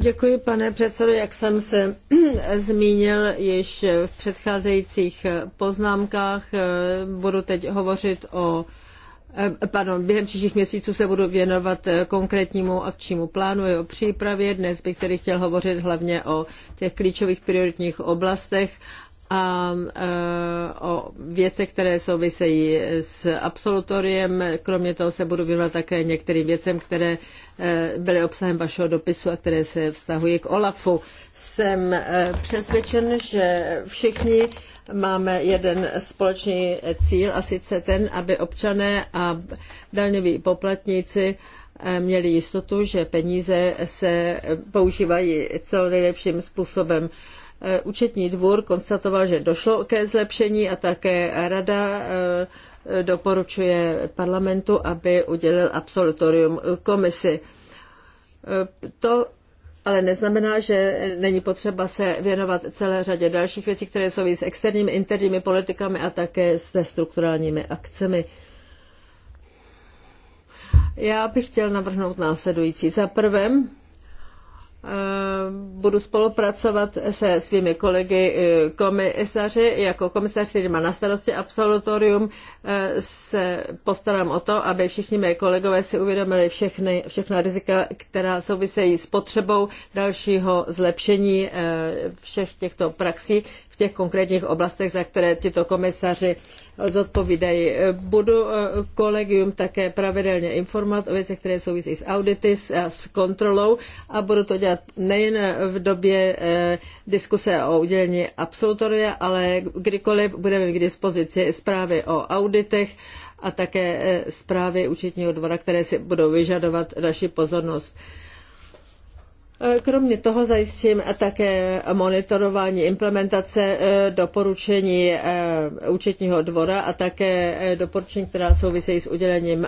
Děkuji, pane předsedo. Jak jsem se zmínil již v předcházejících poznámkách, eh, budu teď hovořit o Eh, pardon, během příštích měsíců se budu věnovat eh, konkrétnímu akčnímu plánu, jeho přípravě. Dnes bych tedy chtěl hovořit hlavně o těch klíčových prioritních oblastech a eh, o věcech, které souvisejí s absolutoriem. Kromě toho se budu věnovat také některým věcem, které byly obsahem vašeho dopisu a které se vztahují k OLAFu. Jsem přesvědčen, že všichni máme jeden společný cíl a sice ten, aby občané a daňoví poplatníci eh, měli jistotu, že peníze se používají co nejlepším způsobem. Eh, účetní dvůr konstatoval, že došlo ke zlepšení a také rada eh, doporučuje parlamentu, aby udělil absolutorium komisi. To ale neznamená, že není potřeba se věnovat celé řadě dalších věcí, které souvisí s externími, interními politikami a také se strukturálními akcemi. Já bych chtěl navrhnout následující. Za prvém, Eh, budu spolupracovat se svými kolegy eh, komisaři. Jako komisař, který má na starosti absolutorium, eh, se postarám o to, aby všichni mé kolegové si uvědomili všechny, všechna rizika, která souvisejí s potřebou dalšího zlepšení všech těchto praxí v těch konkrétních oblastech, za které tyto komisaři zodpovídají. Budu eh, kolegium také pravidelně informovat o věcech, které souvisí s audity, s kontrolou a budu to dělat nejen v době eh, diskuse o udělení absolutoria, ale kdykoliv budeme mít k dispozici zprávy o auditech a také eh, zprávy účetního dvora, které si budou vyžadovat naši pozornost. Kromě toho zajistím také monitorování implementace eh, doporučení eh, účetního dvora a také eh, doporučení, která souvisejí s udělením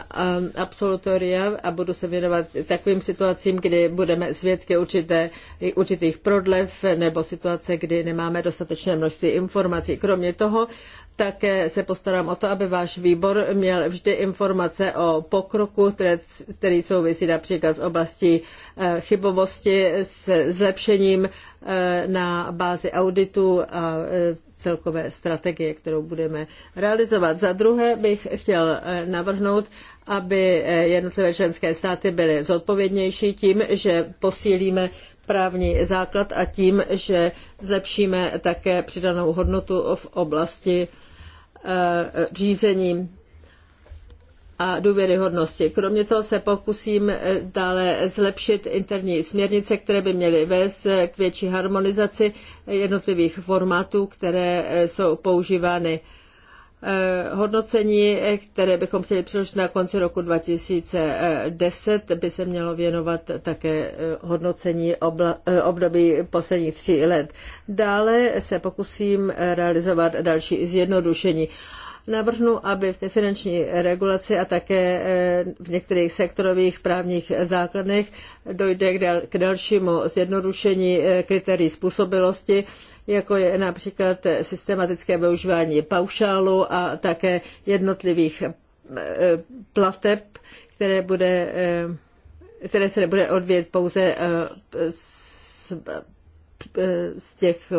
absolutoria a budu se věnovat takovým situacím, kdy budeme svědky určité, určitých prodlev nebo situace, kdy nemáme dostatečné množství informací. Kromě toho také se postarám o to, aby váš výbor měl vždy informace o pokroku, které, který souvisí například s oblastí eh, chybovosti, s zlepšením eh, na bázi auditu a eh, celkové strategie, kterou budeme realizovat. Za druhé bych chtěl navrhnout, aby jednotlivé členské státy byly zodpovědnější tím, že posílíme právní základ a tím, že zlepšíme také přidanou hodnotu v oblasti Eh, řízení a důvěryhodnosti. Kromě toho se pokusím eh, dále zlepšit interní směrnice, které by měly vést eh, k větší harmonizaci jednotlivých formátů, které jsou používány Eh, hodnocení, které bychom chtěli přeložit na konci roku 2010, by se mělo věnovat také eh, hodnocení eh, období posledních tří let. Dále se pokusím realizovat další zjednodušení. Navrhnu, aby v té finanční regulaci a také v některých sektorových právních základech dojde k dalšímu zjednodušení kritérií způsobilosti jako je například systematické využívání paušálu a také jednotlivých eh, plateb, které, bude, eh, které se nebude odvět pouze eh, z, z, těch,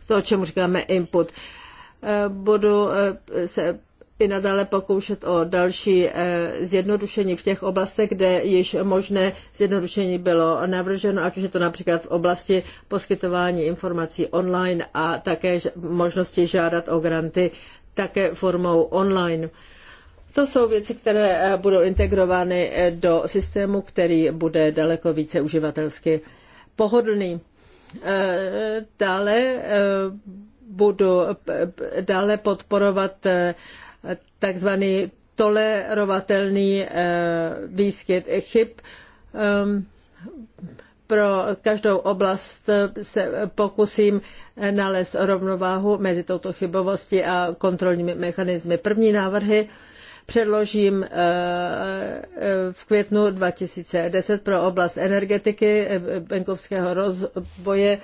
z toho, čemu říkáme input. Budu se i nadále pokoušet o další eh, zjednodušení v těch oblastech, kde již možné zjednodušení bylo navrženo, ať už je to například v oblasti poskytování informací online a také možnosti žádat o granty také formou online. To jsou věci, které eh, budou integrovány eh, do systému, který bude daleko více uživatelsky pohodlný. Dále budu dále podporovat takzvaný tolerovatelný eh, výskyt chyb. Ehm, pro každou oblast se pokusím nalézt rovnováhu mezi touto chybovostí a kontrolními mechanismy. První návrhy předložím eh, eh, v květnu 2010 pro oblast energetiky, venkovského rozvoje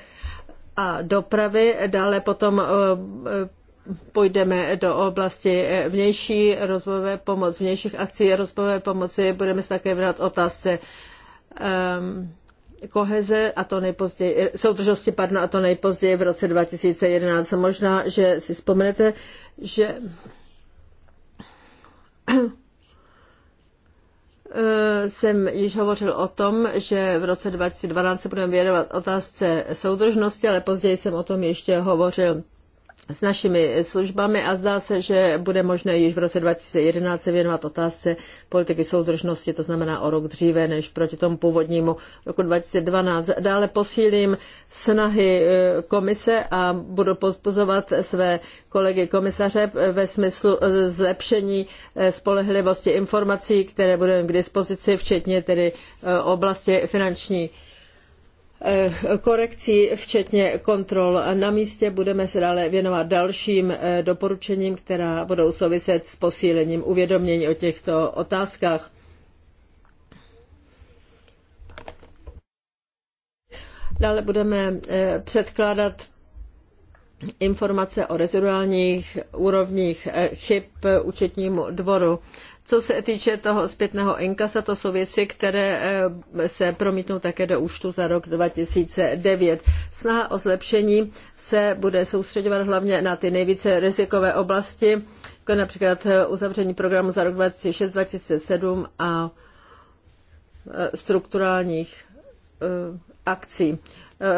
a dopravy. Dále potom půjdeme do oblasti vnější rozvojové pomoci, vnějších akcí rozvojové pomoci, budeme se také vrát otázce um, koheze a to nejpozději, soudržnosti padne a to nejpozději v roce 2011. Možná, že si vzpomenete, že jsem již hovořil o tom, že v roce 2012 se budeme věnovat otázce soudržnosti, ale později jsem o tom ještě hovořil s našimi službami a zdá se, že bude možné již v roce 2011 se věnovat otázce politiky soudržnosti, to znamená o rok dříve než proti tomu původnímu roku 2012. Dále posílím snahy eh, komise a budu pozbuzovat své kolegy komisaře eh, ve smyslu eh, zlepšení spolehlivosti informací, které budeme k dispozici, včetně tedy oblasti finanční Eh, korekcí, včetně kontrol na místě. Budeme se dále věnovat dalším eh, doporučením, která budou souviset s posílením uvědomění o těchto otázkách. Dále budeme eh, předkládat informace o reziduálních úrovních chyb účetnímu dvoru. Co se týče toho zpětného inkasa, to jsou věci, které eh, se promítnou také do účtu za rok 2009. Snaha o zlepšení se bude soustředovat hlavně na ty nejvíce rizikové oblasti, jako například eh, uzavření programu za rok 2006-2007 a eh, strukturálních akcí.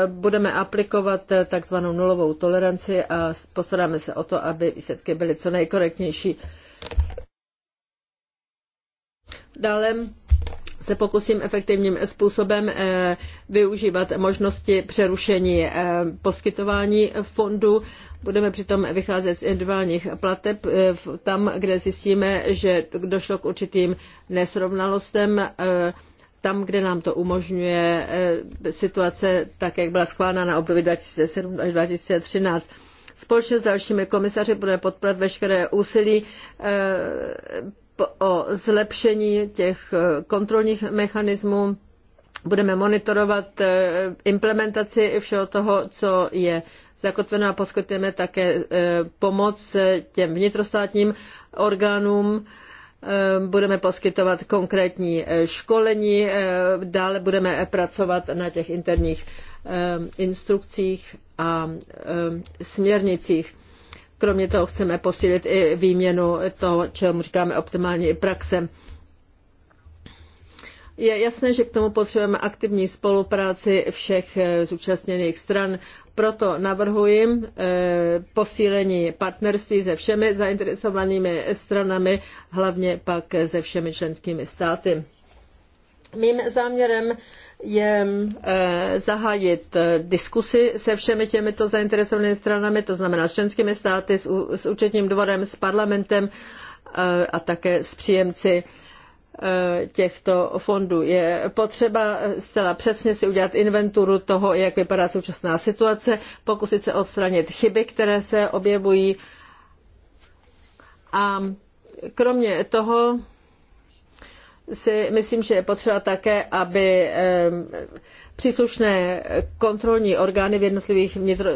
Budeme aplikovat takzvanou nulovou toleranci a postaráme se o to, aby výsledky byly co nejkorektnější. Dále se pokusím efektivním způsobem eh, využívat možnosti přerušení eh, poskytování fondu. Budeme přitom vycházet z individuálních plateb eh, tam, kde zjistíme, že došlo k určitým nesrovnalostem tam, kde nám to umožňuje situace, tak jak byla schválena na období 2007 až 2013. Společně s dalšími komisaři budeme podporovat veškeré úsilí o zlepšení těch e, kontrolních mechanismů. Budeme monitorovat e, implementaci všeho toho, co je zakotveno a poskytujeme také e, pomoc těm vnitrostátním orgánům. Budeme poskytovat konkrétní školení, dále budeme pracovat na těch interních instrukcích a směrnicích. Kromě toho chceme posílit i výměnu toho, čemu říkáme optimální praxe. Je jasné, že k tomu potřebujeme aktivní spolupráci všech eh, zúčastněných stran. Proto navrhuji eh, posílení partnerství se všemi zainteresovanými stranami, hlavně pak se všemi členskými státy. Mým záměrem je eh, zahájit eh, diskusy se všemi těmito zainteresovanými stranami, to znamená s členskými státy, s, účetním dvorem, s parlamentem eh, a také s příjemci těchto fondů. Je potřeba zcela přesně si udělat inventuru toho, jak vypadá současná situace, pokusit se odstranit chyby, které se objevují. A kromě toho si myslím, že je potřeba také, aby příslušné kontrolní orgány v jednotlivých, vnitro,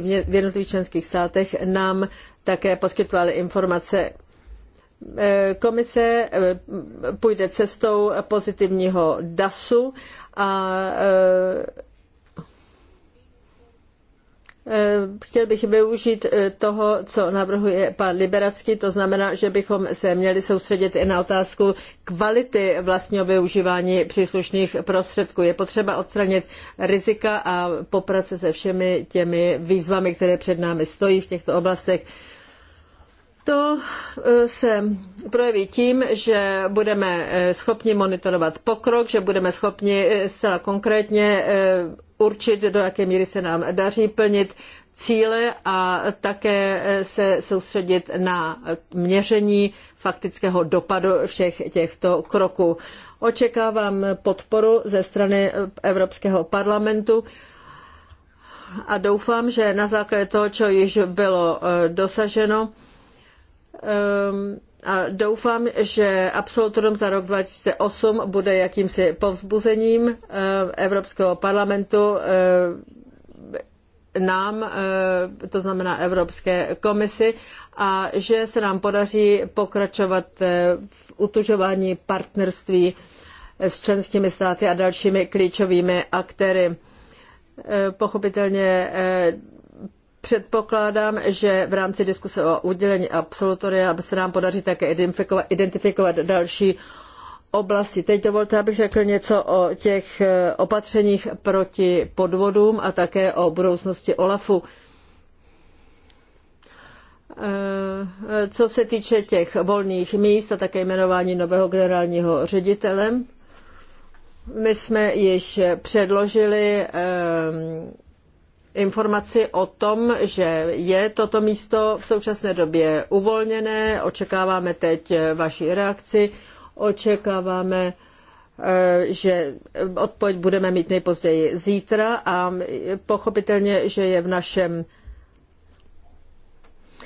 v jednotlivých členských státech nám také poskytovaly informace. E, komise e, půjde cestou pozitivního DASu a e, Eh, chtěl bych využít eh, toho, co navrhuje pan Liberacký, to znamená, že bychom se měli soustředit i na otázku kvality vlastního využívání příslušných prostředků. Je potřeba odstranit rizika a poprat se se všemi těmi výzvami, které před námi stojí v těchto oblastech. To eh, se projeví tím, že budeme eh, schopni monitorovat pokrok, že budeme schopni eh, zcela konkrétně určit, do jaké míry se nám daří plnit cíle a také se soustředit na měření faktického dopadu všech těchto kroků. Očekávám podporu ze strany Evropského parlamentu a doufám, že na základě toho, co již bylo dosaženo, Ehm, a doufám, že absolutorium za rok 2008 bude jakýmsi povzbuzením ehm, Evropského parlamentu ehm, nám, to znamená Evropské komisi, a že se nám podaří pokračovat v utužování partnerství s členskými státy a dalšími klíčovými aktéry. Pochopitelně Předpokládám, že v rámci diskuse o udělení absolutoria se nám podaří také identifikovat, identifikovat další oblasti. Teď dovolte, abych řekl něco o těch eh, opatřeních proti podvodům a také o budoucnosti OLAFu. Eh, co se týče těch volných míst a také jmenování nového generálního ředitele, my jsme již předložili eh, informaci o tom, že je toto místo v současné době uvolněné. Očekáváme teď vaši reakci, očekáváme, eh, že odpověď budeme mít nejpozději zítra a pochopitelně, že je v našem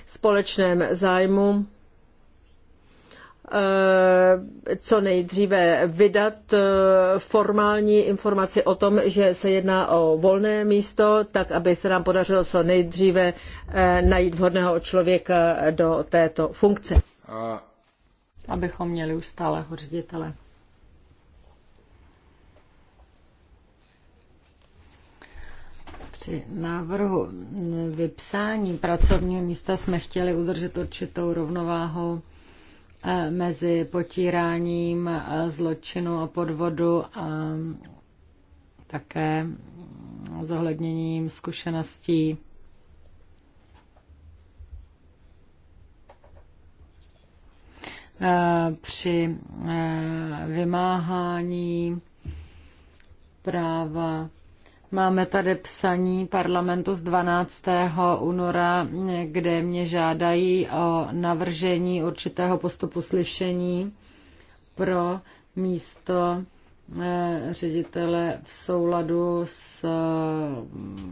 společném zájmu Eh, co nejdříve vydat eh, formální informaci o tom, že se jedná o volné místo, tak aby se nám podařilo co nejdříve eh, najít vhodného člověka do této funkce. Abychom měli už stálého ředitele. při návrhu vypsání pracovního místa jsme chtěli udržet určitou rovnováhu Eh, mezi potíráním eh, zločinu a podvodu a také zohledněním zkušeností eh, při vymáhání práva Máme tady psaní parlamentu z 12. února, kde mě žádají o navržení určitého postupu slyšení pro místo eh, ředitele v souladu s eh,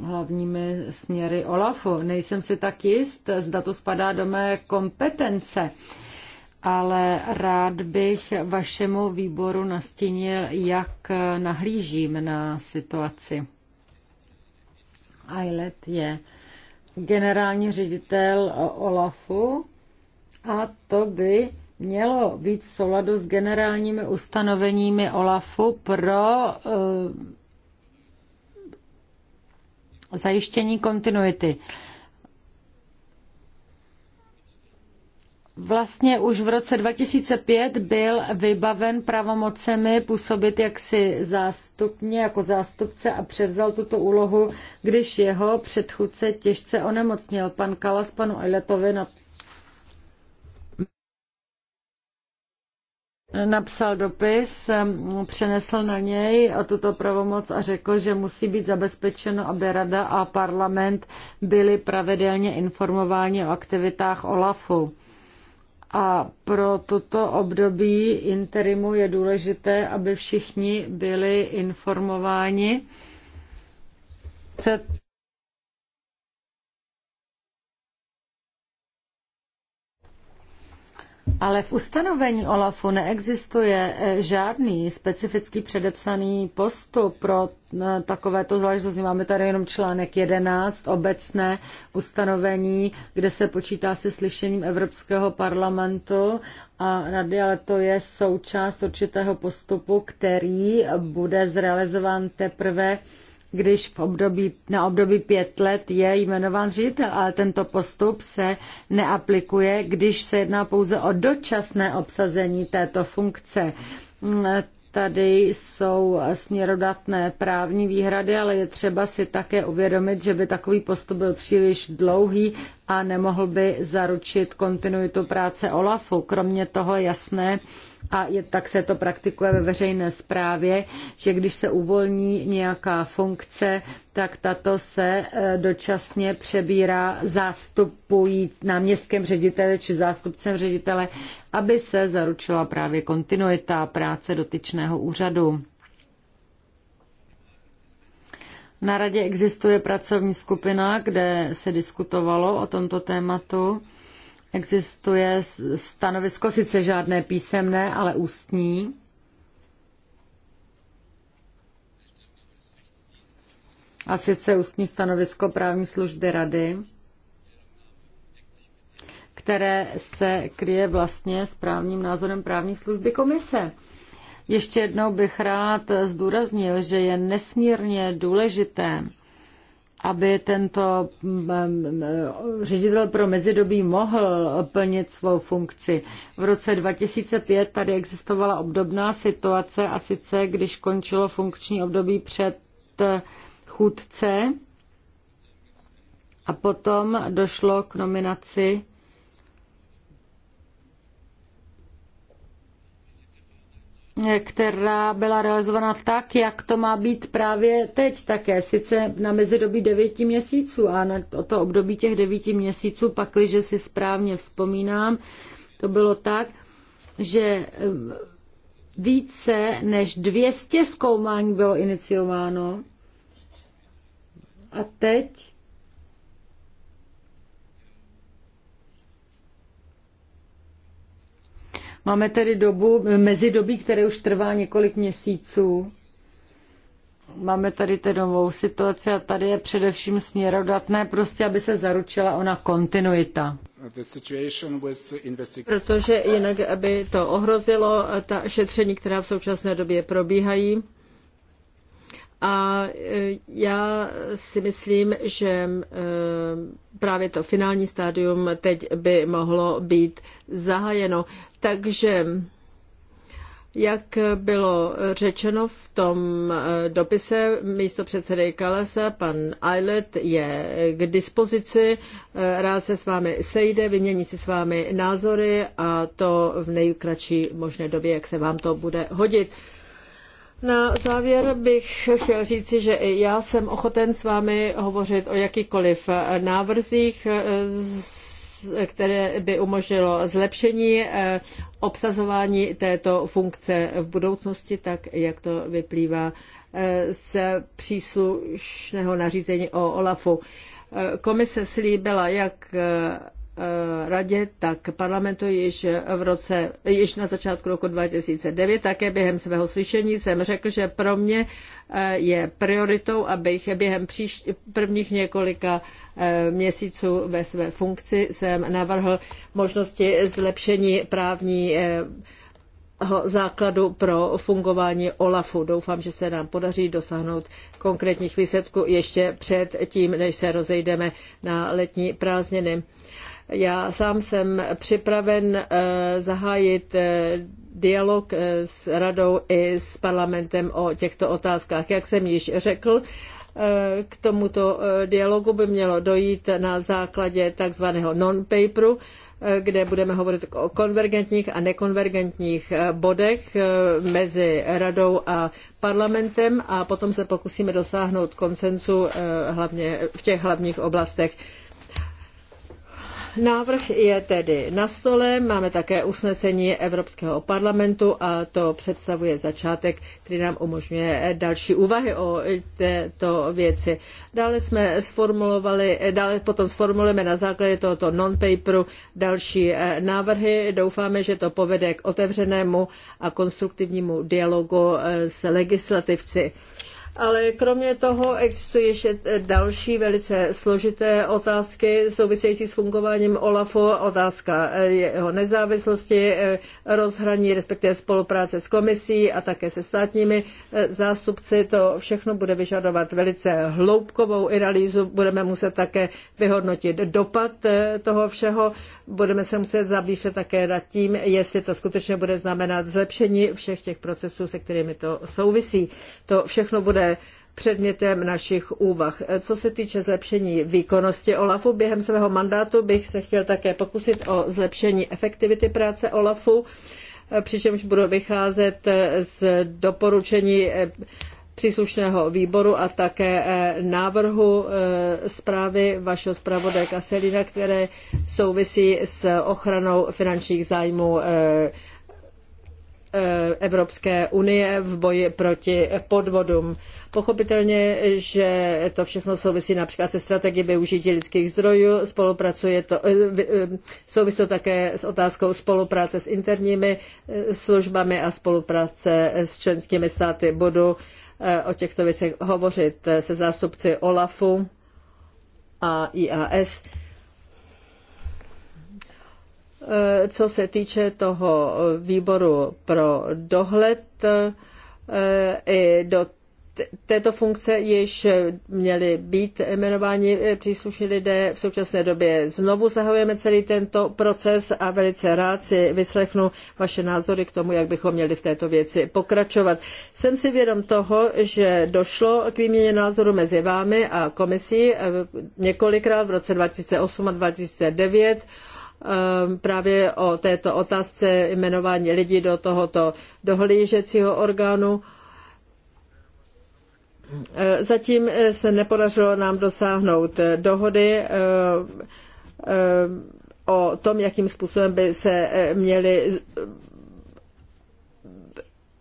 hlavními směry OLAFu. Nejsem si tak jist, zda to spadá do mé kompetence, ale rád bych vašemu výboru nastínil, jak eh, nahlížím na situaci. Eilert je generální ředitel OLAFu a to by mělo být v souladu s generálními ustanoveními OLAFu pro uh, zajištění kontinuity. Uh, vlastně už v roce 2005 byl vybaven pravomocemi působit jaksi zástupně, jako zástupce a převzal tuto úlohu, když jeho předchůdce těžce onemocněl. Pan Kalas panu Eiletovi na napsal dopis, přenesl na něj a tuto pravomoc a řekl, že musí být zabezpečeno, aby rada a parlament byli pravidelně informováni o aktivitách OLAFu. A pro toto období interimu je důležité, aby všichni byli informováni. Ale v ustanovení OLAFu neexistuje eh, žádný specifický předepsaný postup pro eh, takovéto záležitosti. Máme tady jenom článek 11, obecné ustanovení, kde se počítá se slyšením Evropského parlamentu a rady, ale to je součást určitého postupu, který bude zrealizován teprve když v období, na období pět let je jmenován ředitel, ale tento postup se neaplikuje, když se jedná pouze o dočasné obsazení této funkce. Mm, Tady jsou směrodatné právní výhrady, ale je třeba si také uvědomit, že by takový postup byl příliš dlouhý a nemohl by zaručit kontinuitu práce OLAFu. Kromě toho jasné, a je, tak se to praktikuje ve veřejné správě, že když se uvolní nějaká funkce, tak tato se e, dočasně přebírá zástupují náměstkem ředitele či zástupcem ředitele, aby se zaručila právě kontinuita práce dotyčného úřadu. Na radě existuje pracovní skupina, kde se diskutovalo o tomto tématu. Existuje stanovisko, sice žádné písemné, ale ústní. A sice ústní stanovisko právní služby rady, které se kryje vlastně s právním názorem právní služby komise. Ještě jednou bych rád zdůraznil, že je nesmírně důležité, aby tento mm, mm, mm, ředitel pro mezidobí mohl plnit svou funkci. V roce 2005 tady existovala obdobná situace a sice, když končilo funkční období před eh, Chudce a potom došlo k nominaci která byla realizována tak, jak to má být právě teď také, sice na mezidobí devíti měsíců a na to období těch devíti měsíců, pakliže si správně vzpomínám, to bylo tak, že eh, více než 200 zkoumání bylo iniciováno a teď Máme tedy dobu, mezidobí, které už trvá několik měsíců. Máme tady tedy novou situaci a tady je především směrodatné, prostě aby se zaručila ona kontinuita. Protože jinak by to ohrozilo ta šetření, která v současné době probíhají a e, já si myslím, že e, právě to finální stádium teď by mohlo být zahájeno. Takže jak bylo řečeno v tom e, dopise místo předsedy Kalasa, pan Eilert je k dispozici, rád se s vámi sejde, vymění si s vámi názory a to v nejkratší možné době, jak se vám to bude hodit. Na závěr bych chtěl říci, že i já jsem ochoten s vámi hovořit o jakýkoliv návrzích, eh, které by umožnilo zlepšení eh, obsazování této funkce v budoucnosti, tak jak to vyplývá eh, z příslušného nařízení o OLAFu. Komise slíbila jak Eh, radě, tak parlamentu již v roce, již na začátku roku 2009, také během svého slyšení jsem řekl, že pro mě eh, je prioritou, abych během příš, prvních několika eh, měsíců ve své funkci jsem navrhl možnosti zlepšení právní základu pro fungování OLAFu. Doufám, že se nám podaří dosáhnout konkrétních výsledků ještě před tím, než se rozejdeme na letní prázdniny. Já sám jsem připraven eh, zahájit eh, dialog eh, s radou i s parlamentem o těchto otázkách. Jak jsem již řekl, k tomuto dialogu by mělo dojít na základě takzvaného non-paperu, kde budeme hovořit o konvergentních a nekonvergentních bodech mezi radou a parlamentem a potom se pokusíme dosáhnout konsensu hlavně v těch hlavních oblastech. Návrh je tedy na stole, máme také usnesení Evropského parlamentu a to představuje začátek, který nám umožňuje další úvahy o této věci. Dále jsme sformulovali, dále potom sformulujeme na základě tohoto non-paperu další eh, návrhy. Doufáme, že to povede k otevřenému a konstruktivnímu dialogu eh, s legislativci ale kromě toho existují ještě další velice složité otázky související s fungováním OLAFu, otázka eh, jeho nezávislosti, eh, rozhraní, respektive spolupráce s komisí a také se státními eh, zástupci. To všechno bude vyžadovat velice hloubkovou analýzu. Budeme muset také vyhodnotit dopad toho všeho. Budeme se muset zabýšet také nad tím, jestli to skutečně bude znamenat zlepšení všech těch procesů, se kterými to souvisí. To všechno bude předmětem našich úvah. Co se týče zlepšení výkonnosti OLAFu, během svého mandátu bych se chtěl také pokusit o zlepšení efektivity práce OLAFu, přičemž budu vycházet z doporučení eh, příslušného výboru a také eh, návrhu eh, zprávy vašeho zpravodaje Kaselina, které souvisí s ochranou finančních zájmů Eh, Evropské unie v boji proti podvodům. Pochopitelně, že to všechno souvisí například se strategií využití lidských zdrojů, spolupracuje to, eh, eh, souvisí to také s otázkou spolupráce s interními službami a spolupráce s členskými státy. Budu o těchto věcech hovořit se zástupci OLAFu a IAS. Eh, co se týče toho výboru pro dohled, eh, i do této funkce již měli být jmenováni eh, příslušní lidé. V současné době znovu zahajujeme celý tento proces a velice rád si vyslechnu vaše názory k tomu, jak bychom měli v této věci pokračovat. Jsem si vědom toho, že došlo k výměně názoru mezi vámi a komisí několikrát v roce 2008 a 2009 Ehm, právě o této otázce jmenování lidí do tohoto dohlížecího orgánu. Ehm, zatím eh, se nepodařilo nám dosáhnout eh, dohody ehm, o tom, jakým způsobem by se eh, měly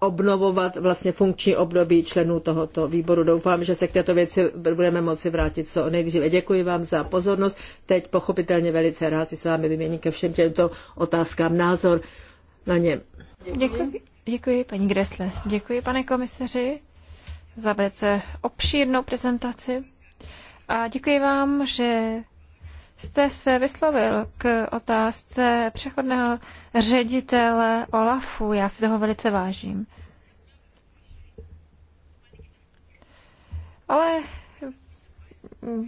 obnovovat vlastně funkční období členů tohoto výboru. Doufám, že se k této věci budeme moci vrátit co nejdříve. Děkuji vám za pozornost. Teď pochopitelně velice rád si s vámi vyměním ke všem těmto otázkám názor na ně. Děkuji. Děkuji, paní Gresle. Děkuji, pane komisaři, za velice obšírnou prezentaci. A děkuji vám, že jste se vyslovil k otázce přechodného ředitele Olafu. Já si toho velice vážím. Ale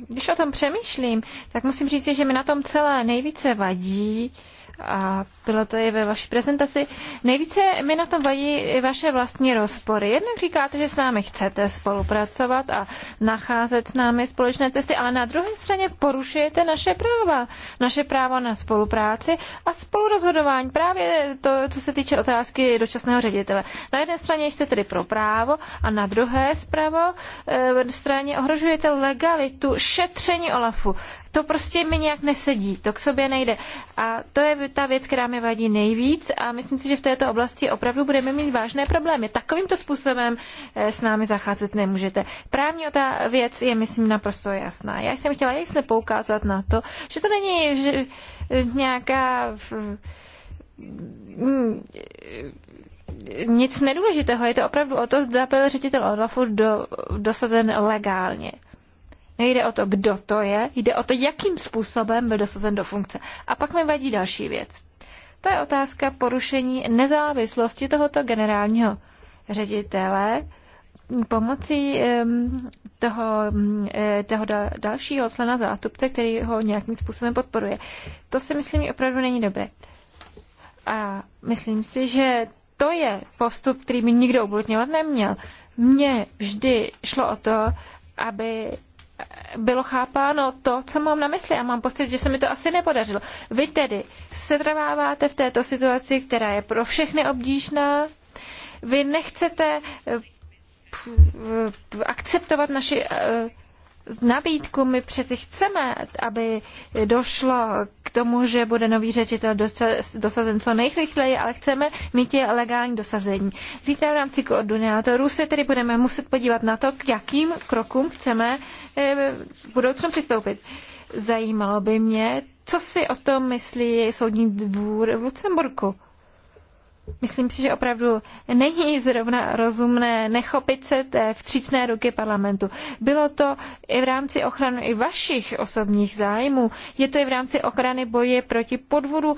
když o tom přemýšlím, tak musím říct, že mi na tom celé nejvíce vadí a bylo to i ve vaší prezentaci. Nejvíce mi na tom vadí vaše vlastní rozpory. Jednak říkáte, že s námi chcete spolupracovat a nacházet s námi společné cesty, ale na druhé straně porušujete naše práva. Naše právo na spolupráci a spolurozhodování. Právě to, co se týče otázky dočasného ředitele. Na jedné straně jste tedy pro právo a na druhé zpravo e, straně ohrožujete legalitu šetření Olafu. To prostě mi nějak nesedí, to k sobě nejde. A to je ta věc, která mi mi vadí nejvíc a myslím si, že v této oblasti opravdu budeme mít vážné problémy. Takovýmto způsobem eh, s námi zacházet nemůžete. Právní ta věc je, myslím, naprosto jasná. Já jsem chtěla jasně poukázat na to, že to není že eh, nějaká mm, nic nedůležitého. Je to opravdu o to, zda byl ředitel Olafu do, dosazen legálně. Nejde o to, kdo to je, jde o to, jakým způsobem byl dosazen do funkce. A pak mi vadí další věc. To je otázka porušení nezávislosti tohoto generálního ředitele pomocí toho, toho dalšího člena zástupce, který ho nějakým způsobem podporuje. To si myslím opravdu není dobré. A myslím si, že to je postup, který by nikdo ubludňovat neměl. Mně vždy šlo o to, aby bylo chápáno to, co mám na mysli a mám pocit, že se mi to asi nepodařilo. Vy tedy setrváváte v této situaci, která je pro všechny obdížná. Vy nechcete eh, akceptovat naši eh, nabídku. My přeci chceme, aby došlo k tomu, že bude nový řečitel dosazen co nejrychleji, ale chceme mít je legální dosazení. Zítra v rámci koordinátorů se tedy budeme muset podívat na to, k jakým krokům chceme eh, v budoucnu přistoupit. Zajímalo by mě, co si o tom myslí soudní dvůr v Lucemburku. Myslím si, že opravdu není zrovna rozumné nechopit se té vstřícné ruky parlamentu. Bylo to i v rámci ochrany i vašich osobních zájmů, je to i v rámci ochrany boje proti podvodu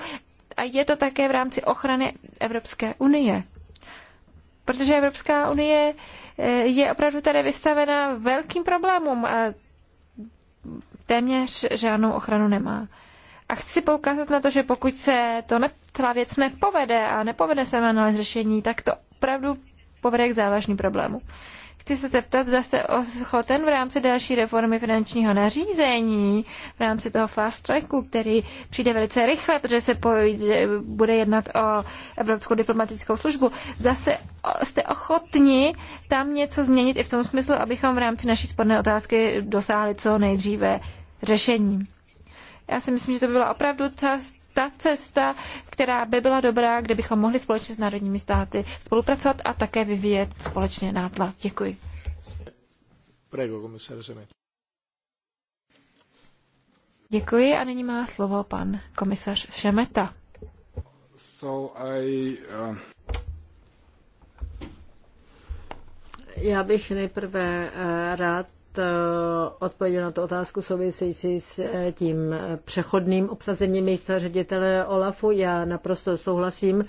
a je to také v rámci ochrany Evropské unie. Protože Evropská unie eh, je opravdu tady vystavena velkým problémům a téměř žádnou ochranu nemá. A chci poukázat na to, že pokud se to ne, celá věc nepovede a nepovede se na nález řešení, tak to opravdu povede k závažným problému. Chci se zeptat, zase jste ochoten v rámci další reformy finančního nařízení, v rámci toho fast tracku, který přijde velice rychle, protože se pojde, bude jednat o Evropskou diplomatickou službu, zase jste ochotni tam něco změnit i v tom smyslu, abychom v rámci naší sporné otázky dosáhli co nejdříve řešení. Já si myslím, že to by byla opravdu ta cesta, která by byla dobrá, kde bychom mohli společně s národními státy spolupracovat a také vyvíjet společně nátlak. Děkuji. Děkuji a nyní má slovo pan komisař Šemeta. So I, uh... Já bych nejprve eh, rád E, odpověděl na tu otázku související s e, tím přechodným obsazením místa ředitele OLAFu. Já naprosto souhlasím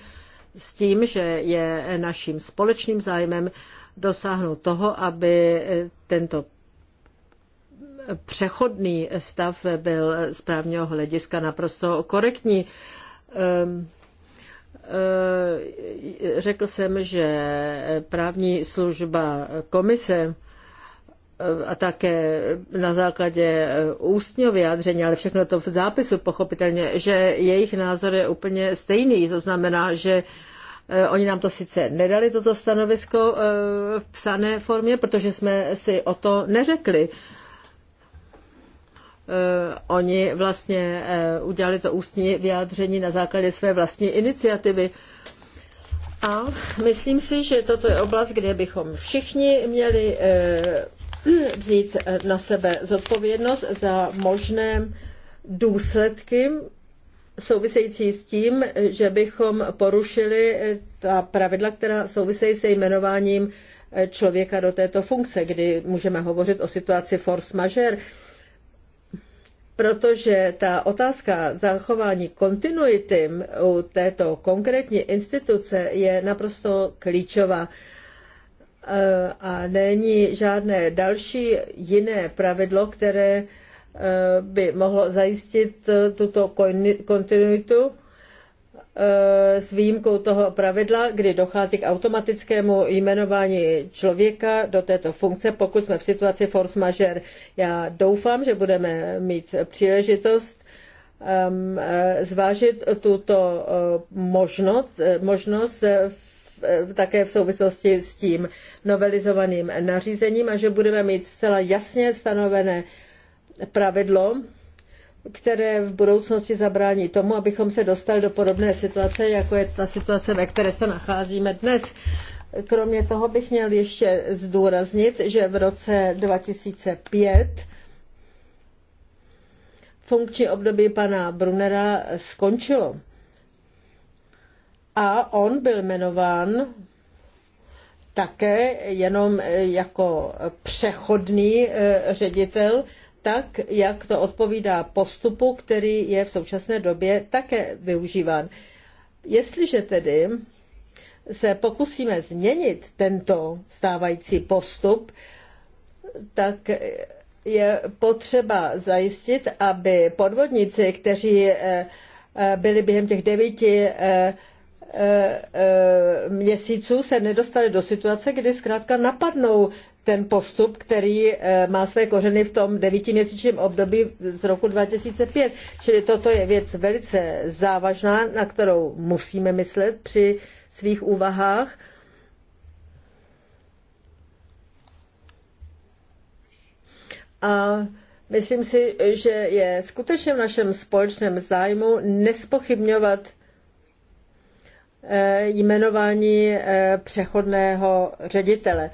s tím, že je naším společným zájmem dosáhnout toho, aby e, tento přechodný stav byl z právního hlediska naprosto korektní. Ehm, řekl jsem, že právní služba komise Eh, a také na základě eh, ústního vyjádření, ale všechno to v zápisu pochopitelně, že jejich názor je úplně stejný. To znamená, že eh, Oni nám to sice nedali, toto stanovisko v psané formě, protože jsme si o to neřekli. Oni vlastně udělali to ústní vyjádření na základě své vlastní iniciativy. A myslím si, že toto je oblast, kde bychom všichni měli vzít eh, na sebe zodpovědnost za možné důsledky související s tím, že bychom porušili eh, ta pravidla, která souvisejí se jmenováním eh, člověka do této funkce, kdy můžeme hovořit o situaci force majeure. Protože ta otázka zachování kontinuity u této konkrétní instituce je naprosto klíčová. Eh, a není žádné další jiné pravidlo, které eh, by mohlo zajistit eh, tuto kontinuitu s výjimkou toho pravidla, kdy dochází k automatickému jmenování člověka do této funkce, pokud jsme v situaci force majeure. Já doufám, že budeme mít příležitost ehm, zvážit tuto možnost, možnost v také v souvislosti s tím novelizovaným nařízením a že budeme mít zcela jasně stanovené pravidlo, které v budoucnosti zabrání tomu, abychom se dostali do podobné situace, jako je ta situace, ve které se nacházíme dnes. Kromě toho bych měl ještě zdůraznit, že v roce 2005 funkční období pana Brunera skončilo a on byl jmenován také jenom eh, jako přechodný eh, ředitel, tak jak to odpovídá postupu, který je v současné době také využíván. Jestliže tedy se pokusíme změnit tento stávající postup, tak je potřeba zajistit, aby podvodníci, kteří eh, byli během těch devíti E, e, měsíců se nedostali do situace, kdy zkrátka napadnou ten postup, který e, má své kořeny v tom devítiměsíčním období z roku 2005. Čili toto je věc velice závažná, na kterou musíme myslet při svých úvahách. A myslím si, že je skutečně v našem společném zájmu nespochybňovat Eh, jmenování eh, přechodného ředitele.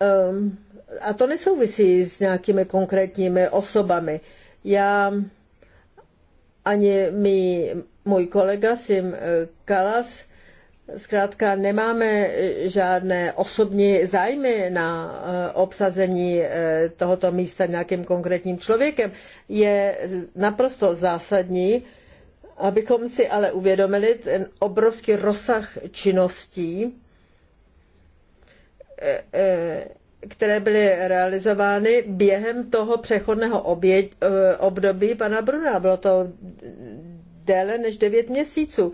Ehm, a to nesouvisí s nějakými konkrétními osobami. Já ani my, můj kolega Sim eh, Kalas, zkrátka nemáme žádné osobní zájmy na obsazení tohoto místa nějakým konkrétním člověkem. Je naprosto zásadní, abychom si ale uvědomili ten obrovský rozsah činností, e, e, které byly realizovány během toho přechodného oběd, e, období pana Bruna. Bylo to déle než 9 měsíců.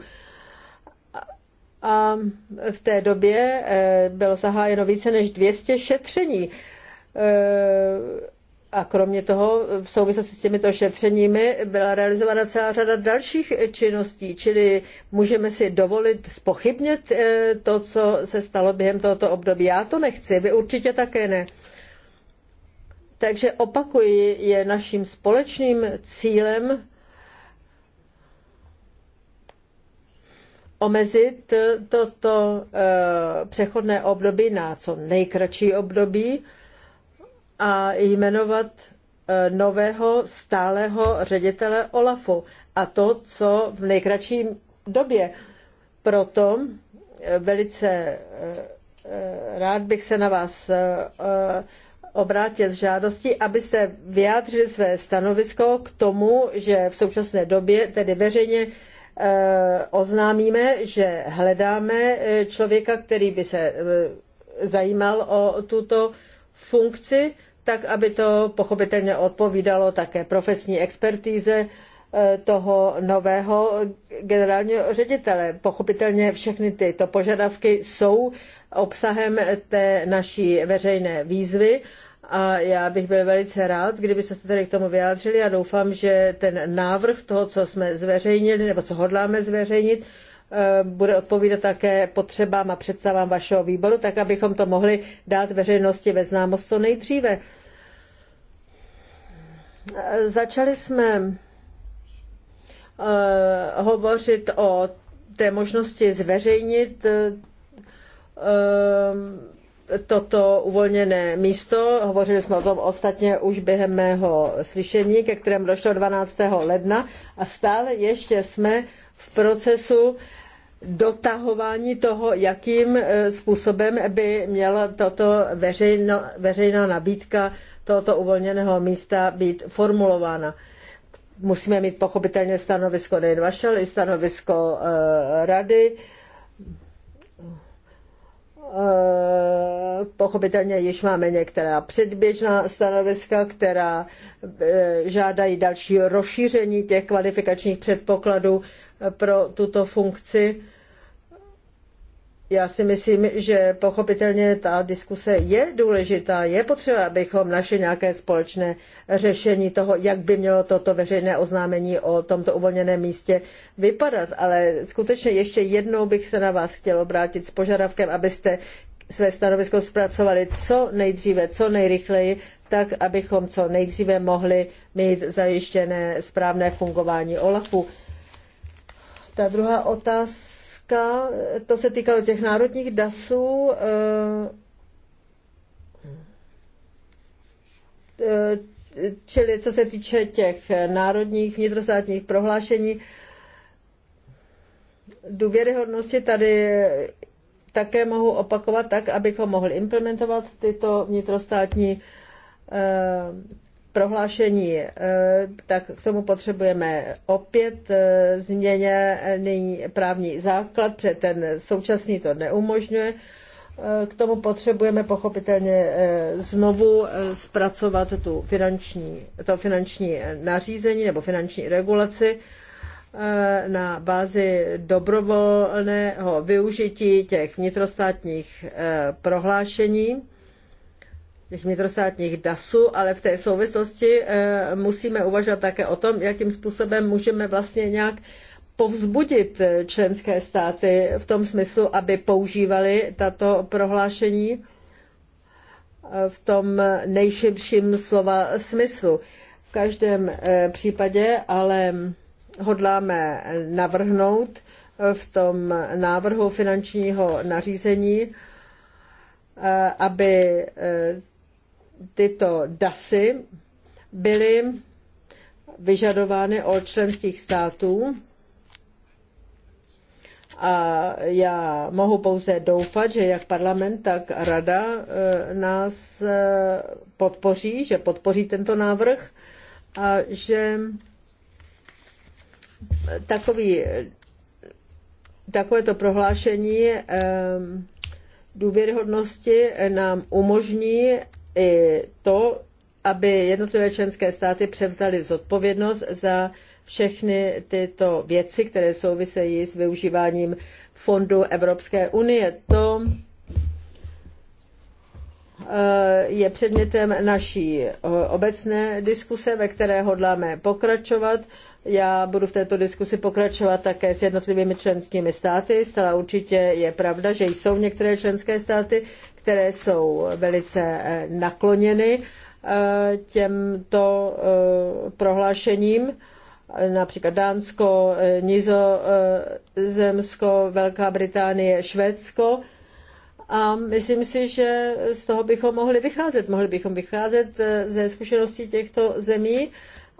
A v té době bylo zahájeno více než 200 šetření a kromě toho v souvislosti s těmito šetřeními byla realizována celá řada dalších činností, čili můžeme si dovolit spochybnit eh, to, co se stalo během tohoto období. Já to nechci, vy určitě také ne. Takže opakuji, je naším společným cílem omezit toto eh, přechodné období na co nejkratší období, a jmenovat e, nového stálého ředitele OLAFu. A to, co v nejkratší době. Proto e, velice e, rád bych se na vás obrátil s žádostí, abyste vyjádřili své stanovisko k tomu, že v současné době tedy veřejně oznámíme, že hledáme člověka, který by se zajímal o tuto funkci tak aby to pochopitelně odpovídalo také profesní expertíze eh, toho nového generálního ředitele. Pochopitelně všechny tyto požadavky jsou obsahem té naší veřejné výzvy a já bych byl velice rád, kdyby se tady k tomu vyjádřili a doufám, že ten návrh toho, co jsme zveřejnili nebo co hodláme zveřejnit, eh, bude odpovídat také potřebám a představám vašeho výboru, tak abychom to mohli dát veřejnosti ve známost co nejdříve. Začali jsme eh, hovořit o té možnosti zveřejnit eh, toto uvolněné místo. Hovořili jsme o tom ostatně už během mého slyšení, ke kterému došlo 12. ledna a stále ještě jsme v procesu dotahování toho, jakým eh, způsobem by měla toto veřejno, veřejná nabídka tohoto uvolněného místa být formulována. Musíme mít pochopitelně stanovisko Dave Vašel i stanovisko eh, rady eh, pochopitelně již máme některá předběžná stanoviska, která eh, žádají další rozšíření těch kvalifikačních předpokladů pro tuto funkci já si myslím, že pochopitelně ta diskuse je důležitá. Je potřeba, abychom našli nějaké společné řešení toho, jak by mělo toto veřejné oznámení o tomto uvolněném místě vypadat. Ale skutečně ještě jednou bych se na vás chtěl obrátit s požadavkem, abyste své stanovisko zpracovali co nejdříve, co nejrychleji, tak abychom co nejdříve mohli mít zajištěné správné fungování OLAFu. Ta druhá otázka otázka, to se týkalo těch národních DASů. Eh, eh, čili co se týče těch národních vnitrostátních prohlášení, důvěryhodnosti tady také mohu opakovat tak, abychom mohli implementovat tyto vnitrostátní eh, prohlášení, eh, tak k tomu potřebujeme opět eh, změně nyní právní základ, protože ten současný to neumožňuje. Eh, k tomu potřebujeme pochopitelně znovu zpracovat tu finanční, to finanční nařízení nebo finanční regulaci na bázi dobrovolného využití těch vnitrostátních prohlášení těch vnitrostátních DASů, ale v té souvislosti eh, musíme uvažovat také o tom, jakým způsobem můžeme vlastně nějak povzbudit eh, členské státy v tom smyslu, aby používali tato prohlášení eh, v tom nejširším slova smyslu. V každém případě ale hodláme navrhnout v tom návrhu finančního nařízení, aby tyto DASy byly vyžadovány od členských států a já mohu pouze doufat, že jak parlament, tak rada e, nás e, podpoří, že podpoří tento návrh a že takový, takovéto prohlášení e, důvěryhodnosti nám umožní i to, aby jednotlivé členské státy převzaly zodpovědnost za všechny tyto věci, které souvisejí s využíváním fondu Evropské unie. To eh, je předmětem naší eh, obecné diskuse, ve které hodláme pokračovat. Já budu v této diskusi pokračovat také s jednotlivými členskými státy. Stala určitě je pravda, že jsou některé členské státy, které jsou velice eh, nakloněny eh, těmto eh, prohlášením, například Dánsko, Nizozemsko, Velká Británie, Švédsko. A myslím si, že z toho bychom mohli vycházet. Mohli bychom vycházet ze zkušeností těchto zemí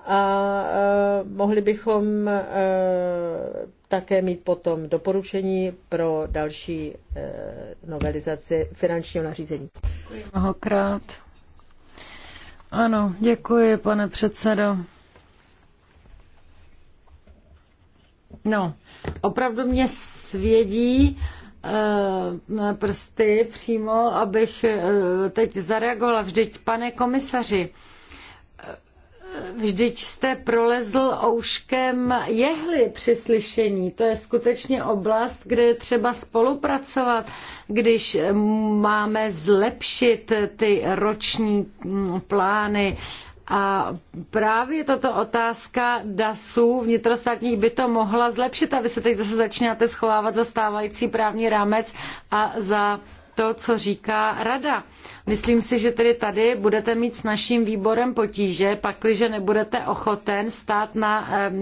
a e, mohli bychom e, také mít potom doporučení pro další e, novelizaci finančního nařízení. Děkuji mnohokrát. Ano, děkuji, pane předsedo. No, opravdu mě svědí prsty přímo, abych teď zareagovala. Vždyť, pane komisaři, Vždyť jste prolezl ouškem jehly při slyšení. To je skutečně oblast, kde je třeba spolupracovat, když máme zlepšit ty roční mm, plány. A právě tato otázka DASů vnitrostátních by to mohla zlepšit a vy se teď zase začínáte schovávat za stávající právní rámec a za to, co říká rada. Myslím si, že tedy tady budete mít s naším výborem potíže, pakliže nebudete ochoten stát na, e,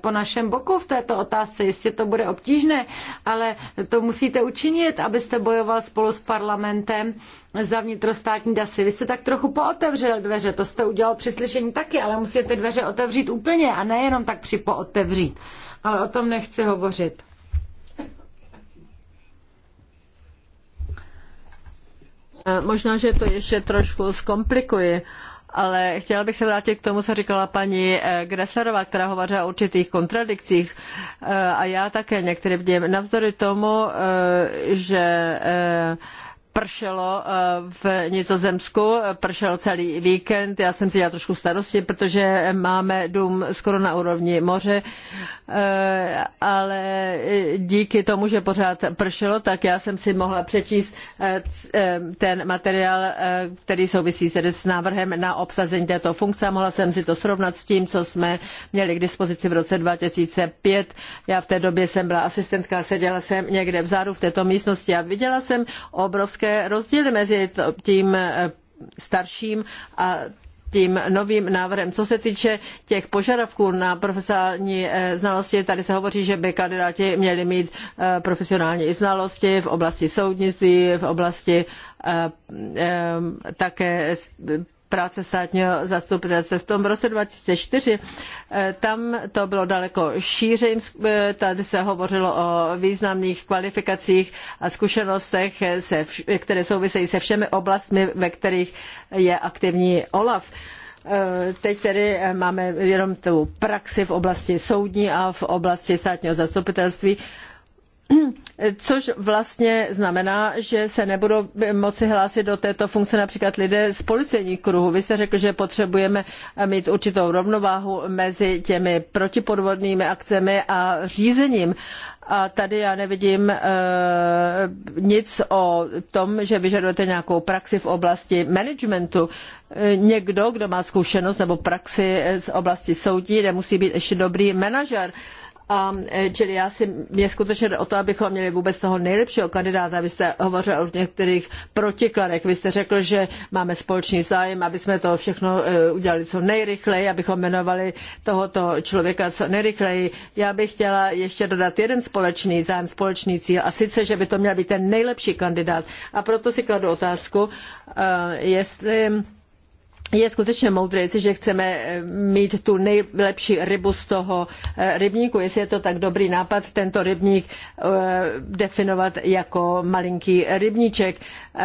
po našem boku v této otázce. Jistě to bude obtížné, ale to musíte učinit, abyste bojoval spolu s parlamentem za vnitrostátní dasy. Vy jste tak trochu pootevřel dveře, to jste udělal při slyšení taky, ale musíte dveře otevřít úplně a nejenom tak při pootevřít. Ale o tom nechci hovořit. Možná, že to ještě trošku zkomplikuji, ale chtěla bych se vrátit k tomu, co říkala paní eh, Greslerová, která hovořila o určitých kontradikcích. Eh, a já také některé vidím. Navzdory tomu, eh, že pršelo eh, v Nizozemsku, pršel celý víkend, já jsem si dělala trošku starosti, protože máme dům skoro na úrovni moře, eh, ale díky tomu, že pořád pršelo, tak já jsem si mohla přečíst eh, ten materiál, který souvisí tedy s návrhem na obsazení této funkce a mohla jsem si to srovnat s tím, co jsme měli k dispozici v roce 2005. Já v té době jsem byla asistentka, seděla jsem někde vzadu v této místnosti a viděla jsem obrovské velké rozdíly mezi tím eh, starším a tím novým návrhem. Co se týče těch požadavků na profesionální eh, znalosti, tady se hovoří, že by kandidáti měli mít eh, profesionální znalosti v oblasti soudnictví, v oblasti také práce státního zastupitelství. V tom roce 2004 eh, tam to bylo daleko šířeji, eh, tady se hovořilo o významných kvalifikacích a zkušenostech, eh, které souvisejí se všemi oblastmi, ve kterých je aktivní OLAF. Teď tedy máme jenom tu praxi v oblasti soudní a v oblasti státního zastupitelství. Což vlastně znamená, že se nebudou moci hlásit do této funkce například lidé z policejních kruhů. Vy jste řekl, že potřebujeme mít určitou rovnováhu mezi těmi protipodvodnými akcemi a řízením. A tady já nevidím e, nic o tom, že vyžadujete nějakou praxi v oblasti managementu. E, někdo, kdo má zkušenost nebo praxi z oblasti soudí, nemusí být ještě dobrý manažer. E, a e, čili já si, mě skutečně jde o to, abychom měli vůbec toho nejlepšího kandidáta. Vy jste hovořil o některých protikladech. Vy jste řekl, že máme společný zájem, aby jsme to všechno e, udělali co nejrychleji, abychom jmenovali tohoto člověka co nejrychleji. Já bych chtěla ještě dodat jeden společný zájem, společný cíl a sice, že by to měl být ten nejlepší kandidát. A proto si kladu otázku, e, jestli je skutečně moudré, jestliže chceme eh, mít tu nejlepší rybu z toho eh, rybníku, jestli je to tak dobrý nápad, tento rybník eh, definovat jako malinký rybníček.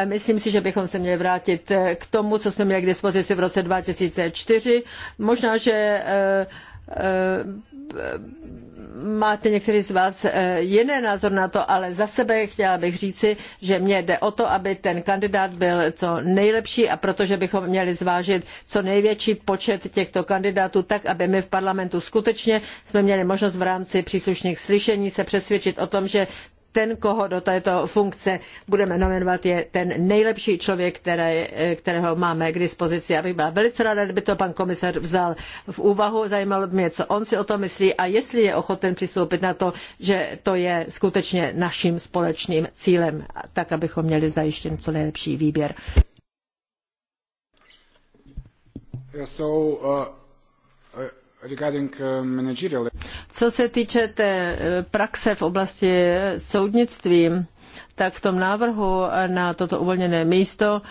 Myslím si, že bychom se měli vrátit k tomu, co jsme měli k dispozici v roce 2004. Možná, že Eh, máte některý z vás eh, jiný názor na to, ale za sebe chtěla bych říci, že mně jde o to, aby ten kandidát byl co nejlepší a protože bychom měli zvážit co největší počet těchto kandidátů, tak aby my v parlamentu skutečně jsme měli možnost v rámci příslušných slyšení se přesvědčit o tom, že ten, koho do této funkce budeme nominovat, je ten nejlepší člověk, které, kterého máme k dispozici. Já bych byla velice ráda, kdyby to pan komisař vzal v úvahu. Zajímalo by mě, co on si o tom myslí a jestli je ochoten přistoupit na to, že to je skutečně naším společným cílem, tak abychom měli zajištěn co nejlepší výběr. So, uh... Eh, Uh, Co se týče té eh, praxe v oblasti eh, soudnictví, tak v tom návrhu na toto uvolněné místo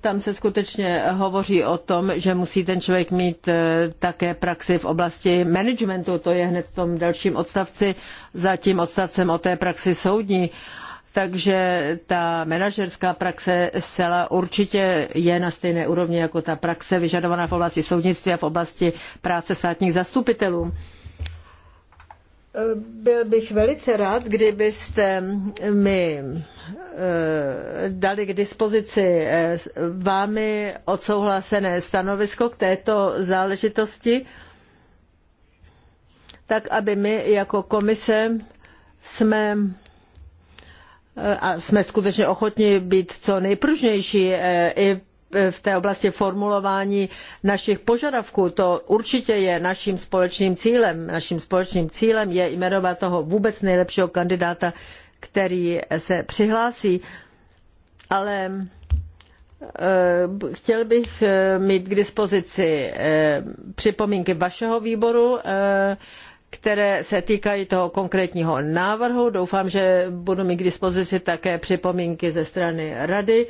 tam se skutečně hovoří o tom, že musí ten člověk mít eh, také praxi v oblasti managementu, to je hned v tom dalším odstavci, za tím odstavcem o té praxi soudní takže ta manažerská praxe zcela určitě je na stejné úrovni jako ta praxe vyžadovaná v oblasti soudnictví a v oblasti práce státních zastupitelů. Byl bych velice rád, kdybyste mi eh, dali k dispozici eh, vámi odsouhlasené stanovisko k této záležitosti, tak aby my jako komise jsme a jsme skutečně ochotni být co nejpružnější eh, i eh, v té oblasti formulování našich požadavků. To určitě je naším společným cílem. Naším společným cílem je jmenovat toho vůbec nejlepšího kandidáta, který se přihlásí. Ale eh, Chtěl bych mít k dispozici připomínky vašeho výboru které se týkají toho konkrétního návrhu. Doufám, že budu mít k dispozici také připomínky ze strany rady.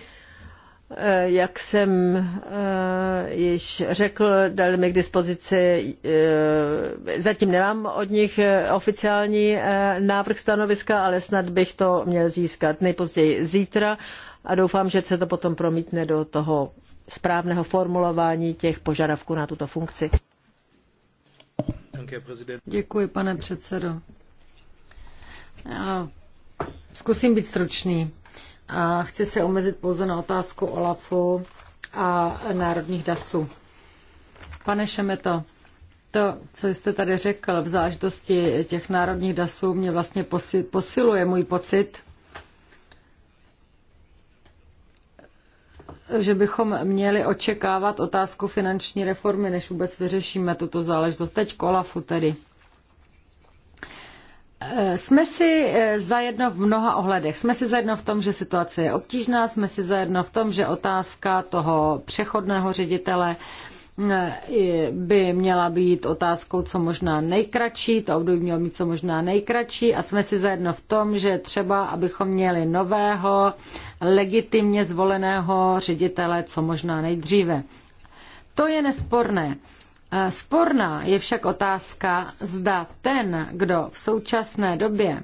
Eh, jak jsem eh, již řekl, dali mi k dispozici, eh, zatím nemám od nich oficiální návrh stanoviska, ale snad bych to měl získat nejpozději zítra a doufám, že se to potom promítne do toho správného formulování těch požadavků na tuto funkci. Děkuji, pane předsedo. Já zkusím být stručný. A chci se omezit pouze na otázku OLAFu a národních DASů. Pane Šemeto, to, co jste tady řekl v záždosti těch národních DASů, mě vlastně posiluje můj pocit, že bychom měli očekávat otázku finanční reformy, než vůbec vyřešíme tuto záležitost. Teď kolafu tedy. Eh, jsme si eh, zajedno v mnoha ohledech. Jsme si zajedno v tom, že situace je obtížná, jsme si zajedno v tom, že otázka toho přechodného ředitele by měla být otázkou co možná nejkratší, to období mělo být co možná nejkratší a jsme si zajedno v tom, že třeba, abychom měli nového, legitimně zvoleného ředitele co možná nejdříve. To je nesporné. Sporná je však otázka, zda ten, kdo v současné době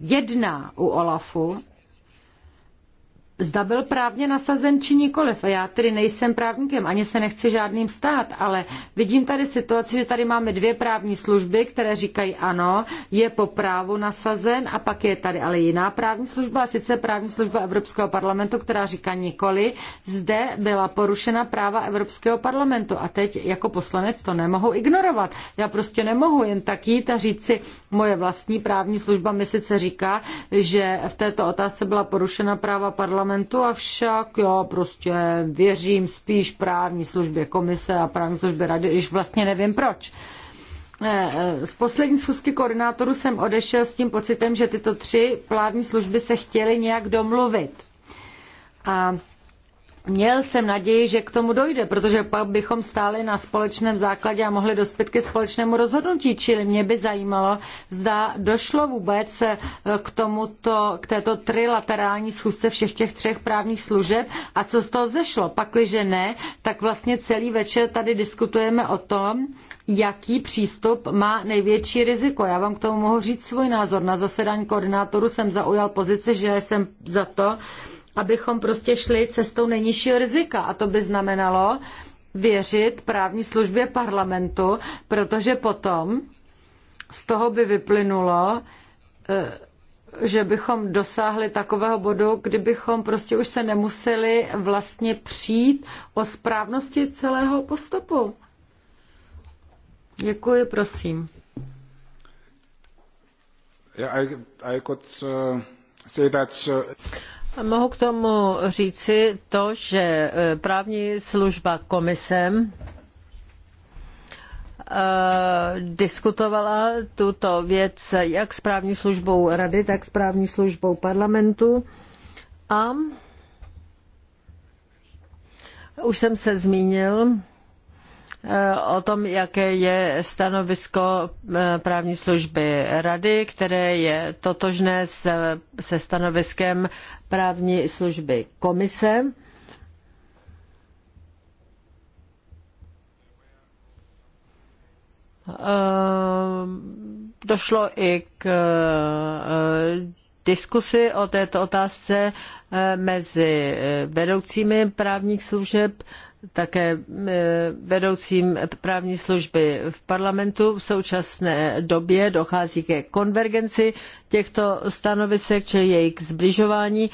jedná u Olafu, zda byl právně nasazen či nikoliv. A já tedy nejsem právníkem, ani se nechci žádným stát, ale vidím tady situaci, že tady máme dvě právní služby, které říkají ano, je po právu nasazen a pak je tady ale jiná právní služba, a sice právní služba Evropského parlamentu, která říká nikoli, zde byla porušena práva Evropského parlamentu a teď jako poslanec to nemohu ignorovat. Já prostě nemohu jen tak jít a říct si, moje vlastní právní služba mi sice říká, že v této otázce byla porušena práva parlamentu, parlamentu, avšak já prostě věřím spíš právní službě komise a právní službě rady, když vlastně nevím proč. Eh, eh, z poslední schůzky koordinátoru jsem odešel s tím pocitem, že tyto tři právní služby se chtěly nějak domluvit. A Měl jsem naději, že k tomu dojde, protože pak bychom stáli na společném základě a mohli dospět ke společnému rozhodnutí, čili mě by zajímalo, zda došlo vůbec eh, k tomuto, k této trilaterální schůzce všech těch třech právních služeb a co z toho zešlo. Pakliže ne, tak vlastně celý večer tady diskutujeme o tom, jaký přístup má největší riziko. Já vám k tomu mohu říct svůj názor. Na zasedání koordinátoru jsem zaujal pozici, že jsem za to, abychom prostě šli cestou nejnižšího rizika. A to by znamenalo věřit právní službě parlamentu, protože potom z toho by vyplynulo, eh, že bychom dosáhli takového bodu, kdybychom prostě už se nemuseli vlastně přijít o správnosti celého postupu. Děkuji, prosím. Yeah, I, I could, uh, say that, uh... Mohu k tomu říci to, že eh, právní služba komisem eh, diskutovala tuto věc jak s právní službou rady, tak s právní službou parlamentu a už jsem se zmínil, o tom, jaké je stanovisko e, právní služby rady, které je totožné se stanoviskem právní služby komise. E, došlo i k e, diskusi o této otázce mezi vedoucími právních služeb také e, vedoucím právní služby v parlamentu. V současné době dochází ke konvergenci těchto stanovisek, čili jejich zbližování e,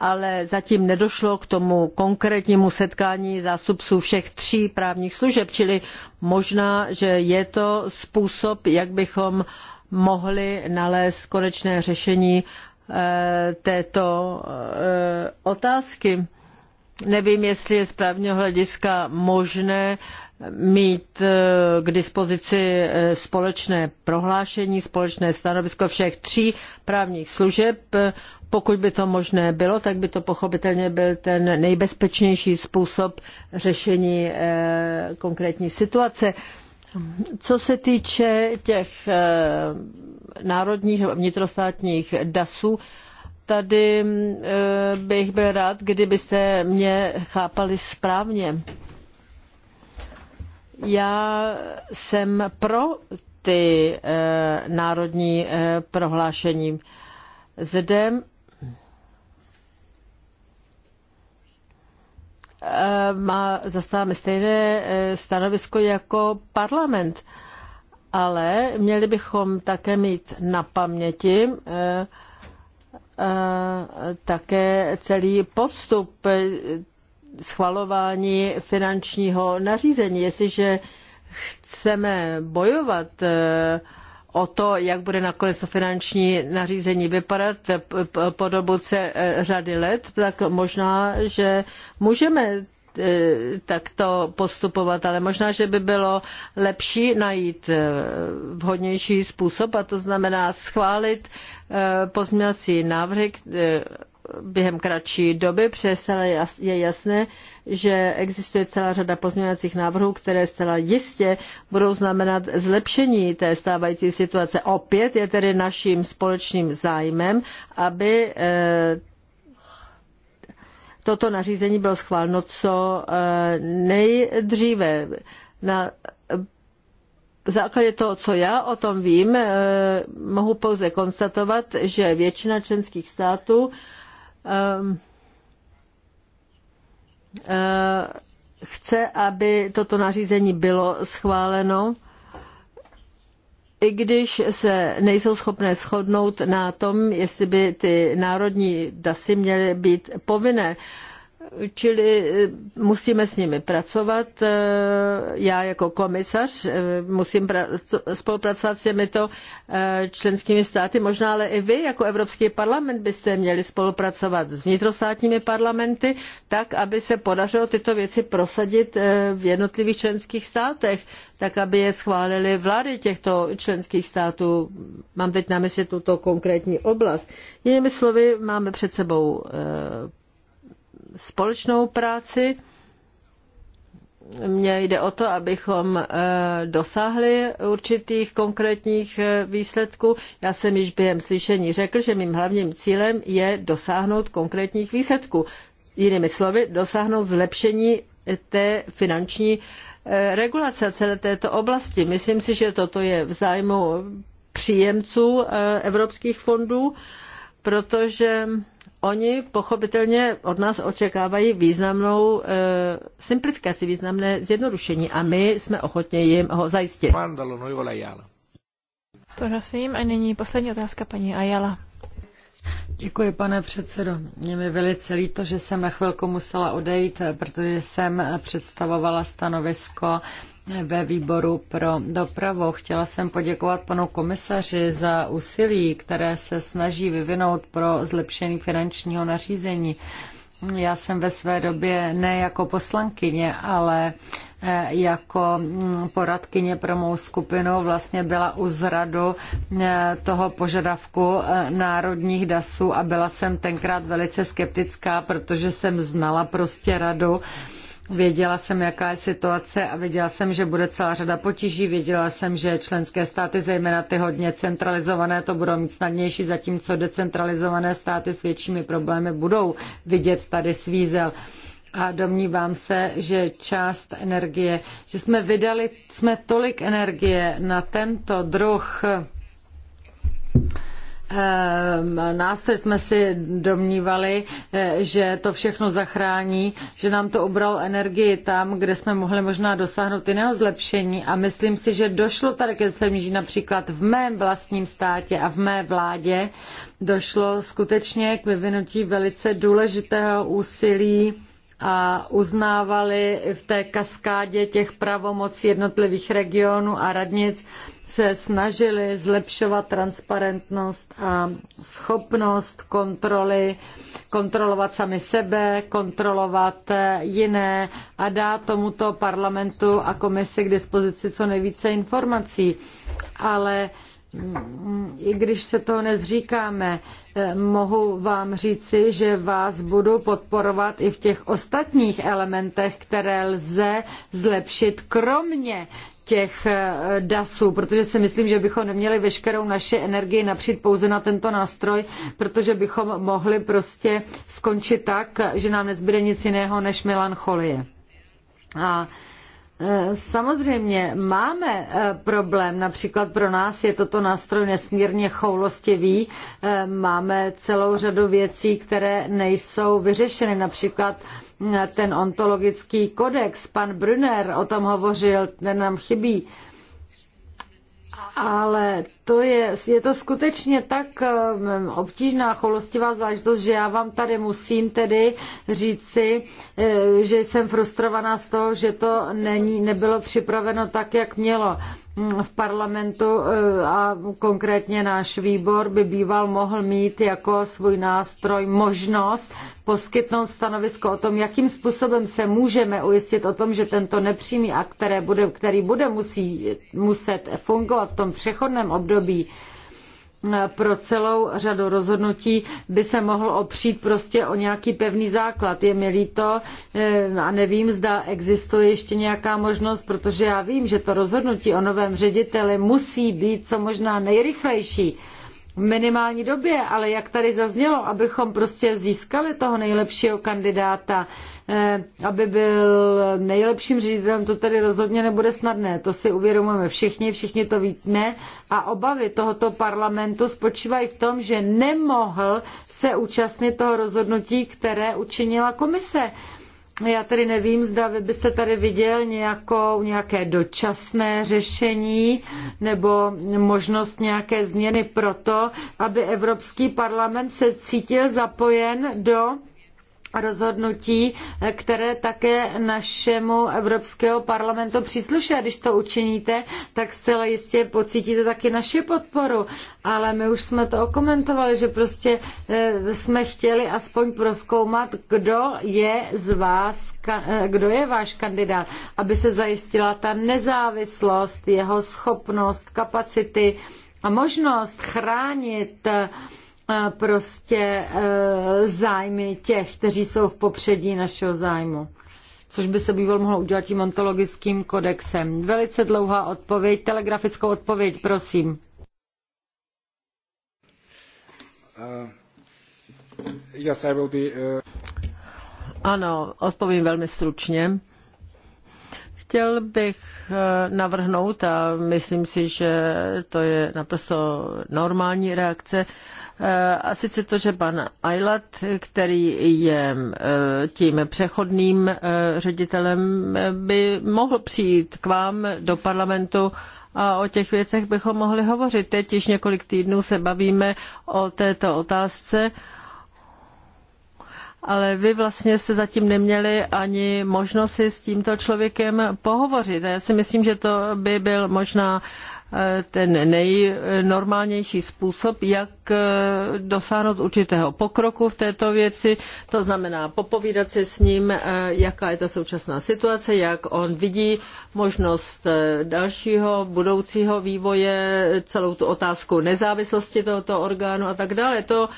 ale zatím nedošlo k tomu konkrétnímu setkání zástupců všech tří právních služeb, čili možná, že je to způsob, jak bychom mohli nalézt konečné řešení e, této otázky. Nevím, jestli je z právního hlediska možné mít eh, k dispozici eh, společné prohlášení, společné stanovisko všech tří právních služeb. Eh, pokud by to možné bylo, tak by to pochopitelně byl ten nejbezpečnější způsob řešení konkrétní situace. Co se týče těch národních vnitrostátních DASů, tady eh, bych byl rád, kdybyste mě chápali správně. Já jsem pro ty eh, národní eh, prohlášení. Zde má, zastáváme stejné stanovisko jako parlament, ale měli bychom také mít na paměti, také celý postup schvalování finančního nařízení. Jestliže chceme bojovat e, o to, jak bude nakonec to finanční nařízení vypadat po dobu e, řady let, tak možná, že můžeme e, takto postupovat, ale možná, že by bylo lepší najít vhodnější způsob a to znamená schválit Eh, pozměňovací návrhy eh, během kratší doby, přes je jasné, že existuje celá řada pozměňovacích návrhů, které zcela jistě budou znamenat zlepšení té stávající situace. Opět je tedy naším společným zájmem, aby eh, toto nařízení bylo schváleno co nejdříve. Na základě toho, co já o tom vím, eh, mohu pouze konstatovat, že většina členských států ehm, eh, chce, aby toto nařízení bylo schváleno, i když se nejsou schopné shodnout na tom, jestli by ty národní DASy měly být povinné. Uh, Čili eh, musíme s nimi pracovat. Eh, já jako komisař eh, musím spolupracovat s těmito členskými státy. Možná ale i vy jako Evropský parlament byste měli spolupracovat s vnitrostátními parlamenty, tak, aby se podařilo tyto věci prosadit v jednotlivých členských státech, tak, aby je schválili vlády těchto členských států. Mám teď na mysli tuto konkrétní oblast. Jinými slovy, máme před sebou společnou práci. Mně jde o to, abychom eh, dosáhli určitých konkrétních eh, výsledků. Já jsem již během slyšení řekl, že mým hlavním cílem je dosáhnout konkrétních výsledků. Jinými slovy, dosáhnout zlepšení té finanční eh, regulace celé této oblasti. Myslím si, že toto je v zájmu příjemců evropských fondů, protože oni pochopitelně od nás očekávají významnou e, simplifikaci, významné zjednodušení a my jsme ochotně jim ho zajistit. No, Prosím, a nyní poslední otázka paní Ayala. Děkuji, pane předsedo. Mě mi velice líto, že jsem na chvilku musela odejít, protože jsem představovala stanovisko ve výboru pro dopravu. Chtěla jsem poděkovat panu komisaři za úsilí, které se snaží vyvinout pro zlepšení finančního nařízení. Já jsem ve své době ne jako poslankyně, ale eh, jako mm, poradkyně pro mou skupinu vlastně byla u zradu eh, toho požadavku eh, národních DASů a byla jsem tenkrát velice skeptická, protože jsem znala prostě radu Věděla jsem, jaká je situace a věděla jsem, že bude celá řada potíží. Věděla jsem, že členské státy, zejména ty hodně centralizované, to budou mít snadnější, zatímco decentralizované státy s většími problémy budou vidět tady svízel a domnívám se, že část energie, že jsme vydali jsme tolik energie na tento druh Ehm, nástroj jsme si domnívali, eh, že to všechno zachrání, že nám to ubralo energii tam, kde jsme mohli možná dosáhnout jiného zlepšení a myslím si, že došlo tady ke zlepšení například v mém vlastním státě a v mé vládě došlo skutečně k vyvinutí velice důležitého úsilí a uznávali v té kaskádě těch pravomocí jednotlivých regionů a radnic, se snažili zlepšovat transparentnost a schopnost kontroly, kontrolovat sami sebe, kontrolovat eh, jiné a dát tomuto parlamentu a komisi k dispozici co nejvíce informací. Ale i když se toho nezříkáme, eh, mohu vám říci, že vás budu podporovat i v těch ostatních elementech, které lze zlepšit, kromě těch eh, DASů, protože si myslím, že bychom neměli veškerou naši energii napřít pouze na tento nástroj, protože bychom mohli prostě skončit tak, že nám nezbyde nic jiného než melancholie. A Eh, samozřejmě máme eh, problém, například pro nás je toto nástroj nesmírně choulostivý. Eh, máme celou řadu věcí, které nejsou vyřešeny, například ten ontologický kodex. Pan Brunner o tom hovořil, ten nám chybí. Ale to je, je to skutečně tak um, obtížná cholostivá záležitost, že já vám tady musím tedy říci, eh, že jsem frustrovaná z toho, že to není, nebylo připraveno tak, jak mělo mm, v parlamentu eh, a konkrétně náš výbor by býval mohl mít jako svůj nástroj možnost poskytnout stanovisko o tom, jakým způsobem se můžeme ujistit o tom, že tento nepřímý akt, bude, který bude musí, muset fungovat v tom přechodném období, období pro celou řadu rozhodnutí by se mohl opřít prostě o nějaký pevný základ. Je mi líto eh, a nevím, zda existuje ještě nějaká možnost, protože já vím, že to rozhodnutí o novém řediteli musí být co možná nejrychlejší v minimální době, ale jak tady zaznělo, abychom prostě získali toho nejlepšího kandidáta, eh, aby byl nejlepším ředitelem, to tady rozhodně nebude snadné. To si uvědomujeme všichni, všichni to víme. A obavy tohoto parlamentu spočívají v tom, že nemohl se účastnit toho rozhodnutí, které učinila komise. Já tedy nevím, zda vy byste tady viděl nějakou, nějaké dočasné řešení nebo možnost nějaké změny proto, aby Evropský parlament se cítil zapojen do rozhodnutí, které také našemu Evropského parlamentu přísluší. A když to učiníte, tak zcela jistě pocítíte taky naši podporu. Ale my už jsme to okomentovali, že prostě eh, jsme chtěli aspoň proskoumat, kdo je z vás, eh, kdo je váš kandidát, aby se zajistila ta nezávislost, jeho schopnost, kapacity a možnost chránit prostě eh, zájmy těch, kteří jsou v popředí našeho zájmu což by se býval mohlo udělat tím ontologickým kodexem. Velice dlouhá odpověď, telegrafickou odpověď, prosím. Uh, yes, I will be, uh... Ano, odpovím velmi stručně. Chtěl bych eh, navrhnout, a myslím si, že to je naprosto normální reakce, uh, a sice to, že pan Ajlat, který je e, tím přechodným e, ředitelem, by mohl přijít k vám do parlamentu a o těch věcech bychom mohli hovořit. Teď již několik týdnů se bavíme o této otázce, ale vy vlastně jste zatím neměli ani možnost si s tímto člověkem pohovořit. A já si myslím, že to by byl možná uh, ten nejnormálnější způsob, jak eh, dosáhnout určitého pokroku v této věci. To znamená popovídat se s ním, eh, jaká je ta současná situace, jak on vidí možnost eh, dalšího budoucího vývoje, celou tu otázku nezávislosti tohoto orgánu a tak dále. To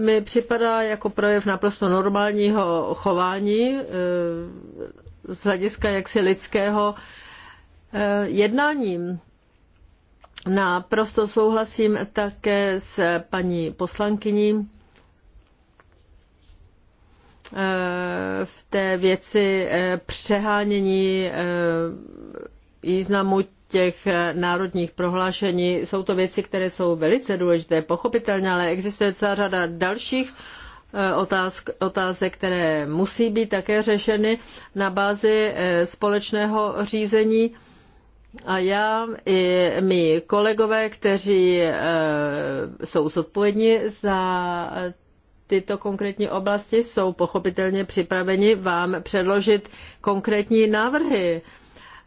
mi připadá jako projev naprosto normálního chování z hlediska jaksi lidského jednáním. Naprosto souhlasím také s paní poslankyní eh, v té věci eh, přehánění eh, významu těch národních prohlášení. Jsou to věci, které jsou velice důležité, pochopitelně, ale existuje celá řada dalších otázk, otázek, které musí být také řešeny na bázi společného řízení a já i mý kolegové, kteří eh, jsou zodpovědní za tyto konkrétní oblasti, jsou pochopitelně připraveni vám předložit konkrétní návrhy.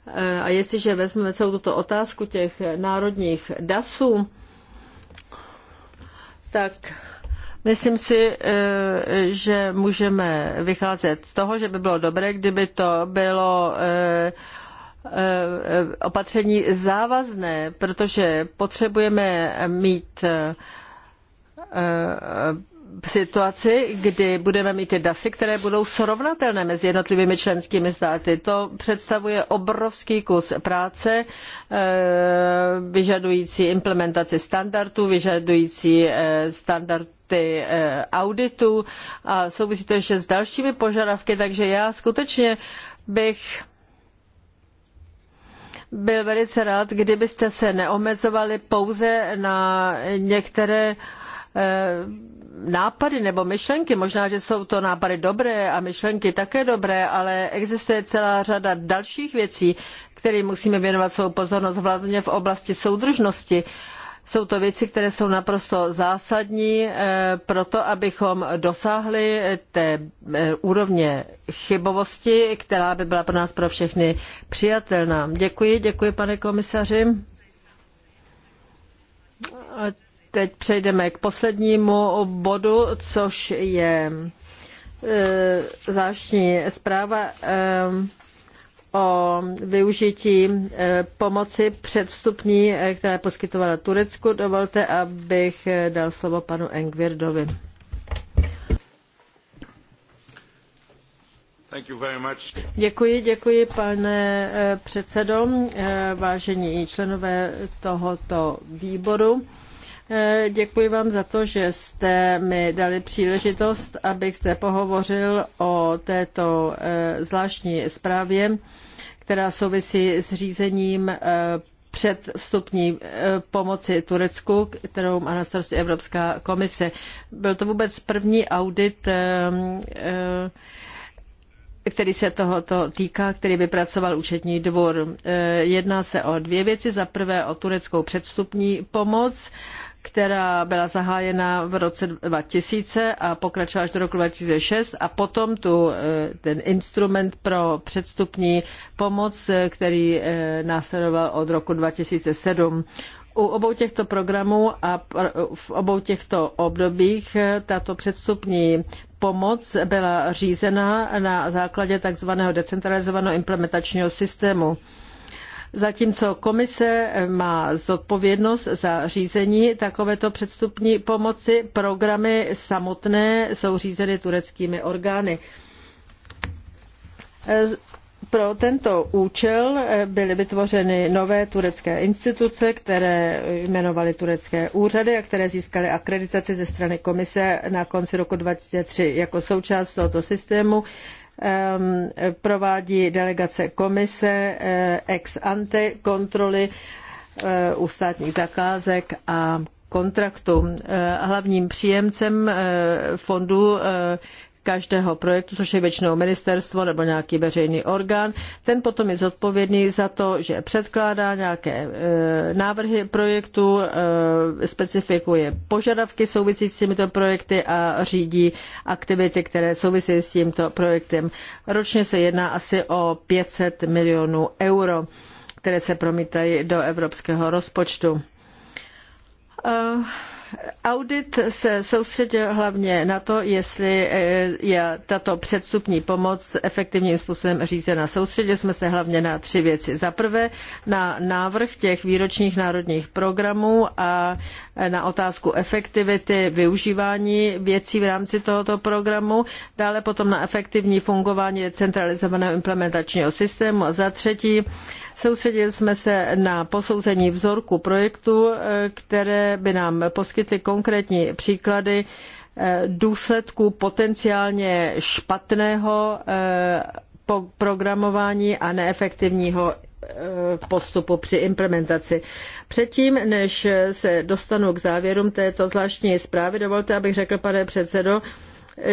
Eh, a jestliže vezmeme celou tuto otázku těch národních DASů, tak Myslím si, eh, že můžeme vycházet z toho, že by bylo dobré, kdyby to bylo Eh, opatření závazné, protože potřebujeme mít eh, eh, situaci, kdy budeme mít ty DASy, které budou srovnatelné mezi jednotlivými členskými státy. To představuje obrovský kus práce, vyžadující implementaci standardů, vyžadující standard ty auditu a souvisí to ještě s dalšími požadavky, takže já skutečně bych byl velice rád, kdybyste se neomezovali pouze na některé eh, nápady nebo myšlenky, možná, že jsou to nápady dobré a myšlenky také dobré, ale existuje celá řada dalších věcí, kterým musíme věnovat svou pozornost, hlavně v oblasti soudržnosti. Jsou to věci, které jsou naprosto zásadní eh, pro to, abychom dosáhli té eh, úrovně chybovosti, která by byla pro nás pro všechny přijatelná. Děkuji, děkuji pane komisaři. A teď přejdeme k poslednímu bodu, což je e, zvláštní zpráva. E, o využití e, pomoci předvstupní, e, která poskytovala Turecku. Dovolte, abych e, dal slovo panu Engvirdovi. Děkuji, děkuji, pane předsedo, vážení členové tohoto výboru. Děkuji vám za to, že jste mi dali příležitost, abych zde pohovořil o této zvláštní zprávě která souvisí s řízením eh, předvstupní eh, pomoci Turecku, kterou má na starosti Evropská komise. Byl to vůbec první audit, eh, který se tohoto týká, který vypracoval účetní dvor. Jedná se o dvě věci. Za prvé o tureckou předstupní pomoc která byla zahájena v roce 2000 a pokračovala až do roku 2006 a potom tu eh, ten instrument pro předstupní pomoc, eh, který eh, následoval od roku 2007. U obou těchto programů a v obou těchto obdobích tato předstupní pomoc byla řízena na základě takzvaného decentralizovaného implementačního systému zatímco komise má zodpovědnost za řízení takovéto předstupní pomoci, programy samotné jsou řízeny tureckými orgány. Pro tento účel byly vytvořeny nové turecké instituce, které jmenovaly turecké úřady a které získaly akreditaci ze strany komise na konci roku 2003. Jako součást tohoto systému Ehm, provádí delegace komise eh, ex ante kontroly eh, u státních zakázek a kontraktu. Eh, hlavním příjemcem fondu každého projektu, což je většinou ministerstvo nebo nějaký veřejný orgán. Ten potom je zodpovědný za to, že předkládá nějaké e, návrhy projektu, e, specifikuje požadavky souvisí s těmito projekty a řídí aktivity, které souvisí s tímto projektem. Ročně se jedná asi o 500 milionů euro, které se promítají do evropského rozpočtu. E, Audit se soustředil hlavně na to, jestli eh, je tato předstupní pomoc efektivním způsobem řízena. Soustředili jsme se hlavně na tři věci. Za prvé na návrh těch výročních národních programů a eh, na otázku efektivity využívání věcí v rámci tohoto programu, dále potom na efektivní fungování decentralizovaného implementačního systému a za třetí Soustředili jsme se na posouzení vzorku projektu, eh, které by nám poskytly konkrétní příklady eh, důsledků potenciálně špatného eh, programování a neefektivního postupu při implementaci. Předtím, než se dostanu k závěrům této zvláštní zprávy, dovolte, abych řekl, pane předsedo,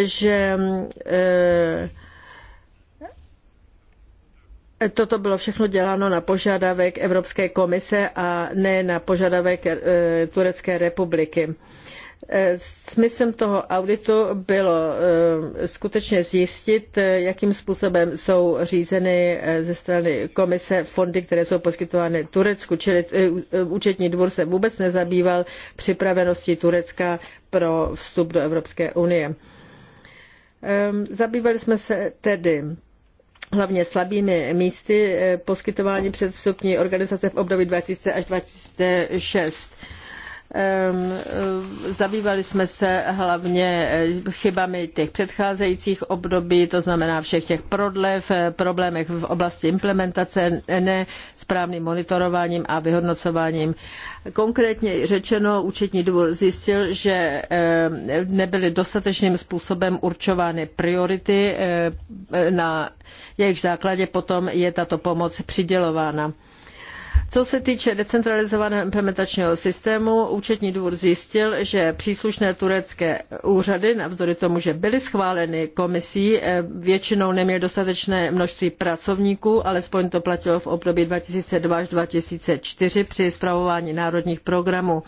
že e, Toto bylo všechno děláno na požadavek Evropské komise a ne na požadavek eh, Turecké republiky. Eh, smyslem toho auditu bylo eh, skutečně zjistit, jakým způsobem jsou řízeny ze strany komise fondy, které jsou poskytovány Turecku, čili účetní dvůr se vůbec nezabýval připraveností Turecka pro vstup do Evropské unie. Ehm, zabývali jsme se tedy hlavně slabými místy eh, poskytování předvstupní organizace v období 2000 až 2006. Zabývali jsme se hlavně eh, chybami těch předcházejících období, to znamená všech těch prodlev, eh, problémech v oblasti implementace, ne správným monitorováním a vyhodnocováním. Konkrétně řečeno, účetní dvůr zjistil, že nebyly dostatečným způsobem určovány priority, eh, na jejich základě potom je tato pomoc přidělována. Co se týče decentralizovaného implementačního systému, účetní dvůr zjistil, že příslušné turecké úřady, navzdory tomu, že byly schváleny komisí, eh, většinou neměly dostatečné množství pracovníků, alespoň to platilo v období 2002 až 2004 při zpravování národních programů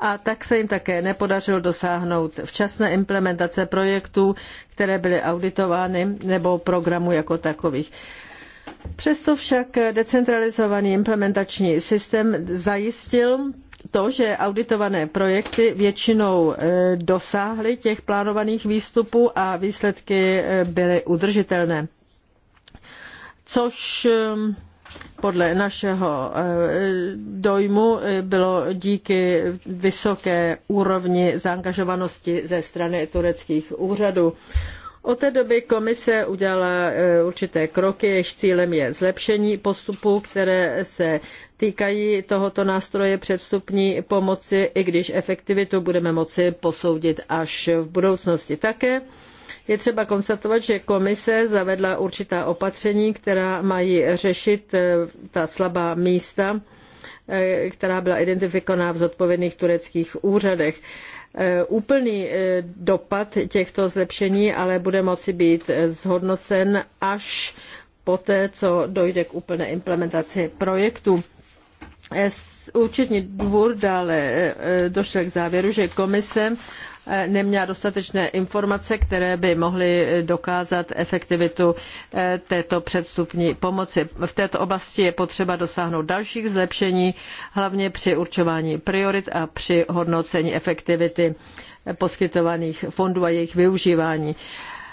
a tak se jim také nepodařilo dosáhnout včasné implementace projektů, které byly auditovány nebo programů jako takových. Přesto však decentralizovaný implementační systém zajistil to, že auditované projekty většinou eh, dosáhly těch plánovaných výstupů a výsledky eh, byly udržitelné. Což eh, podle našeho dojmu bylo díky vysoké úrovni zaangažovanosti ze strany tureckých úřadů. Od té doby komise udělala eh, určité kroky, jejichž cílem je zlepšení postupů, které se týkají tohoto nástroje předstupní pomoci, i když efektivitu budeme moci posoudit až v budoucnosti také. Je třeba konstatovat, že komise zavedla určitá opatření, která mají řešit eh, ta slabá místa, eh, která byla identifikována v zodpovědných tureckých úřadech. Eh, úplný eh, dopad těchto zlepšení ale bude moci být zhodnocen až poté, co dojde k úplné implementaci projektu. Eh, účetní dvůr dále došel k závěru, že komise neměla dostatečné informace, které by mohly dokázat efektivitu eh, této předstupní pomoci. V této oblasti je potřeba dosáhnout dalších zlepšení, hlavně při určování priorit a při hodnocení efektivity eh, poskytovaných fondů a jejich využívání.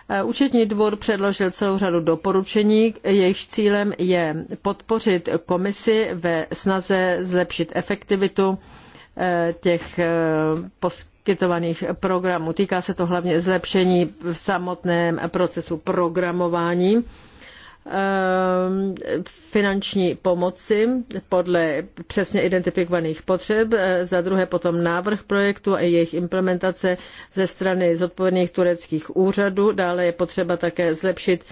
Eh, účetní dvůr předložil celou řadu doporučení, jejichž cílem je podpořit komisi ve snaze zlepšit efektivitu těch poskytovaných poskytovaných programů. Týká se to hlavně zlepšení v samotném procesu programování ehm, finanční pomoci podle přesně identifikovaných potřeb, e, za druhé potom návrh projektu a jejich implementace ze strany zodpovědných tureckých úřadů. Dále je potřeba také zlepšit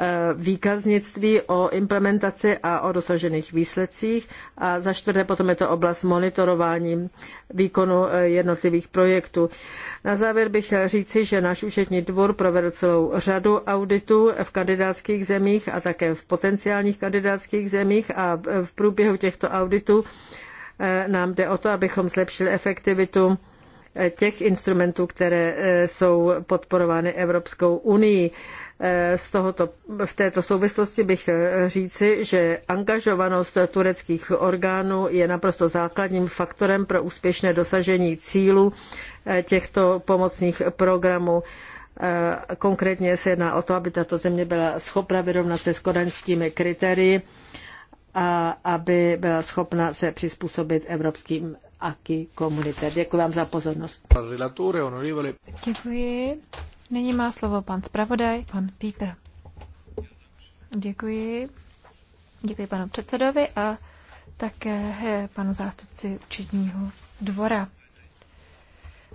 Eh, výkaznictví o implementaci a o dosažených výsledcích a za čtvrté potom je to oblast monitorování výkonu eh, jednotlivých projektů. Na závěr bych chtěl říci, že náš účetní dvůr provedl celou řadu auditů v kandidátských zemích a také v potenciálních kandidátských zemích a eh, v průběhu těchto auditů nám jde o to, abychom zlepšili efektivitu těch instrumentů, které jsou podporovány Evropskou unii. Z tohoto, v této souvislosti bych chtěl říci, že angažovanost tureckých orgánů je naprosto základním faktorem pro úspěšné dosažení cílů eh, těchto pomocných programů. Eh, konkrétně se jedná o to, aby tato země byla schopna vyrovnat se s kodaňskými kritérii a aby byla schopna se přizpůsobit evropským aky komunitě. Děkuji vám za pozornost. Děkuji. Nyní má slovo pan zpravodaj, pan Píper. Děkuji. Děkuji panu předsedovi a také panu zástupci učitního dvora.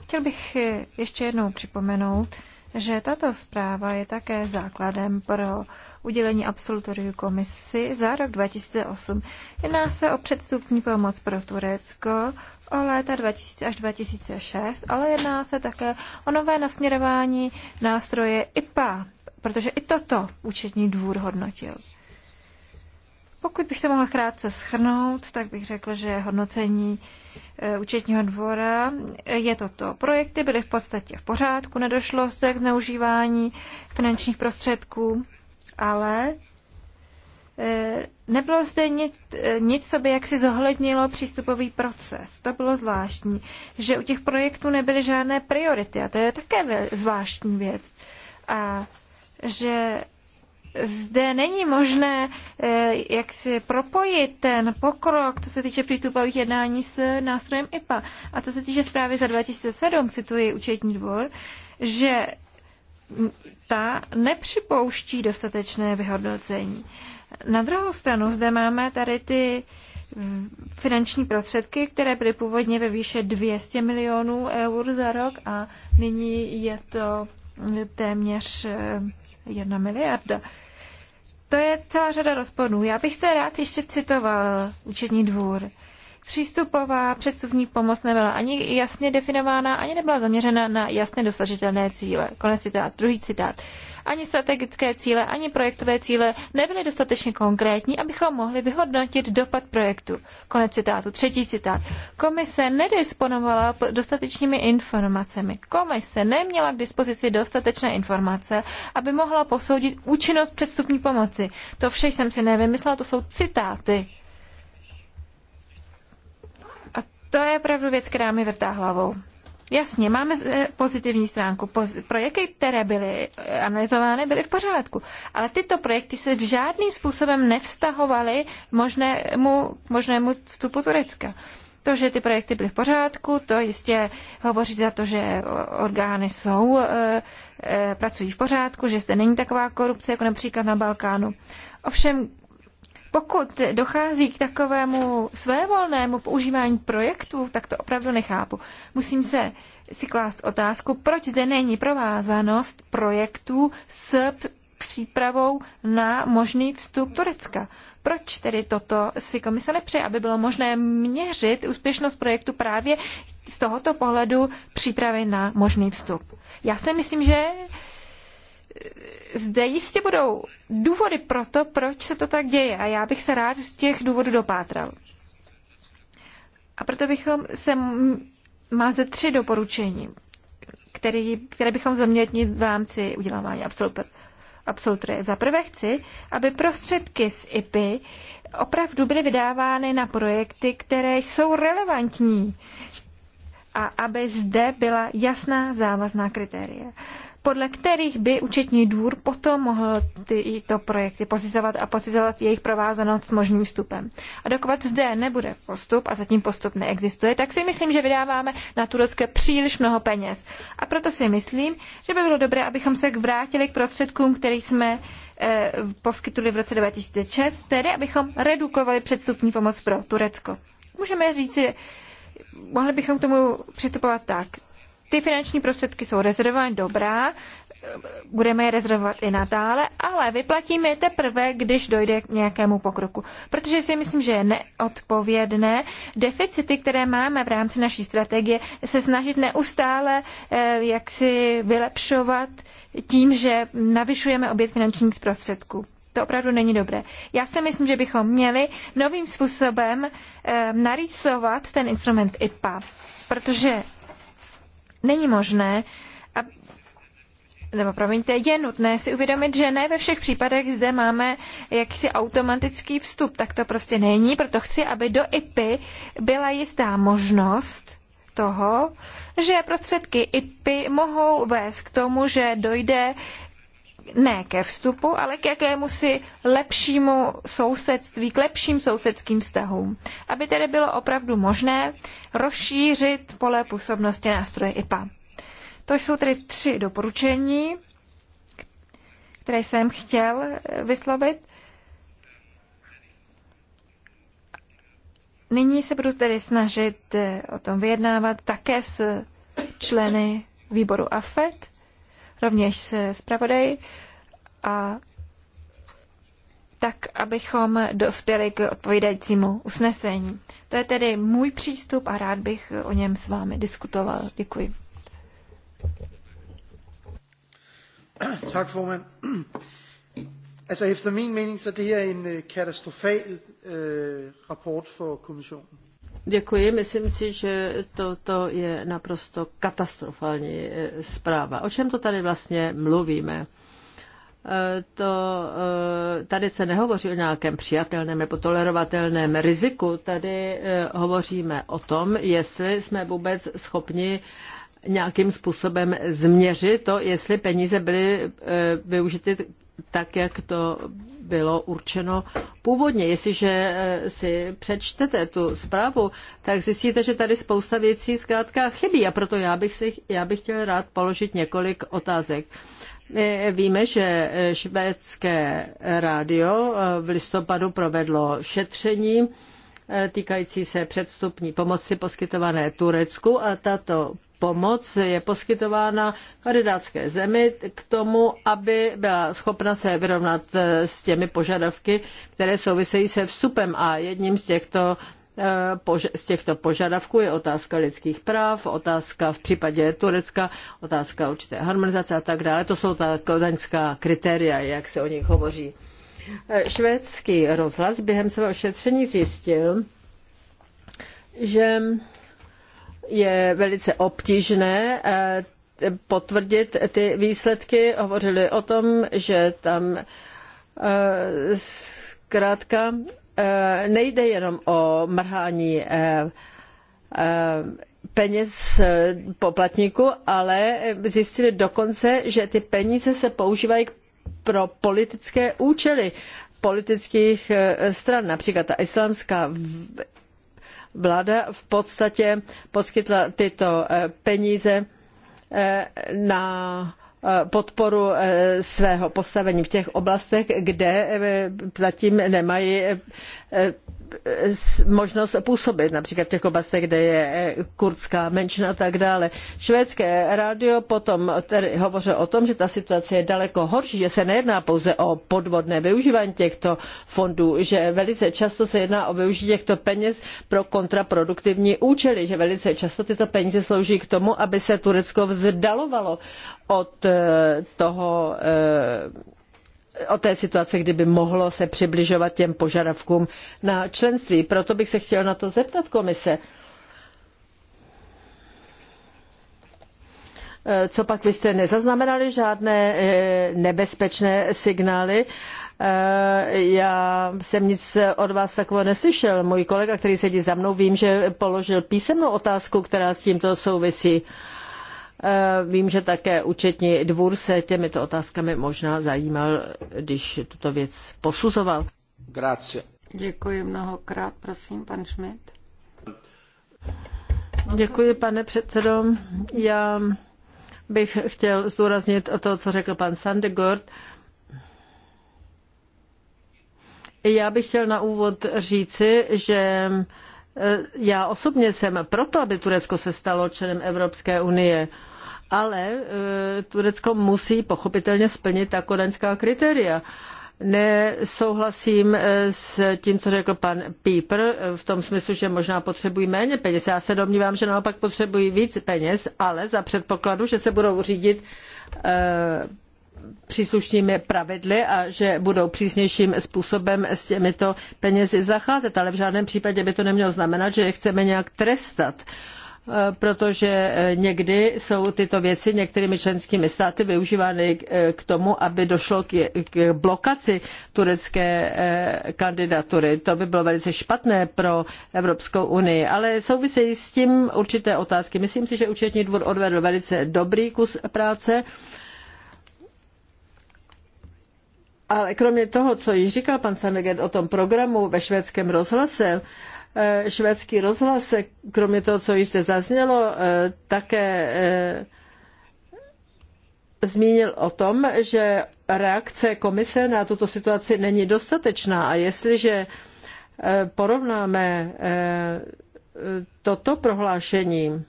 Chtěl bych ještě jednou připomenout, že tato zpráva je také základem pro udělení absolutoriu komisi za rok 2008. Jedná se o předstupní pomoc pro Turecko, o léta 2000 až 2006, ale jedná se také o nové nasměrování nástroje IPA, protože i toto účetní dvůr hodnotil. Pokud bych to mohla krátce schrnout, tak bych řekl, že hodnocení e, účetního dvora e, je toto. Projekty byly v podstatě v pořádku, nedošlo zde k zneužívání finančních prostředků, ale e, nebylo zde nic, nic, co by jaksi zohlednilo přístupový proces. To bylo zvláštní, že u těch projektů nebyly žádné priority a to je také zvláštní věc. A že zde není možné eh, jak si propojit ten pokrok, co se týče přístupových jednání s nástrojem IPA. A co se týče zprávy za 2007, cituji účetní dvor, že ta nepřipouští dostatečné vyhodnocení. Na druhou stranu zde máme tady ty finanční prostředky, které byly původně ve výše 200 milionů eur za rok a nyní je to téměř eh, jedna miliarda. To je celá řada rozporů. Já bych se rád ještě citoval účetní dvůr. Přístupová předstupní pomoc nebyla ani jasně definována, ani nebyla zaměřena na jasně dosažitelné cíle. Konec citát. Druhý citát ani strategické cíle, ani projektové cíle nebyly dostatečně konkrétní, abychom mohli vyhodnotit dopad projektu. Konec citátu. Třetí citát. Komise nedisponovala dostatečnými informacemi. Komise neměla k dispozici dostatečné informace, aby mohla posoudit účinnost předstupní pomoci. To vše jsem si nevymyslela, to jsou citáty. A to je opravdu věc, která mi vrtá hlavou. Jasně, máme eh, pozitivní stránku. Projekty, které byly eh, analyzovány, byly v pořádku. Ale tyto projekty se v žádným způsobem nevztahovaly možnému, možnému vstupu Turecka. To, že ty projekty byly v pořádku, to jistě hovoří za to, že orgány jsou, eh, pracují v pořádku, že zde není taková korupce, jako například na Balkánu. Ovšem, pokud dochází k takovému svévolnému používání projektů, tak to opravdu nechápu. Musím se si klást otázku, proč zde není provázanost projektů s přípravou na možný vstup Turecka. Proč tedy toto si komise nepřeje, aby bylo možné měřit úspěšnost projektu právě z tohoto pohledu přípravy na možný vstup? Já si myslím, že zde jistě budou důvody pro to, proč se to tak děje a já bych se rád z těch důvodů dopátral. A proto bychom se má ze tři doporučení, který, které bychom zamětnit v rámci udělávání absolutory. Za prvé chci, aby prostředky z IPy opravdu byly vydávány na projekty, které jsou relevantní a aby zde byla jasná závazná kritéria podle kterých by účetní dvůr potom mohl tyto projekty pozizovat a pozizovat jejich provázanost s možným vstupem. A dokud zde nebude postup, a zatím postup neexistuje, tak si myslím, že vydáváme na Turecké příliš mnoho peněz. A proto si myslím, že by bylo dobré, abychom se vrátili k prostředkům, které jsme eh, poskytli v roce 2006, tedy abychom redukovali předstupní pomoc pro Turecko. Můžeme říct, mohli bychom k tomu přistupovat tak. Ty finanční prostředky jsou rezervovány dobrá, budeme je rezervovat i nadále, ale vyplatíme je teprve, když dojde k nějakému pokroku. Protože si myslím, že je neodpovědné deficity, které máme v rámci naší strategie, se snažit neustále eh, jaksi vylepšovat tím, že navyšujeme obět finančních prostředků. To opravdu není dobré. Já si myslím, že bychom měli novým způsobem eh, narýsovat ten instrument IPA, protože není možné, a, nebo promiňte, je nutné si uvědomit, že ne ve všech případech zde máme jakýsi automatický vstup. Tak to prostě není, proto chci, aby do IPy byla jistá možnost toho, že prostředky IPy mohou vést k tomu, že dojde ne ke vstupu, ale k jakému si lepšímu sousedství, k lepším sousedským vztahům. Aby tedy bylo opravdu možné rozšířit pole působnosti nástroje IPA. To jsou tedy tři doporučení, které jsem chtěl eh, vyslovit. Nyní se budu tedy snažit eh, o tom vyjednávat také s členy výboru AFET rovněž se zpravodaj a tak, abychom dospěli k odpovídajícímu usnesení. To je tedy můj přístup a rád bych o něm s vámi diskutoval. Děkuji. Tak, formand. Altså, efter min mening, så er det her en øh, katastrofal øh, rapport for kommissionen. Děkuji. Myslím si, že toto je naprosto katastrofální eh, zpráva. O čem to tady vlastně mluvíme? Eh, to, eh, tady se nehovoří o nějakém přijatelném nebo tolerovatelném riziku. Tady hovoříme o tom, jestli jsme vůbec schopni nějakým způsobem změřit to, jestli peníze byly využity tak, jak to bylo určeno původně. Jestliže eh, si přečtete tu zprávu, tak zjistíte, že tady spousta věcí zkrátka chybí a proto já bych, si, já bych chtěl rád položit několik otázek. My víme, že eh, švédské rádio eh, v listopadu provedlo šetření týkající se předstupní pomoci poskytované Turecku a tato pomoc je poskytována kandidátské zemi k tomu, aby byla schopna se vyrovnat eh, s těmi požadavky, které souvisejí se vstupem. A jedním z těchto eh, z těchto požadavků je otázka lidských práv, otázka v případě Turecka, otázka určité harmonizace a tak dále. To jsou ta kodaňská kritéria, jak se o nich hovoří. Eh, švédský rozhlas během svého šetření zjistil, že je velice obtížné eh, potvrdit ty výsledky. Hovořili o tom, že tam eh, zkrátka eh, nejde jenom o mrhání peněz poplatníku, ale zjistili dokonce, že ty peníze se používají pro politické účely politických stran. Například ta islámská Vláda v podstatě poskytla tyto eh, peníze eh, na eh, podporu svého postavení v těch oblastech, kde zatím nemají možnost působit, například v těch oblastech, kde je eh, kurdská menšina a tak dále. Švédské rádio potom hovořilo o tom, že ta situace je daleko horší, že se nejedná pouze o podvodné využívání těchto fondů, že velice často se jedná o využití těchto peněz pro kontraproduktivní účely, že velice často tyto peníze slouží k tomu, aby se Turecko vzdalovalo od eh, toho eh, o té situace, kdyby mohlo se přibližovat těm požadavkům na členství. Proto bych se chtěl na to zeptat komise. Co pak vy jste nezaznamenali žádné eh, nebezpečné signály? Eh, já jsem nic od vás takového neslyšel. Můj kolega, který sedí za mnou, vím, že položil písemnou otázku, která s tímto souvisí. Eh, vím, že také účetní dvůr se těmito otázkami možná zajímal, když tuto věc posuzoval. Grazie. Děkuji mnohokrát, prosím, pan Schmidt. Děkuji, pane předsedo. Já bych chtěl zdůraznit o to, co řekl pan Sandegord. Já bych chtěl na úvod říci, že eh, já osobně jsem proto, aby Turecko se stalo členem Evropské unie ale e, Turecko musí pochopitelně splnit ta kodaňská kritéria. Nesouhlasím e, s tím, co řekl pan Pípr, e, v tom smyslu, že možná potřebují méně peněz. Já se domnívám, že naopak potřebují víc peněz, ale za předpokladu, že se budou řídit příslušnými pravidly a že budou přísnějším způsobem s těmito penězi zacházet. Ale v žádném případě by to nemělo znamenat, že je chceme nějak trestat. Eh, protože eh, někdy jsou tyto věci některými členskými státy využívány eh, k tomu, aby došlo k blokaci turecké kandidatury. To by bylo velice špatné pro Evropskou unii, ale souvisejí s tím určité otázky. Myslím si, že účetní dvůr odvedl velice dobrý kus práce. Ale kromě toho, co již říkal pan Sandegard o tom programu ve švédském rozhlase, Eh, švédský rozhlas, eh, kromě toho, co již zde zaznělo, eh, také zmínil o tom, že reakce komise na tuto situaci není dostatečná a jestliže porovnáme toto prohlášení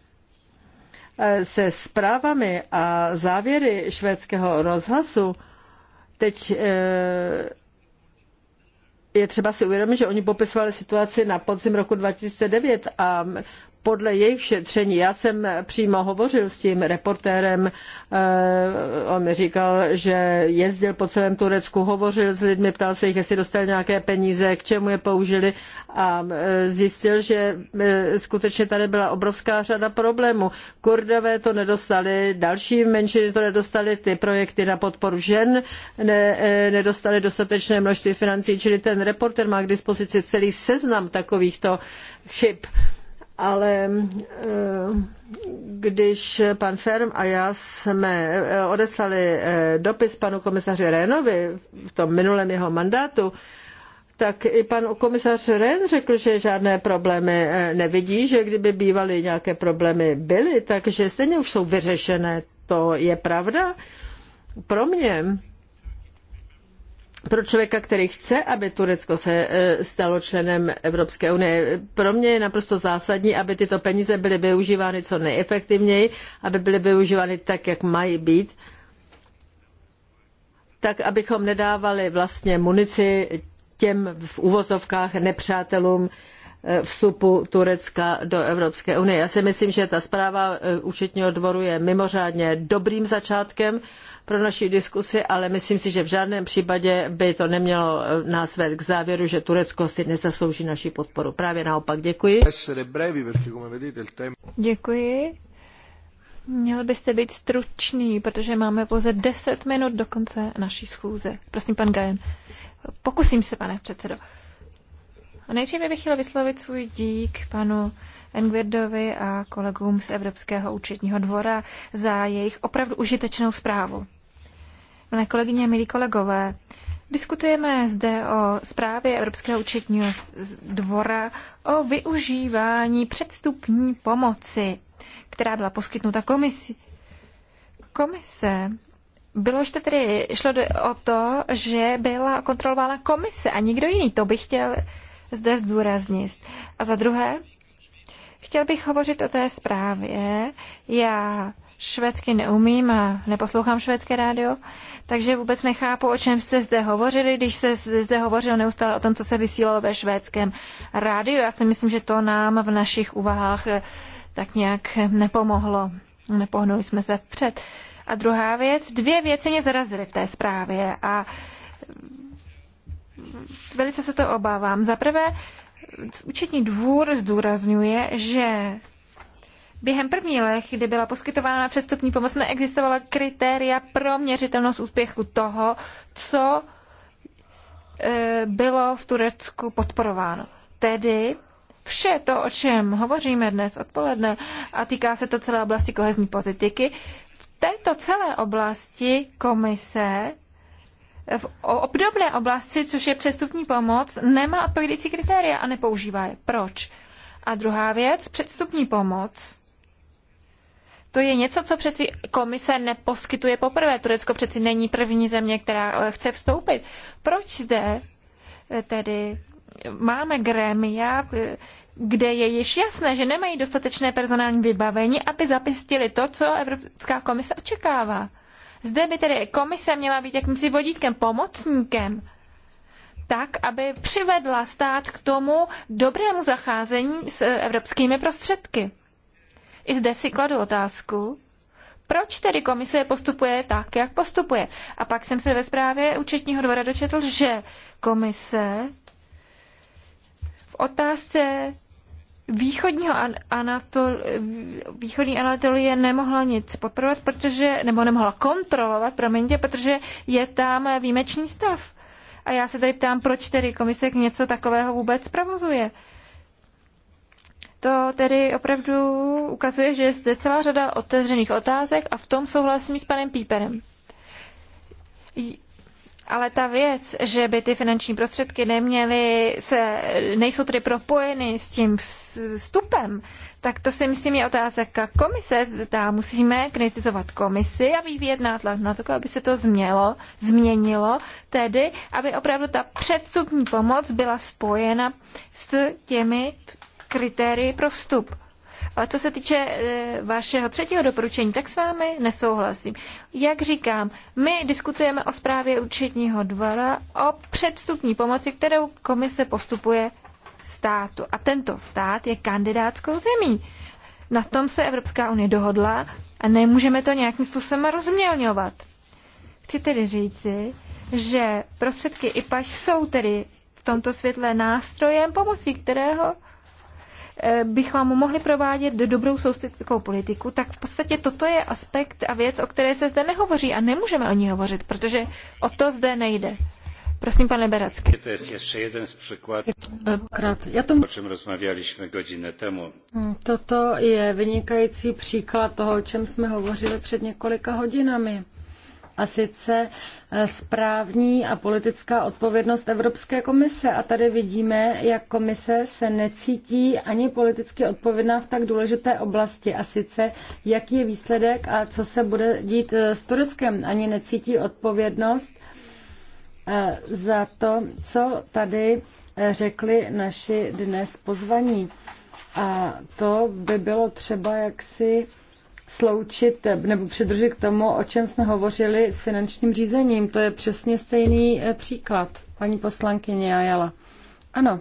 se zprávami a závěry švédského rozhlasu, teď je třeba si uvědomit, že oni popisovali situaci na podzim roku 2009 a podle jejich šetření, já jsem přímo hovořil s tím reportérem, eh, on mi říkal, že jezdil po celém Turecku, hovořil s lidmi, ptal se jich, jestli dostali nějaké peníze, k čemu je použili a eh, zjistil, že eh, skutečně tady byla obrovská řada problémů. Kurdové to nedostali, další menšiny to nedostali, ty projekty na podporu žen ne, nedostali dostatečné množství financí, čili ten reporter má k dispozici celý seznam takovýchto chyb ale eh, když pan Ferm a já jsme eh, odeslali eh, dopis panu komisaři Rénovi v tom minulém jeho mandátu, tak i pan komisař Ren řekl, že žádné problémy nevidí, že kdyby bývaly nějaké problémy byly, takže stejně už jsou vyřešené. To je pravda. Pro mě pro člověka, který chce, aby Turecko se e, stalo členem Evropské unie. Pro mě je naprosto zásadní, aby tyto peníze byly využívány co nejefektivněji, aby byly využívány tak, jak mají být, tak, abychom nedávali vlastně munici těm v uvozovkách nepřátelům, vstupu Turecka do Evropské unie. Já si myslím, že ta zpráva e, účetního dvoru je mimořádně dobrým začátkem pro naši diskusi, ale myslím si, že v žádném případě by to nemělo e, nás vést k závěru, že Turecko si nezaslouží naši podporu. Právě naopak děkuji. Děkuji. Měl byste být stručný, protože máme pouze 10 minut do konce naší schůze. Prosím, pan Gajen. Pokusím se, pane předsedo. A nejdříve bych chtěla vyslovit svůj dík panu Engvirdovi a kolegům z Evropského účetního dvora za jejich opravdu užitečnou zprávu. Milé kolegyně, milí kolegové, Diskutujeme zde o zprávě Evropského účetního dvora o využívání předstupní pomoci, která byla poskytnuta komisi. Komise bylo jste tedy, šlo o to, že byla kontrolována komise a nikdo jiný. To bych chtěl zde zdůraznit. A za druhé, chtěl bych hovořit o té zprávě. Já švédsky neumím a neposlouchám švédské rádio, takže vůbec nechápu, o čem jste zde hovořili, když se zde hovořilo neustále o tom, co se vysílalo ve švédském rádiu. Já si myslím, že to nám v našich úvahách eh, tak nějak nepomohlo. Nepohnuli jsme se vpřed. A druhá věc, dvě věci mě zarazily v té zprávě a velice se to obávám. Za prvé, účetní dvůr zdůrazňuje, že Během první let, kdy byla poskytována přestupní pomoc, neexistovala kritéria pro měřitelnost úspěchu toho, co e, bylo v Turecku podporováno. Tedy vše to, o čem hovoříme dnes odpoledne, a týká se to celé oblasti kohezní politiky, v této celé oblasti komise v obdobné oblasti, což je přestupní pomoc, nemá odpovídající kritéria a nepoužívá je. Proč? A druhá věc, předstupní pomoc. To je něco, co přeci komise neposkytuje poprvé. Turecko přeci není první země, která eh, chce vstoupit. Proč zde eh, tedy máme grémia, eh, kde je již jasné, že nemají dostatečné personální vybavení, aby zapistili to, co Evropská komise očekává. Zde by tedy komise měla být jakýmsi vodítkem, pomocníkem, tak, aby přivedla stát k tomu dobrému zacházení s eh, evropskými prostředky. I zde si kladu otázku, proč tedy komise postupuje tak, jak postupuje. A pak jsem se ve zprávě účetního dvora dočetl, že komise v otázce východního Anatol, východní Anatolie nemohla nic podporovat, protože, nebo nemohla kontrolovat, promiňte, protože je tam výjimečný stav. A já se tady ptám, proč tedy komise něco takového vůbec provozuje. To tedy opravdu ukazuje, že je zde celá řada otevřených otázek a v tom souhlasím s panem Píperem. Ale ta věc, že by ty finanční prostředky neměly se, nejsou tedy propojeny s tím vstupem, tak to si myslím je otázka komise. Tá musíme kritizovat komisi a vyvíjet nátlak na to, aby se to změlo, změnilo, tedy aby opravdu ta předvstupní pomoc byla spojena s těmi kritérii pro vstup. Ale co se týče e, vašeho třetího doporučení, tak s vámi nesouhlasím. Jak říkám, my diskutujeme o zprávě účetního dvora o předstupní pomoci, kterou komise postupuje státu. A tento stát je kandidátskou zemí. Na tom se Evropská unie dohodla a nemůžeme to nějakým způsobem rozmělňovat. Chci tedy říci, že prostředky IPAŠ jsou tedy v tomto světle nástrojem, pomocí kterého bychom mohli provádět dobrou sousedskou politiku, tak v podstatě toto je aspekt a věc, o které se zde nehovoří a nemůžeme o ní hovořit, protože o to zde nejde. Prosím, pane Beracky. To je ještě jeden z příkladů, o čem rozmawiali jsme temu. Hmm, toto je vynikající příklad toho, o čem jsme hovořili před několika hodinami a sice eh, správní a politická odpovědnost Evropské komise. A tady vidíme, jak komise se necítí ani politicky odpovědná v tak důležité oblasti. A sice, jaký je výsledek a co se bude dít eh, s Tureckem. Ani necítí odpovědnost eh, za to, co tady řekli naši dnes pozvaní. A to by bylo třeba jaksi sloučit nebo přidružit k tomu, o čem jsme hovořili s finančním řízením. To je přesně stejný eh, příklad, paní poslankyně Ajala. Ano,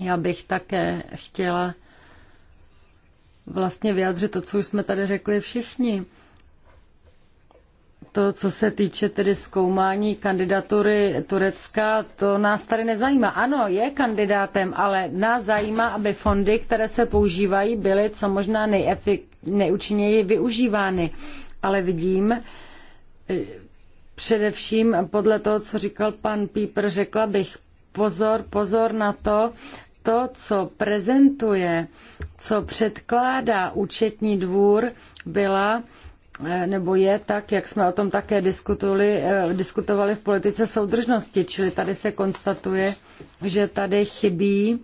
já bych také chtěla vlastně vyjádřit to, co už jsme tady řekli všichni to, co se týče tedy zkoumání kandidatury Turecka, to nás tady nezajímá. Ano, je kandidátem, ale nás zajímá, aby fondy, které se používají, byly co možná nejefik- nejúčinněji využívány. Ale vidím, eh, především podle toho, co říkal pan Píper, řekla bych pozor, pozor na to, to, co prezentuje, co předkládá účetní dvůr, byla Eh, nebo je tak, jak jsme o tom také diskutovali, eh, diskutovali v politice soudržnosti, čili tady se konstatuje, že tady chybí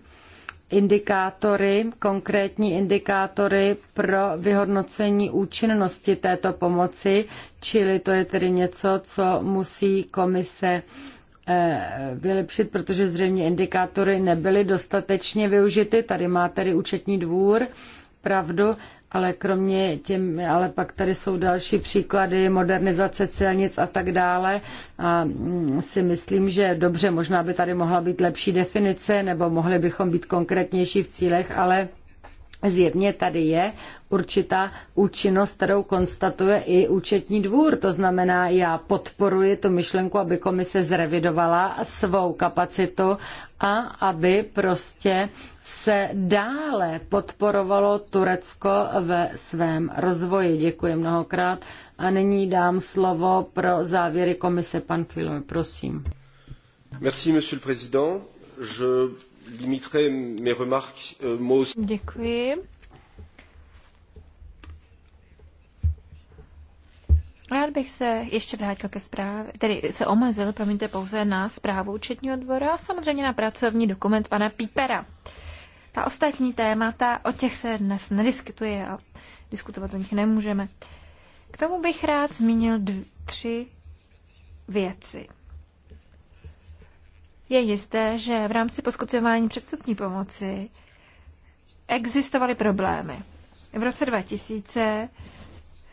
indikátory, konkrétní indikátory pro vyhodnocení účinnosti této pomoci, čili to je tedy něco, co musí komise eh, vylepšit, protože zřejmě indikátory nebyly dostatečně využity. Tady má tedy účetní dvůr pravdu ale kromě těm, ale pak tady jsou další příklady modernizace celnic a tak dále. A mm, si myslím, že dobře, možná by tady mohla být lepší definice, nebo mohli bychom být konkrétnější v cílech, ale Zjevně tady je určitá účinnost, kterou konstatuje i účetní dvůr. To znamená, já podporuji tu myšlenku, aby komise zrevidovala svou kapacitu a aby prostě se dále podporovalo Turecko ve svém rozvoji. Děkuji mnohokrát a nyní dám slovo pro závěry komise. Pan Filon, prosím. Merci, monsieur le président. Je limiterai mes remarques euh, mots. Děkuji. Rád bych se ještě vrátil ke zprávě, tedy se omezil, promiňte, pouze na zprávu účetního dvora a samozřejmě na pracovní dokument pana Pípera. Uh, ta ostatní témata, o těch se dnes nediskutuje a diskutovat o nich nemůžeme. K tomu bych rád zmínil dv- tři věci. Je jisté, že v rámci poskytování předstupní pomoci existovaly problémy. V roce 2000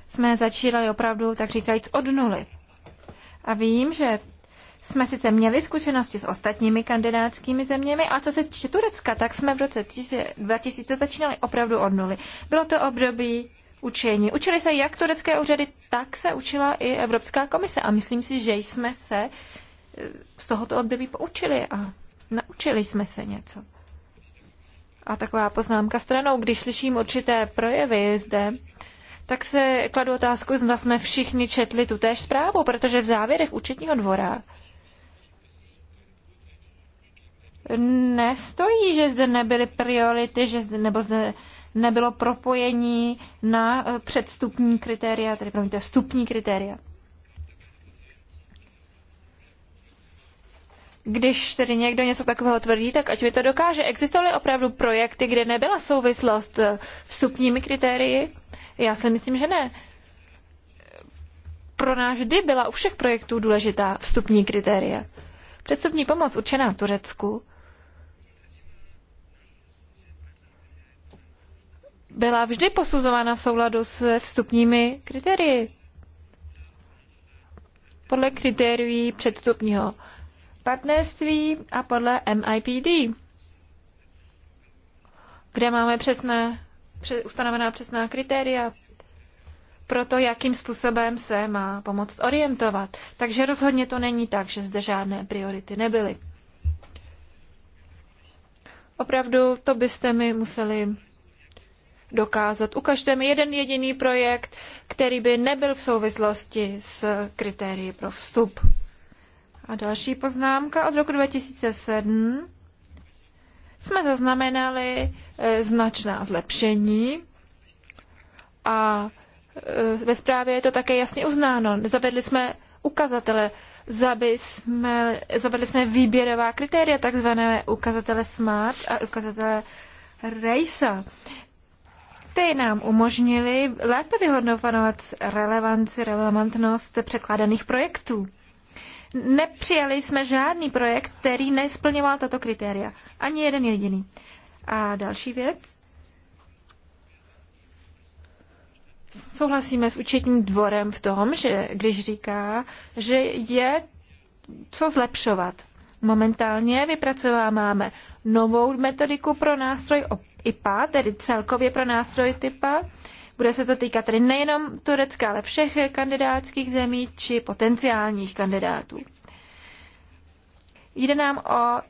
jsme začínali opravdu, tak říkajíc, od nuly. A vím, že jsme sice měli zkušenosti s ostatními kandidátskými zeměmi, a co se týče Turecka, tak jsme v roce 2000 začínali opravdu od nuly. Bylo to období učení. Učili se jak turecké úřady, tak se učila i Evropská komise. A myslím si, že jsme se eh, z tohoto období poučili a naučili jsme se něco. A taková poznámka stranou, když slyším určité projevy zde, tak se kladu otázku, zda jsme všichni četli tu též zprávu, protože v závěrech účetního dvora nestojí, že zde nebyly priority, že zde, nebo zde nebylo propojení na eh, předstupní kritéria, tedy promiňte, vstupní kritéria. Když tedy někdo něco takového tvrdí, tak ať mi to dokáže. Existovaly opravdu projekty, kde nebyla souvislost eh, vstupními kritérii? Já si myslím, že ne. Pro nás vždy byla u všech projektů důležitá vstupní kritéria. Předstupní pomoc určená Turecku byla vždy posuzována v souladu s vstupními kritérii. Podle kritérií předstupního partnerství a podle MIPD, kde máme přesné, ustanovená přesná kritéria pro to, jakým způsobem se má pomoc orientovat. Takže rozhodně to není tak, že zde žádné priority nebyly. Opravdu to byste mi museli dokázat. Ukažte mi jeden jediný projekt, který by nebyl v souvislosti s kritérii pro vstup. A další poznámka od roku 2007 jsme zaznamenali e, značná zlepšení a e, ve zprávě je to také jasně uznáno. Zavedli jsme ukazatele, jsme, zavedli jsme výběrová kritéria, takzvané ukazatele SMART a ukazatele RACE ty nám umožnily lépe vyhodnotovat relevanci, relevantnost překládaných projektů. Nepřijali jsme žádný projekt, který nesplňoval tato kritéria. Ani jeden jediný. A další věc. Souhlasíme s účetním dvorem v tom, že když říká, že je co zlepšovat. Momentálně vypracováváme novou metodiku pro nástroj o IPA, tedy celkově pro nástroj typa. Bude se to týkat tedy nejenom Turecka, ale všech kandidátských zemí či potenciálních kandidátů. Jde nám o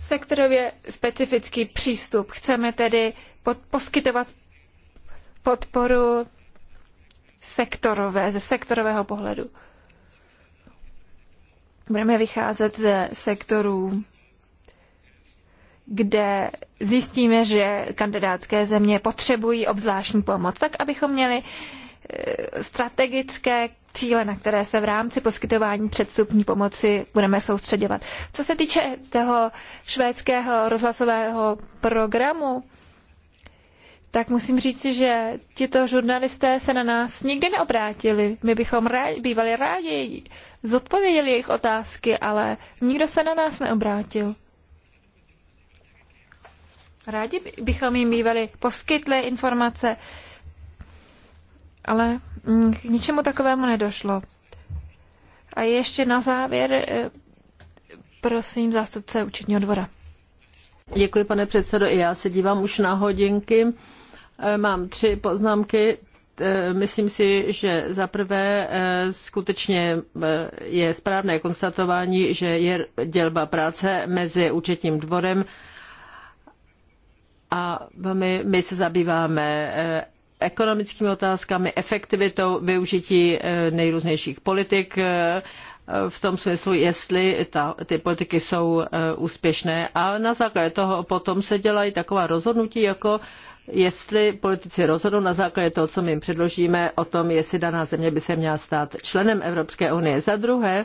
sektorově specifický přístup. Chceme tedy pod, poskytovat podporu sektorové, ze sektorového pohledu. Budeme vycházet ze sektorů kde zjistíme, že kandidátské země potřebují obzvláštní pomoc, tak abychom měli eh, strategické cíle, na které se v rámci poskytování předstupní pomoci budeme soustředovat. Co se týče toho švédského rozhlasového programu, tak musím říct, že tito žurnalisté se na nás nikdy neobrátili. My bychom rádi, bývali rádi zodpověděli jejich otázky, ale nikdo se na nás neobrátil. Rádi bychom jim bývali poskytli informace, ale mm, k ničemu takovému nedošlo. A ještě na závěr eh, prosím zástupce účetního dvora. Děkuji, pane předsedo. I já se dívám už na hodinky. Eh, mám tři poznámky. Eh, myslím si, že za prvé skutečně je správné konstatování, že je dělba práce mezi účetním dvorem a my, my se zabýváme eh, ekonomickými otázkami, efektivitou využití eh, nejrůznějších politik eh, v tom smyslu, jestli ta, ty politiky jsou úspěšné. A na základě toho potom se dělají taková rozhodnutí, jako jestli politici rozhodnou na základě toho, co my jim předložíme, o tom, jestli daná země by se měla stát členem Evropské unie. Za druhé,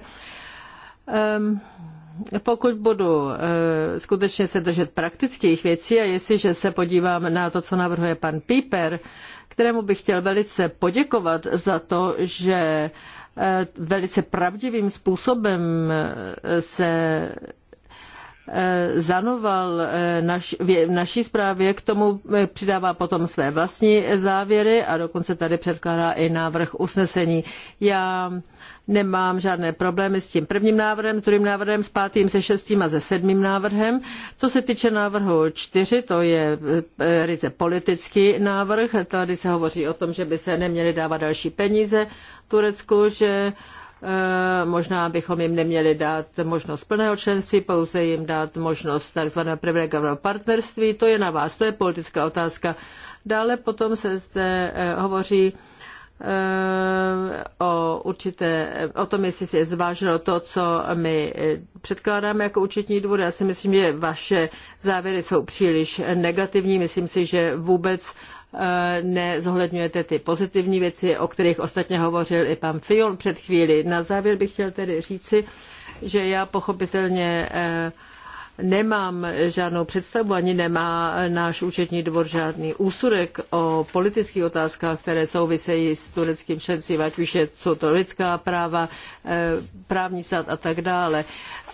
um, pokud budu eh, skutečně se držet praktických věcí a jestliže se podívám na to, co navrhuje pan Píper, kterému bych chtěl velice poděkovat za to, že eh, velice pravdivým způsobem eh, se Eh, zanoval eh, naš, v naší zprávě, k tomu eh, přidává potom své vlastní závěry a dokonce tady předkládá i návrh usnesení. Já nemám žádné problémy s tím prvním návrhem, s druhým návrhem, s pátým, se šestým a se sedmým návrhem. Co se týče návrhu čtyři, to je ryze politický návrh. Tady se hovoří o tom, že by se neměly dávat další peníze Turecku, že Eh, možná bychom jim neměli dát možnost plného členství, pouze jim dát možnost tzv. privilegovaného partnerství. To je na vás, to je politická otázka. Dále potom se zde eh, hovoří eh, o, určité, o tom, jestli si je zváženo to, co my předkládáme jako účetní dvůr. Já si myslím, že vaše závěry jsou příliš negativní. Myslím si, že vůbec Eh, nezohledňujete ty pozitivní věci, o kterých ostatně hovořil i pan Fion před chvíli. Na závěr bych chtěl tedy říci, že já pochopitelně eh, nemám žádnou představu, ani nemá náš účetní dvor žádný úsudek o politických otázkách, které souvisejí s tureckým členstvím, ať už jsou to lidská práva, eh, právní stát a tak dále.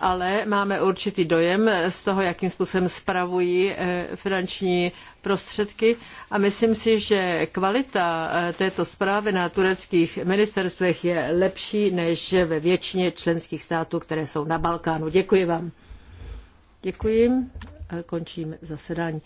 Ale máme určitý dojem z toho, jakým způsobem spravují eh, finanční prostředky a myslím si, že kvalita eh, této zprávy na tureckých ministerstvech je lepší než ve většině členských států, které jsou na Balkánu. Děkuji vám. Děkuji, končím zasedání.